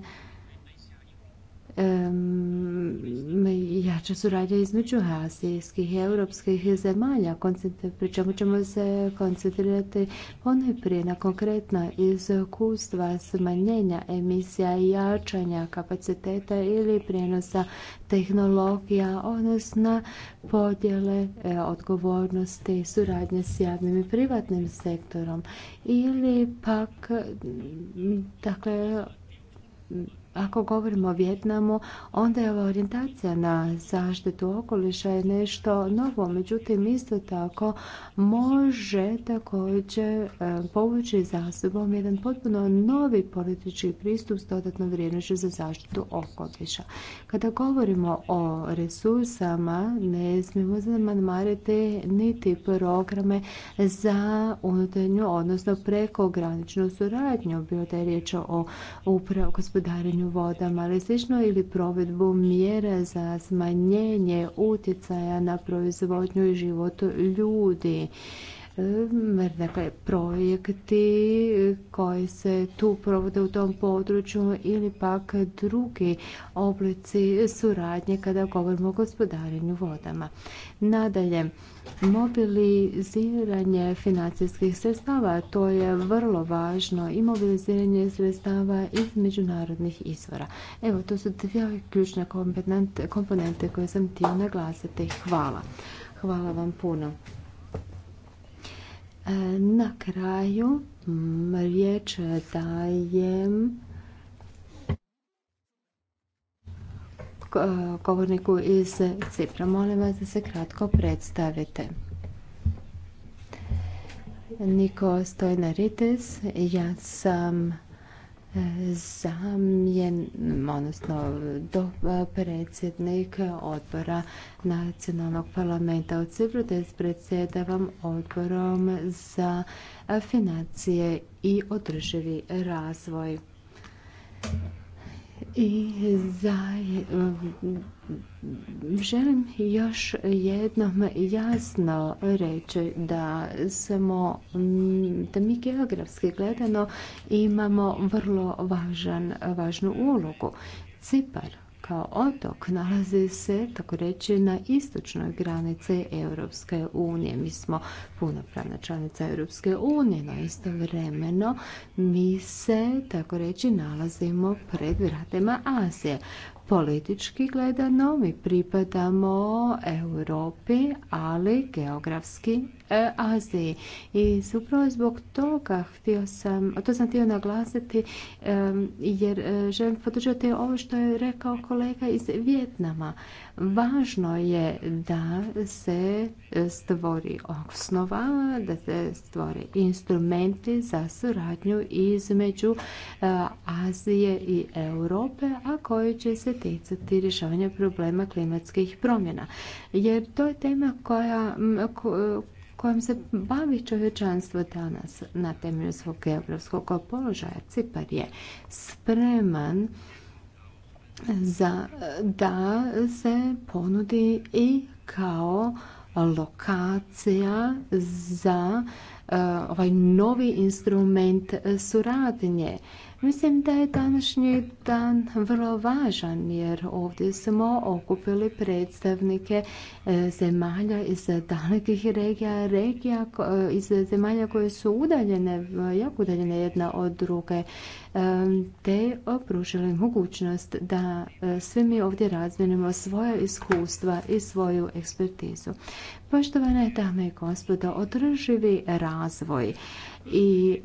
jača suradnja između azijskih i europskih zemalja, pri čemu ćemo se koncentrirati ponajprije na konkretna iskustva smanjenja emisija i jačanja kapaciteta ili prijenosa tehnologija, odnosno podjele e, odgovornosti suradnje s javnim i privatnim sektorom ili pak dakle ako govorimo o Vjetnamu, onda je ova orijentacija na zaštitu okoliša je nešto novo, međutim isto tako može također e, povući za sobom jedan potpuno novi politički pristup s dodatnom vrijednošću za zaštitu okoliša. Kada govorimo o resursama, ne smijemo zanemariti niti programe za unutarnju, odnosno prekograničnu suradnju, bilo da je riječ o upravo gospodarenju vodama, ali slično ili provedbu mjera za smanjenje utjecaja na proizvodnju i život ljudi dakle projekti koji se tu provode u tom području ili pak drugi oblici suradnje kada govorimo o gospodarenju vodama. Nadalje, mobiliziranje financijskih sredstava, to je vrlo važno i mobiliziranje sredstava iz međunarodnih izvora. Evo, to su dvije ključne komponente koje sam htio naglasiti. Hvala. Hvala vam puno. E, na kraju riječ dajem govorniku iz Cipra. Molim vas da se kratko predstavite. Niko Stojnaritis, ja sam zamjen, odnosno do e, predsjednik odbora nacionalnog parlamenta u Cipru, te predsjedavam odborom za financije i održivi razvoj. I za želim još jednom jasno reći da smo, mm, da mi geografski gledano imamo vrlo važan, važnu ulogu. Cipar, kao otok nalazi se, tako reći, na istočnoj granici Europske unije. Mi smo punopravna članica Europske unije, no istovremeno mi se, tako reći, nalazimo pred vratima Azije. Politički gledano mi pripadamo Europi, ali geografski E, Aziji. I upravo zbog toga htio sam, to sam htio naglasiti e, jer e, želim podržati ovo što je rekao kolega iz Vjetnama. Važno je da se stvori osnova, da se stvori instrumenti za suradnju između Azije i Europe, a koji će se ticati rješavanja problema klimatskih promjena. Jer to je tema koja, kojom se bavi čovječanstvo danas na temelju svog geografskog položaja. Cipar je spreman za, da se ponudi i kao lokacija za eh, ovaj novi instrument suradnje Mislim da je današnji dan vrlo važan jer ovdje smo okupili predstavnike e, zemalja iz dalekih regija, regija e, iz zemalja koje su udaljene, jako udaljene jedna od druge, e, te opružili mogućnost da svi mi ovdje razminimo svoje iskustva i svoju ekspertizu. Poštovane dame i gospodo, održivi razvoj i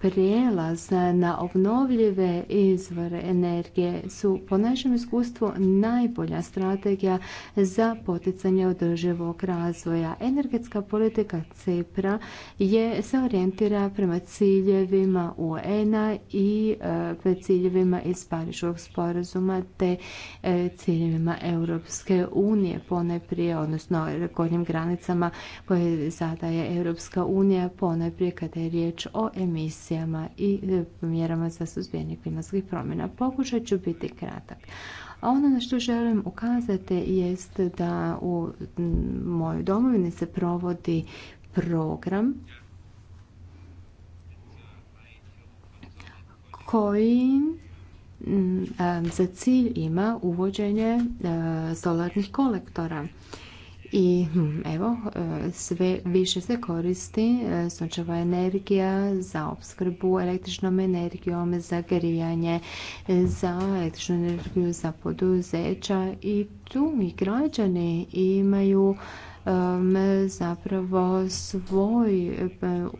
prijelaz na obnovljive izvore energije su po našem iskustvu najbolja strategija za poticanje održivog razvoja. Energetska politika CEPRA je, se orijentira prema ciljevima UN-a i e, ciljevima iz Pariškog sporazuma te e, ciljevima Europske unije poneprije, odnosno gornjim granicama koje zadaje Europska unija poneprije kada je riječ o emisijama i e, mjerama za suzbijanje klimatskih promjena. Pokušat ću biti kratak. A ono na što želim ukazati jest da u mojoj domovini se provodi program koji e, za cilj ima uvođenje e, solarnih kolektora. I hm, evo, e, sve više se koristi e, sunčeva energija za opskrbu električnom energijom, za grijanje, e, za električnu energiju, za poduzeća i tu i građani imaju zapravo svoj e,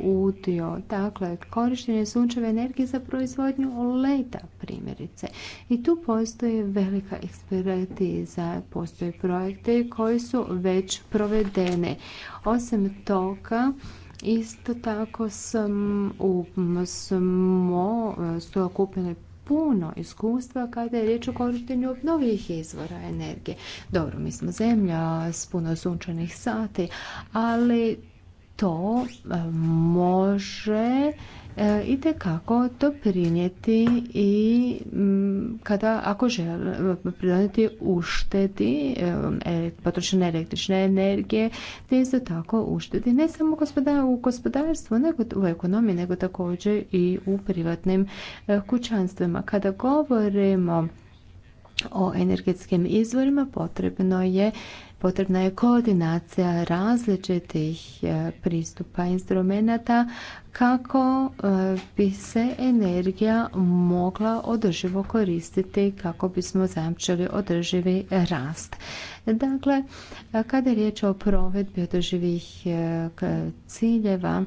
udio. Dakle, korištenje sunčeve energije za proizvodnju leda primjerice. I tu postoji velika ekspertiza, postoje projekte koji su već provedene. Osim toga, Isto tako sam u, smo puno iskustva kada je riječ o korištenju obnovljivih izvora energije. Dobro, mi smo zemlja s puno sunčanih sati, ali to e, može E, i kako prinijeti i kada ako žele pridonijeti uštedi e, potrošene električne energije te isto tako uštedi ne samo u gospodarstvu nego u ekonomiji nego također i u privatnim e, kućanstvima. Kada govorimo o energetskim izvorima potrebno je Potrebna je koordinacija različitih e, pristupa instrumenata kako e, bi se energija mogla održivo koristiti kako bismo zamčili održivi rast. Dakle, kada je riječ o provedbi održivih e, ciljeva,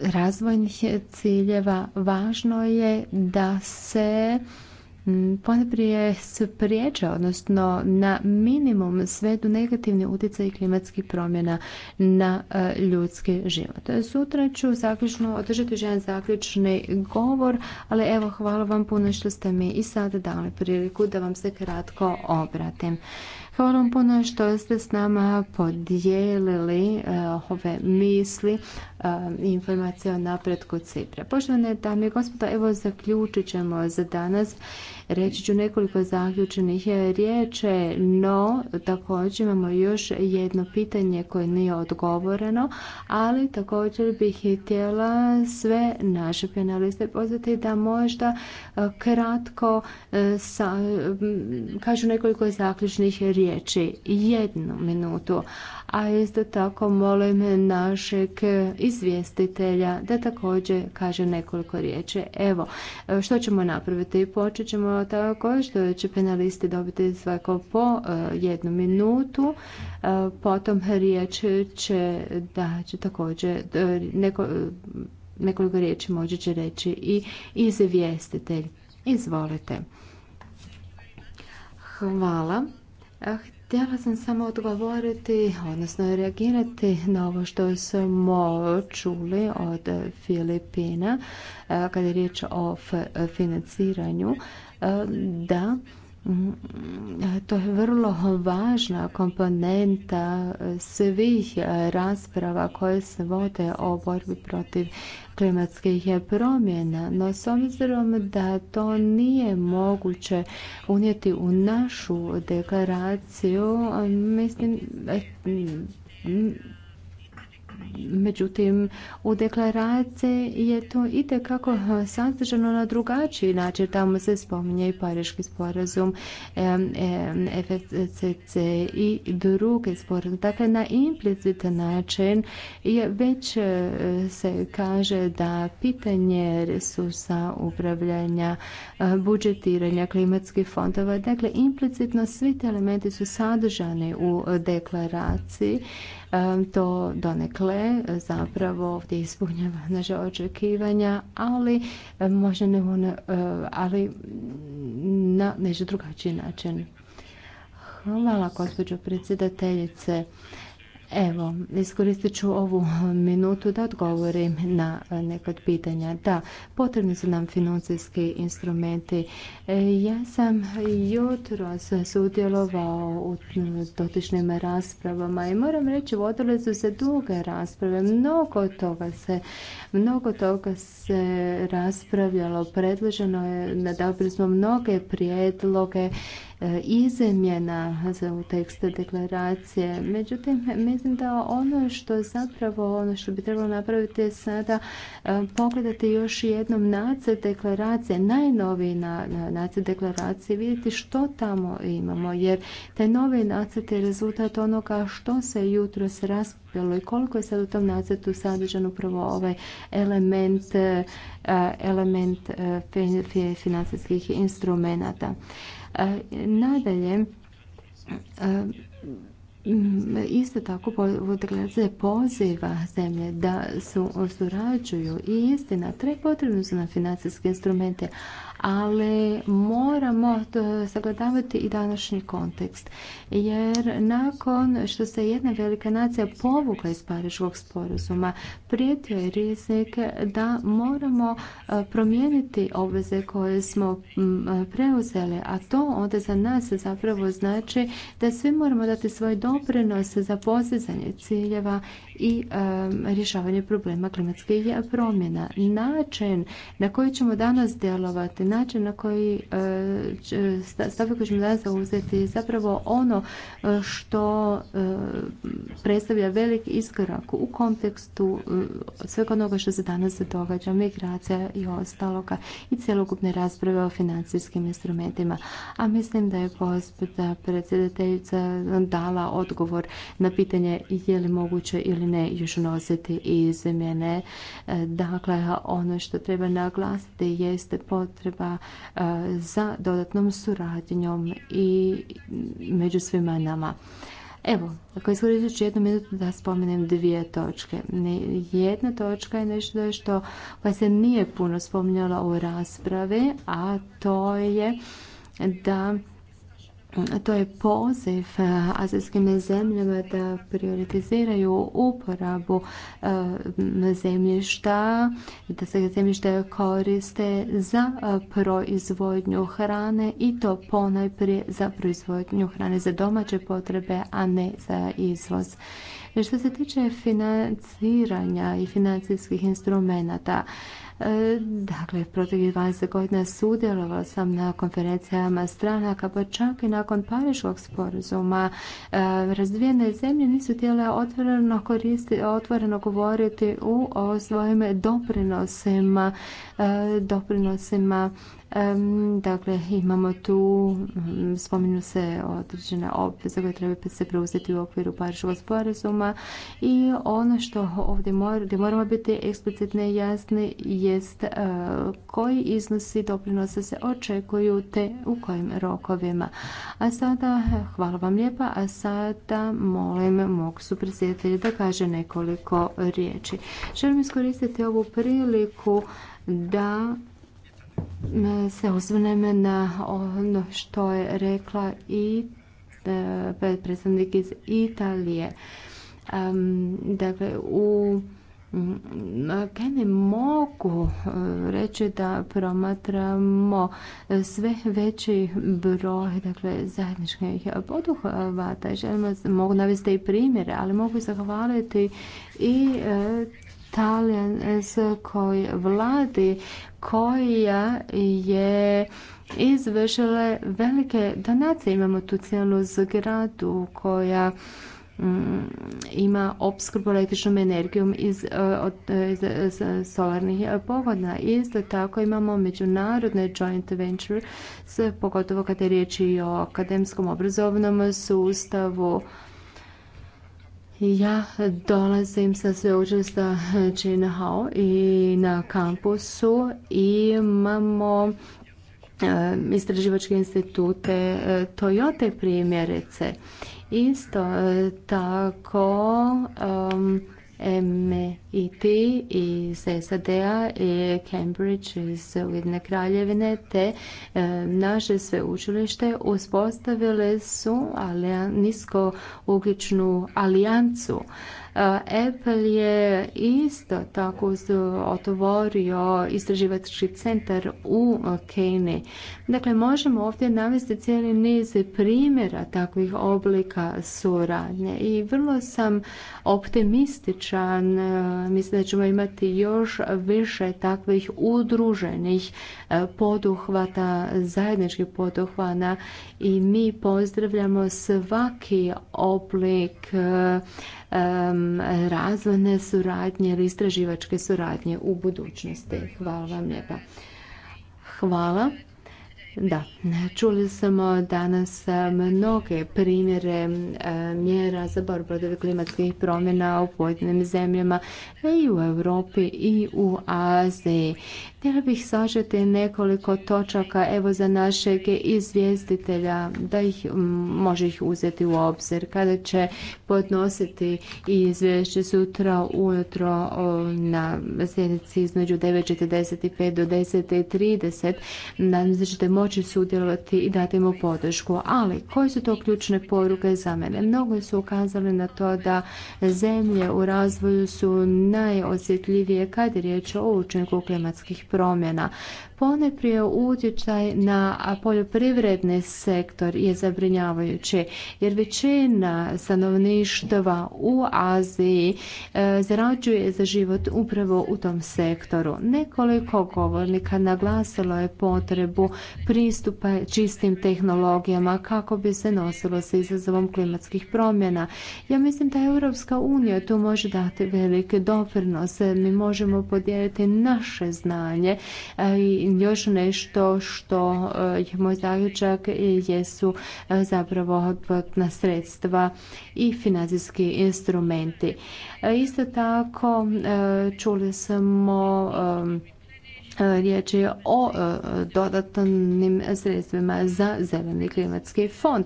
razvojnih ciljeva, važno je da se Mm, ponajprije spriječa, odnosno na minimum svedu negativni utjecaj klimatskih promjena na e, ljudski život. Sutra ću zaključno održati jedan zaključni govor, ali evo hvala vam puno što ste mi i sada dali priliku da vam se kratko obratim. Hvala vam puno što ste s nama podijelili e, ove misli E, informacija o napretku Cipra. Poštovane dame i gospodo, evo zaključit ćemo za danas. Reći ću nekoliko zaključenih riječe, no također imamo još jedno pitanje koje nije odgovoreno, ali također bih htjela sve naše penaliste pozvati da možda e, kratko e, sa, kažu nekoliko zaključnih riječi, jednu minutu, a isto tako molim našeg izvjestitelja da također kaže nekoliko riječi. Evo, što ćemo napraviti? Počet ćemo tako što će penalisti dobiti svako po e, jednu minutu, e, potom riječ će da će također e, neko, nekoliko riječi moći će reći i izvjestitelj. Izvolite. Hvala. Htjela sam samo odgovoriti, odnosno reagirati na ovo što smo čuli od Filipina eh, kada je riječ o financiranju. Eh, da, Mm, to je vrlo važna komponenta eh, svih eh, rasprava koje se vode o borbi protiv klimatskih eh, promjena, no s obzirom da to nije moguće unijeti u našu deklaraciju, mislim mm, Međutim, u deklaraciji je to itekako sadržano na drugačiji način. Tamo se spominje i Pariški sporazum, FCC i druge sporazum. Dakle, na implicitan način je već e, se kaže da pitanje resursa upravljanja, e, budžetiranja klimatskih fondova, dakle, implicitno svi ti elementi su sadržani u deklaraciji to donekle zapravo ovdje ispunjava naše očekivanja, ali možda ne ali na nešto drugačiji način. Hvala gospođo predsjedateljice. Evo, iskoristit ću ovu minutu da odgovorim na neka pitanja. Da, potrebni su nam financijski instrumenti. E, ja sam jutro sudjelovao u dotičnim raspravama i moram reći, vodile su se duge rasprave. Mnogo toga se, mnogo toga se raspravljalo. Predloženo je, da smo mnoge prijedloge za u tekstu deklaracije. Međutim, mislim da ono što zapravo, ono što bi trebalo napraviti je sada e, pogledati još jednom nacrt deklaracije, najnoviji nacrt deklaracije, vidjeti što tamo imamo, jer taj novi nacrt je rezultat onoga što se jutro se i koliko je sad u tom nacrtu sadržan upravo ovaj element, e, element e, financijskih instrumenata. E, nadalje, e, mm, Isto tako se poziva zemlje da su surađuju i istina, tre potrebno su na financijske instrumente, ali moramo sagledavati i današnji kontekst. Jer nakon što se jedna velika nacija povukla iz Pariškog sporazuma, prijetio je rizik da moramo e, promijeniti obveze koje smo preuzeli, a to onda za nas zapravo znači da svi moramo dati svoj doprinos za postizanje ciljeva i e, rješavanje problema klimatskih promjena. Način na koji ćemo danas djelovati, način na koji e, stave koji ćemo danas zauzeti zapravo ono e, što e, predstavlja velik iskorak u kontekstu svega onoga što se danas događa, migracija i ostaloga i cjelokupne rasprave o financijskim instrumentima. A mislim da je gospođa predsjedateljica dala odgovor na pitanje je li moguće ili ne još nositi izmjene. Dakle, ono što treba naglasiti jeste potreba E, za dodatnom suradnjom i među svima nama. Evo, ako iskoristit ću jednu minutu da spomenem dvije točke. Jedna točka je nešto što koja se nije puno spominjala u raspravi, a to je da to je poziv e, azijskim zemljama da prioritiziraju uporabu e, zemljišta, da se zemljište koriste za e, proizvodnju hrane i to ponajprije za proizvodnju hrane za domaće potrebe, a ne za izvoz. Što se tiče financiranja i financijskih instrumenata, Dakle, protiv 20 godina sudjelovala sam na konferencijama stranaka, pa čak i nakon Pariškog sporazuma e, razvijene zemlje nisu tijele otvoreno, govoriti u, o svojim doprinosima, e, doprinosima e, Dakle, imamo tu, spominju se određene obveze koje treba se preuzeti u okviru Pariškog sporazuma i ono što ovdje moramo biti eksplicitne i jasni je jest e, koji iznosi doprinosa se očekuju te u kojim rokovima. A sada, e, hvala vam lijepa, a sada molim mog supredsjedatelja da kaže nekoliko riječi. Želim iskoristiti ovu priliku da e, se osvrnem na ono što je rekla i predstavnik iz Italije. dakle, u Kene mogu e, reći da promatramo e, sve veći broj dakle, zajedničkih poduhvata. Želimo, mogu navesti i primjere, ali mogu zahvaliti i e, talijanskoj vladi koja je izvršila velike donacije. Imamo tu cijelu zgradu koja Mm, ima opskrbu električnom energijom iz, e, e, e, solarnih pogodna. Isto tako imamo međunarodne joint venture, s, pogotovo kada je riječ i o akademskom obrazovnom sustavu. Ja dolazim sa sveučilišta Hao i na kampusu i imamo istraživačke institute Toyota primjerice Isto e, tako MIT um, e iz SAD-a i Cambridge iz Ujedne kraljevine te e, naše sveučilište uspostavile su nisko ugljičnu alijancu Apple je isto tako otvorio istraživački centar u Keni. Dakle, možemo ovdje navesti cijeli niz primjera takvih oblika suradnje i vrlo sam optimističan. Mislim da ćemo imati još više takvih udruženih poduhvata, zajedničkih poduhvana i mi pozdravljamo svaki oblik um, razvojne suradnje ili istraživačke suradnje u budućnosti. Hvala vam lijepa. Hvala. Da, čuli smo danas mnoge primjere mjera za borbu protiv klimatskih promjena u pojedinim zemljama i u Europi i u Aziji. Htjela bih sažeti nekoliko točaka evo za našeg izvjestitelja da ih može ih uzeti u obzir kada će podnositi izvješće sutra ujutro na sjednici između 9.45 do 10.30 nadam se da ćete moći sudjelovati i dati mu podršku. Ali koje su to ključne poruke za mene? Mnogo su ukazali na to da zemlje u razvoju su najosjetljivije kad je riječ o učinku klimatskih promjena. Poneprije utjecaj na poljoprivredni sektor je zabrinjavajuće jer većina stanovništva u Aziji e, zarađuje za život upravo u tom sektoru. Nekoliko govornika naglasilo je potrebu pristupa čistim tehnologijama kako bi se nosilo sa izazovom klimatskih promjena. Ja mislim da Europska unija tu može dati velike doprinose. Mi možemo podijeliti naše znanje e, i još nešto što e, je moj zaključak e, jesu e, zapravo otplatna sredstva i financijski instrumenti. Isto tako čuli smo Riječ je o dodatnim sredstvima za zeleni klimatski fond.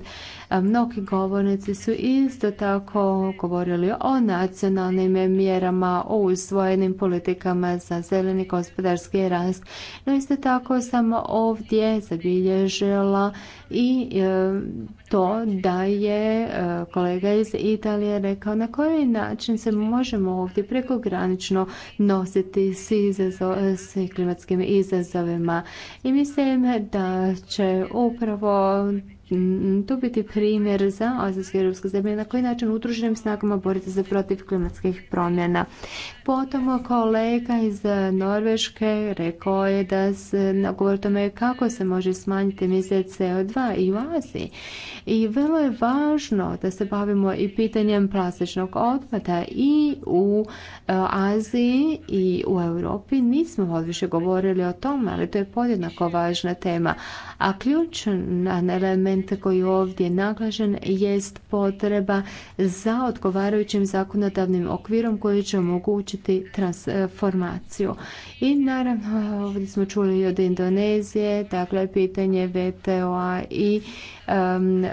Mnogi govornici su isto tako govorili o nacionalnim mjerama, o usvojenim politikama za zeleni gospodarski rast. No isto tako sam ovdje zabilježila i e, to da je e, kolega iz Italije rekao na koji način se možemo ovdje prekogranično nositi s, izazo s klimatskim izazovima. I mislim da će upravo Mm, mm, to biti primjer za azijske i europske zemlje na koji način udruženim snagama boriti se protiv klimatskih promjena. Potom kolega iz Norveške rekao je da se govori tome kako se može smanjiti emisije CO2 i u Aziji. I vrlo je važno da se bavimo i pitanjem plastičnog otpada i u e, Aziji i u Europi. Nismo odviše govorili o tome, ali to je podjednako važna tema. A ključan element koji je ovdje naglažen jest potreba za odgovarajućim zakonodavnim okvirom koji će omogućiti transformaciju. I naravno ovdje smo čuli od Indonezije, dakle pitanje VTO-a i um,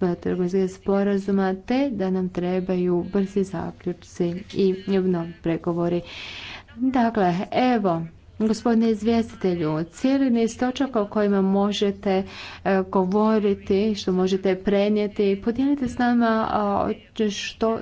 uh, trgovinskih sporazuma, te da nam trebaju brzi zaključci i novi pregovori. Dakle, evo, Gospodine izvjestitelju, cijeli niz točaka o kojima možete uh, govoriti, što možete prenijeti, podijelite s nama uh, što e,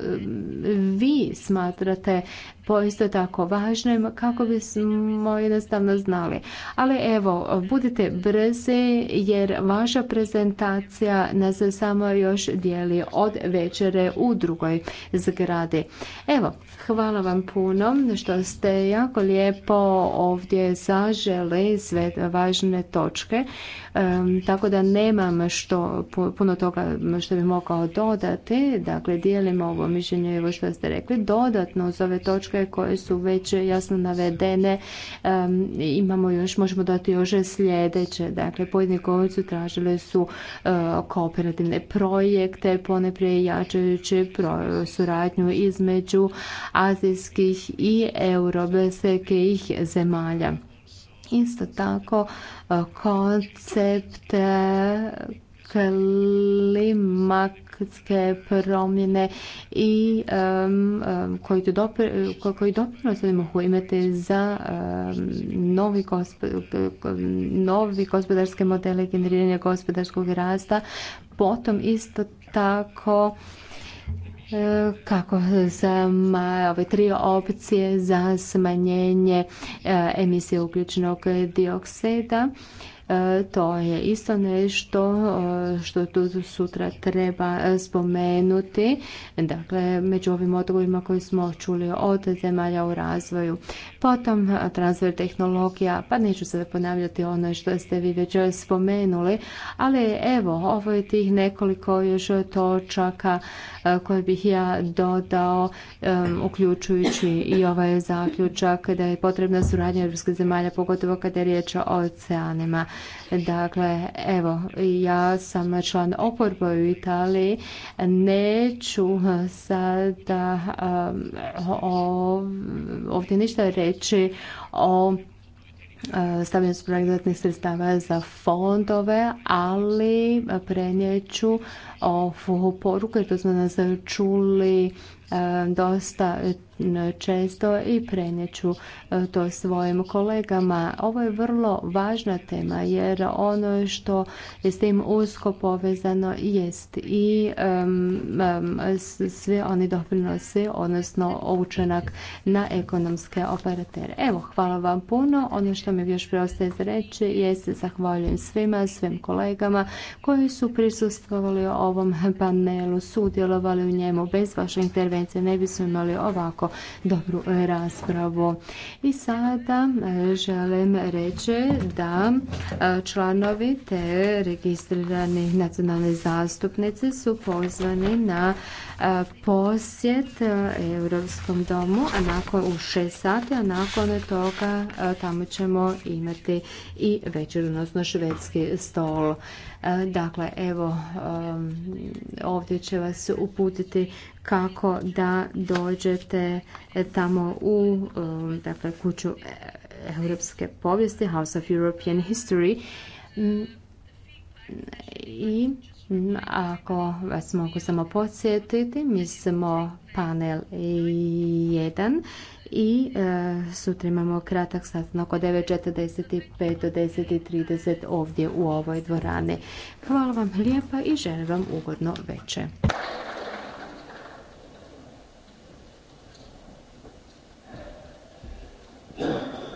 vi smatrate poisto tako važnim kako bismo jednostavno znali. Ali evo, budite brzi jer vaša prezentacija nas samo još dijeli od večere u drugoj zgradi. Evo, hvala vam puno što ste jako lijepo ovdje zaželi sve važne točke. tako da nemam što puno toga što bi mogao dodati. Dakle, dijelimo ovo mišljenje ovo što ste rekli. Dodatno uz ove točke koje su već jasno navedene imamo još, možemo dati još sljedeće. Dakle, pojedini govorci tražili su e, kooperativne projekte, poneprije jačajući suradnju između azijskih i europskih zemalja. Isto tako e, koncept e, klimatske promjene i um, koji, doprinose mogu imati za novi, gospodarske modele generiranja gospodarskog rasta. Potom isto tako e, kako sam ove tri opcije za smanjenje e, emisije ugljičnog dioksida E, to je isto nešto e, što tu sutra treba spomenuti. Dakle, među ovim odgovorima koji smo čuli od zemalja u razvoju. Potom e, transfer tehnologija, pa neću sada ponavljati ono što ste vi već spomenuli, ali evo, ovo je tih nekoliko još točaka koje bih ja dodao, uključujući i ovaj zaključak da je potrebna suradnja europskih zemalja, pogotovo kada je riječ o oceanima. Dakle, evo, ja sam član oporbe u Italiji, neću sada um, ovdje ništa reći o uh, stavljanju dodatnih sredstava za fondove, ali prenijeću ovu poruku, jer to smo nas čuli uh, dosta često i ću e, to svojim kolegama. Ovo je vrlo važna tema jer ono što je s tim usko povezano jest i svi oni doprinosi, odnosno učenak na ekonomske operatere. Evo, hvala vam puno. Ono što mi još preostaje za reći se zahvaljujem svima, svim kolegama koji su prisustvovali ovom panelu, sudjelovali u njemu. Bez vaše intervencije ne bismo imali ovako dobru raspravu. I sada e, želim reći da e, članovi te registrirani nacionalni zastupnici su pozvani na e, posjet Europskom domu a nakon u 6 sati, a nakon toga tamo ćemo imati i večer, odnosno švedski stol. Dakle, evo, ovdje će vas uputiti kako da dođete e, tamo u e, dakle, kuću e, europske povijesti, House of European History. Mm, I mm, ako vas mogu samo podsjetiti, mi smo panel 1 i sutra imamo kratak sastanak od 9.45 do 10.30 ovdje u ovoj dvorani. Hvala vam lijepa i želim vam ugodno večer. Hvala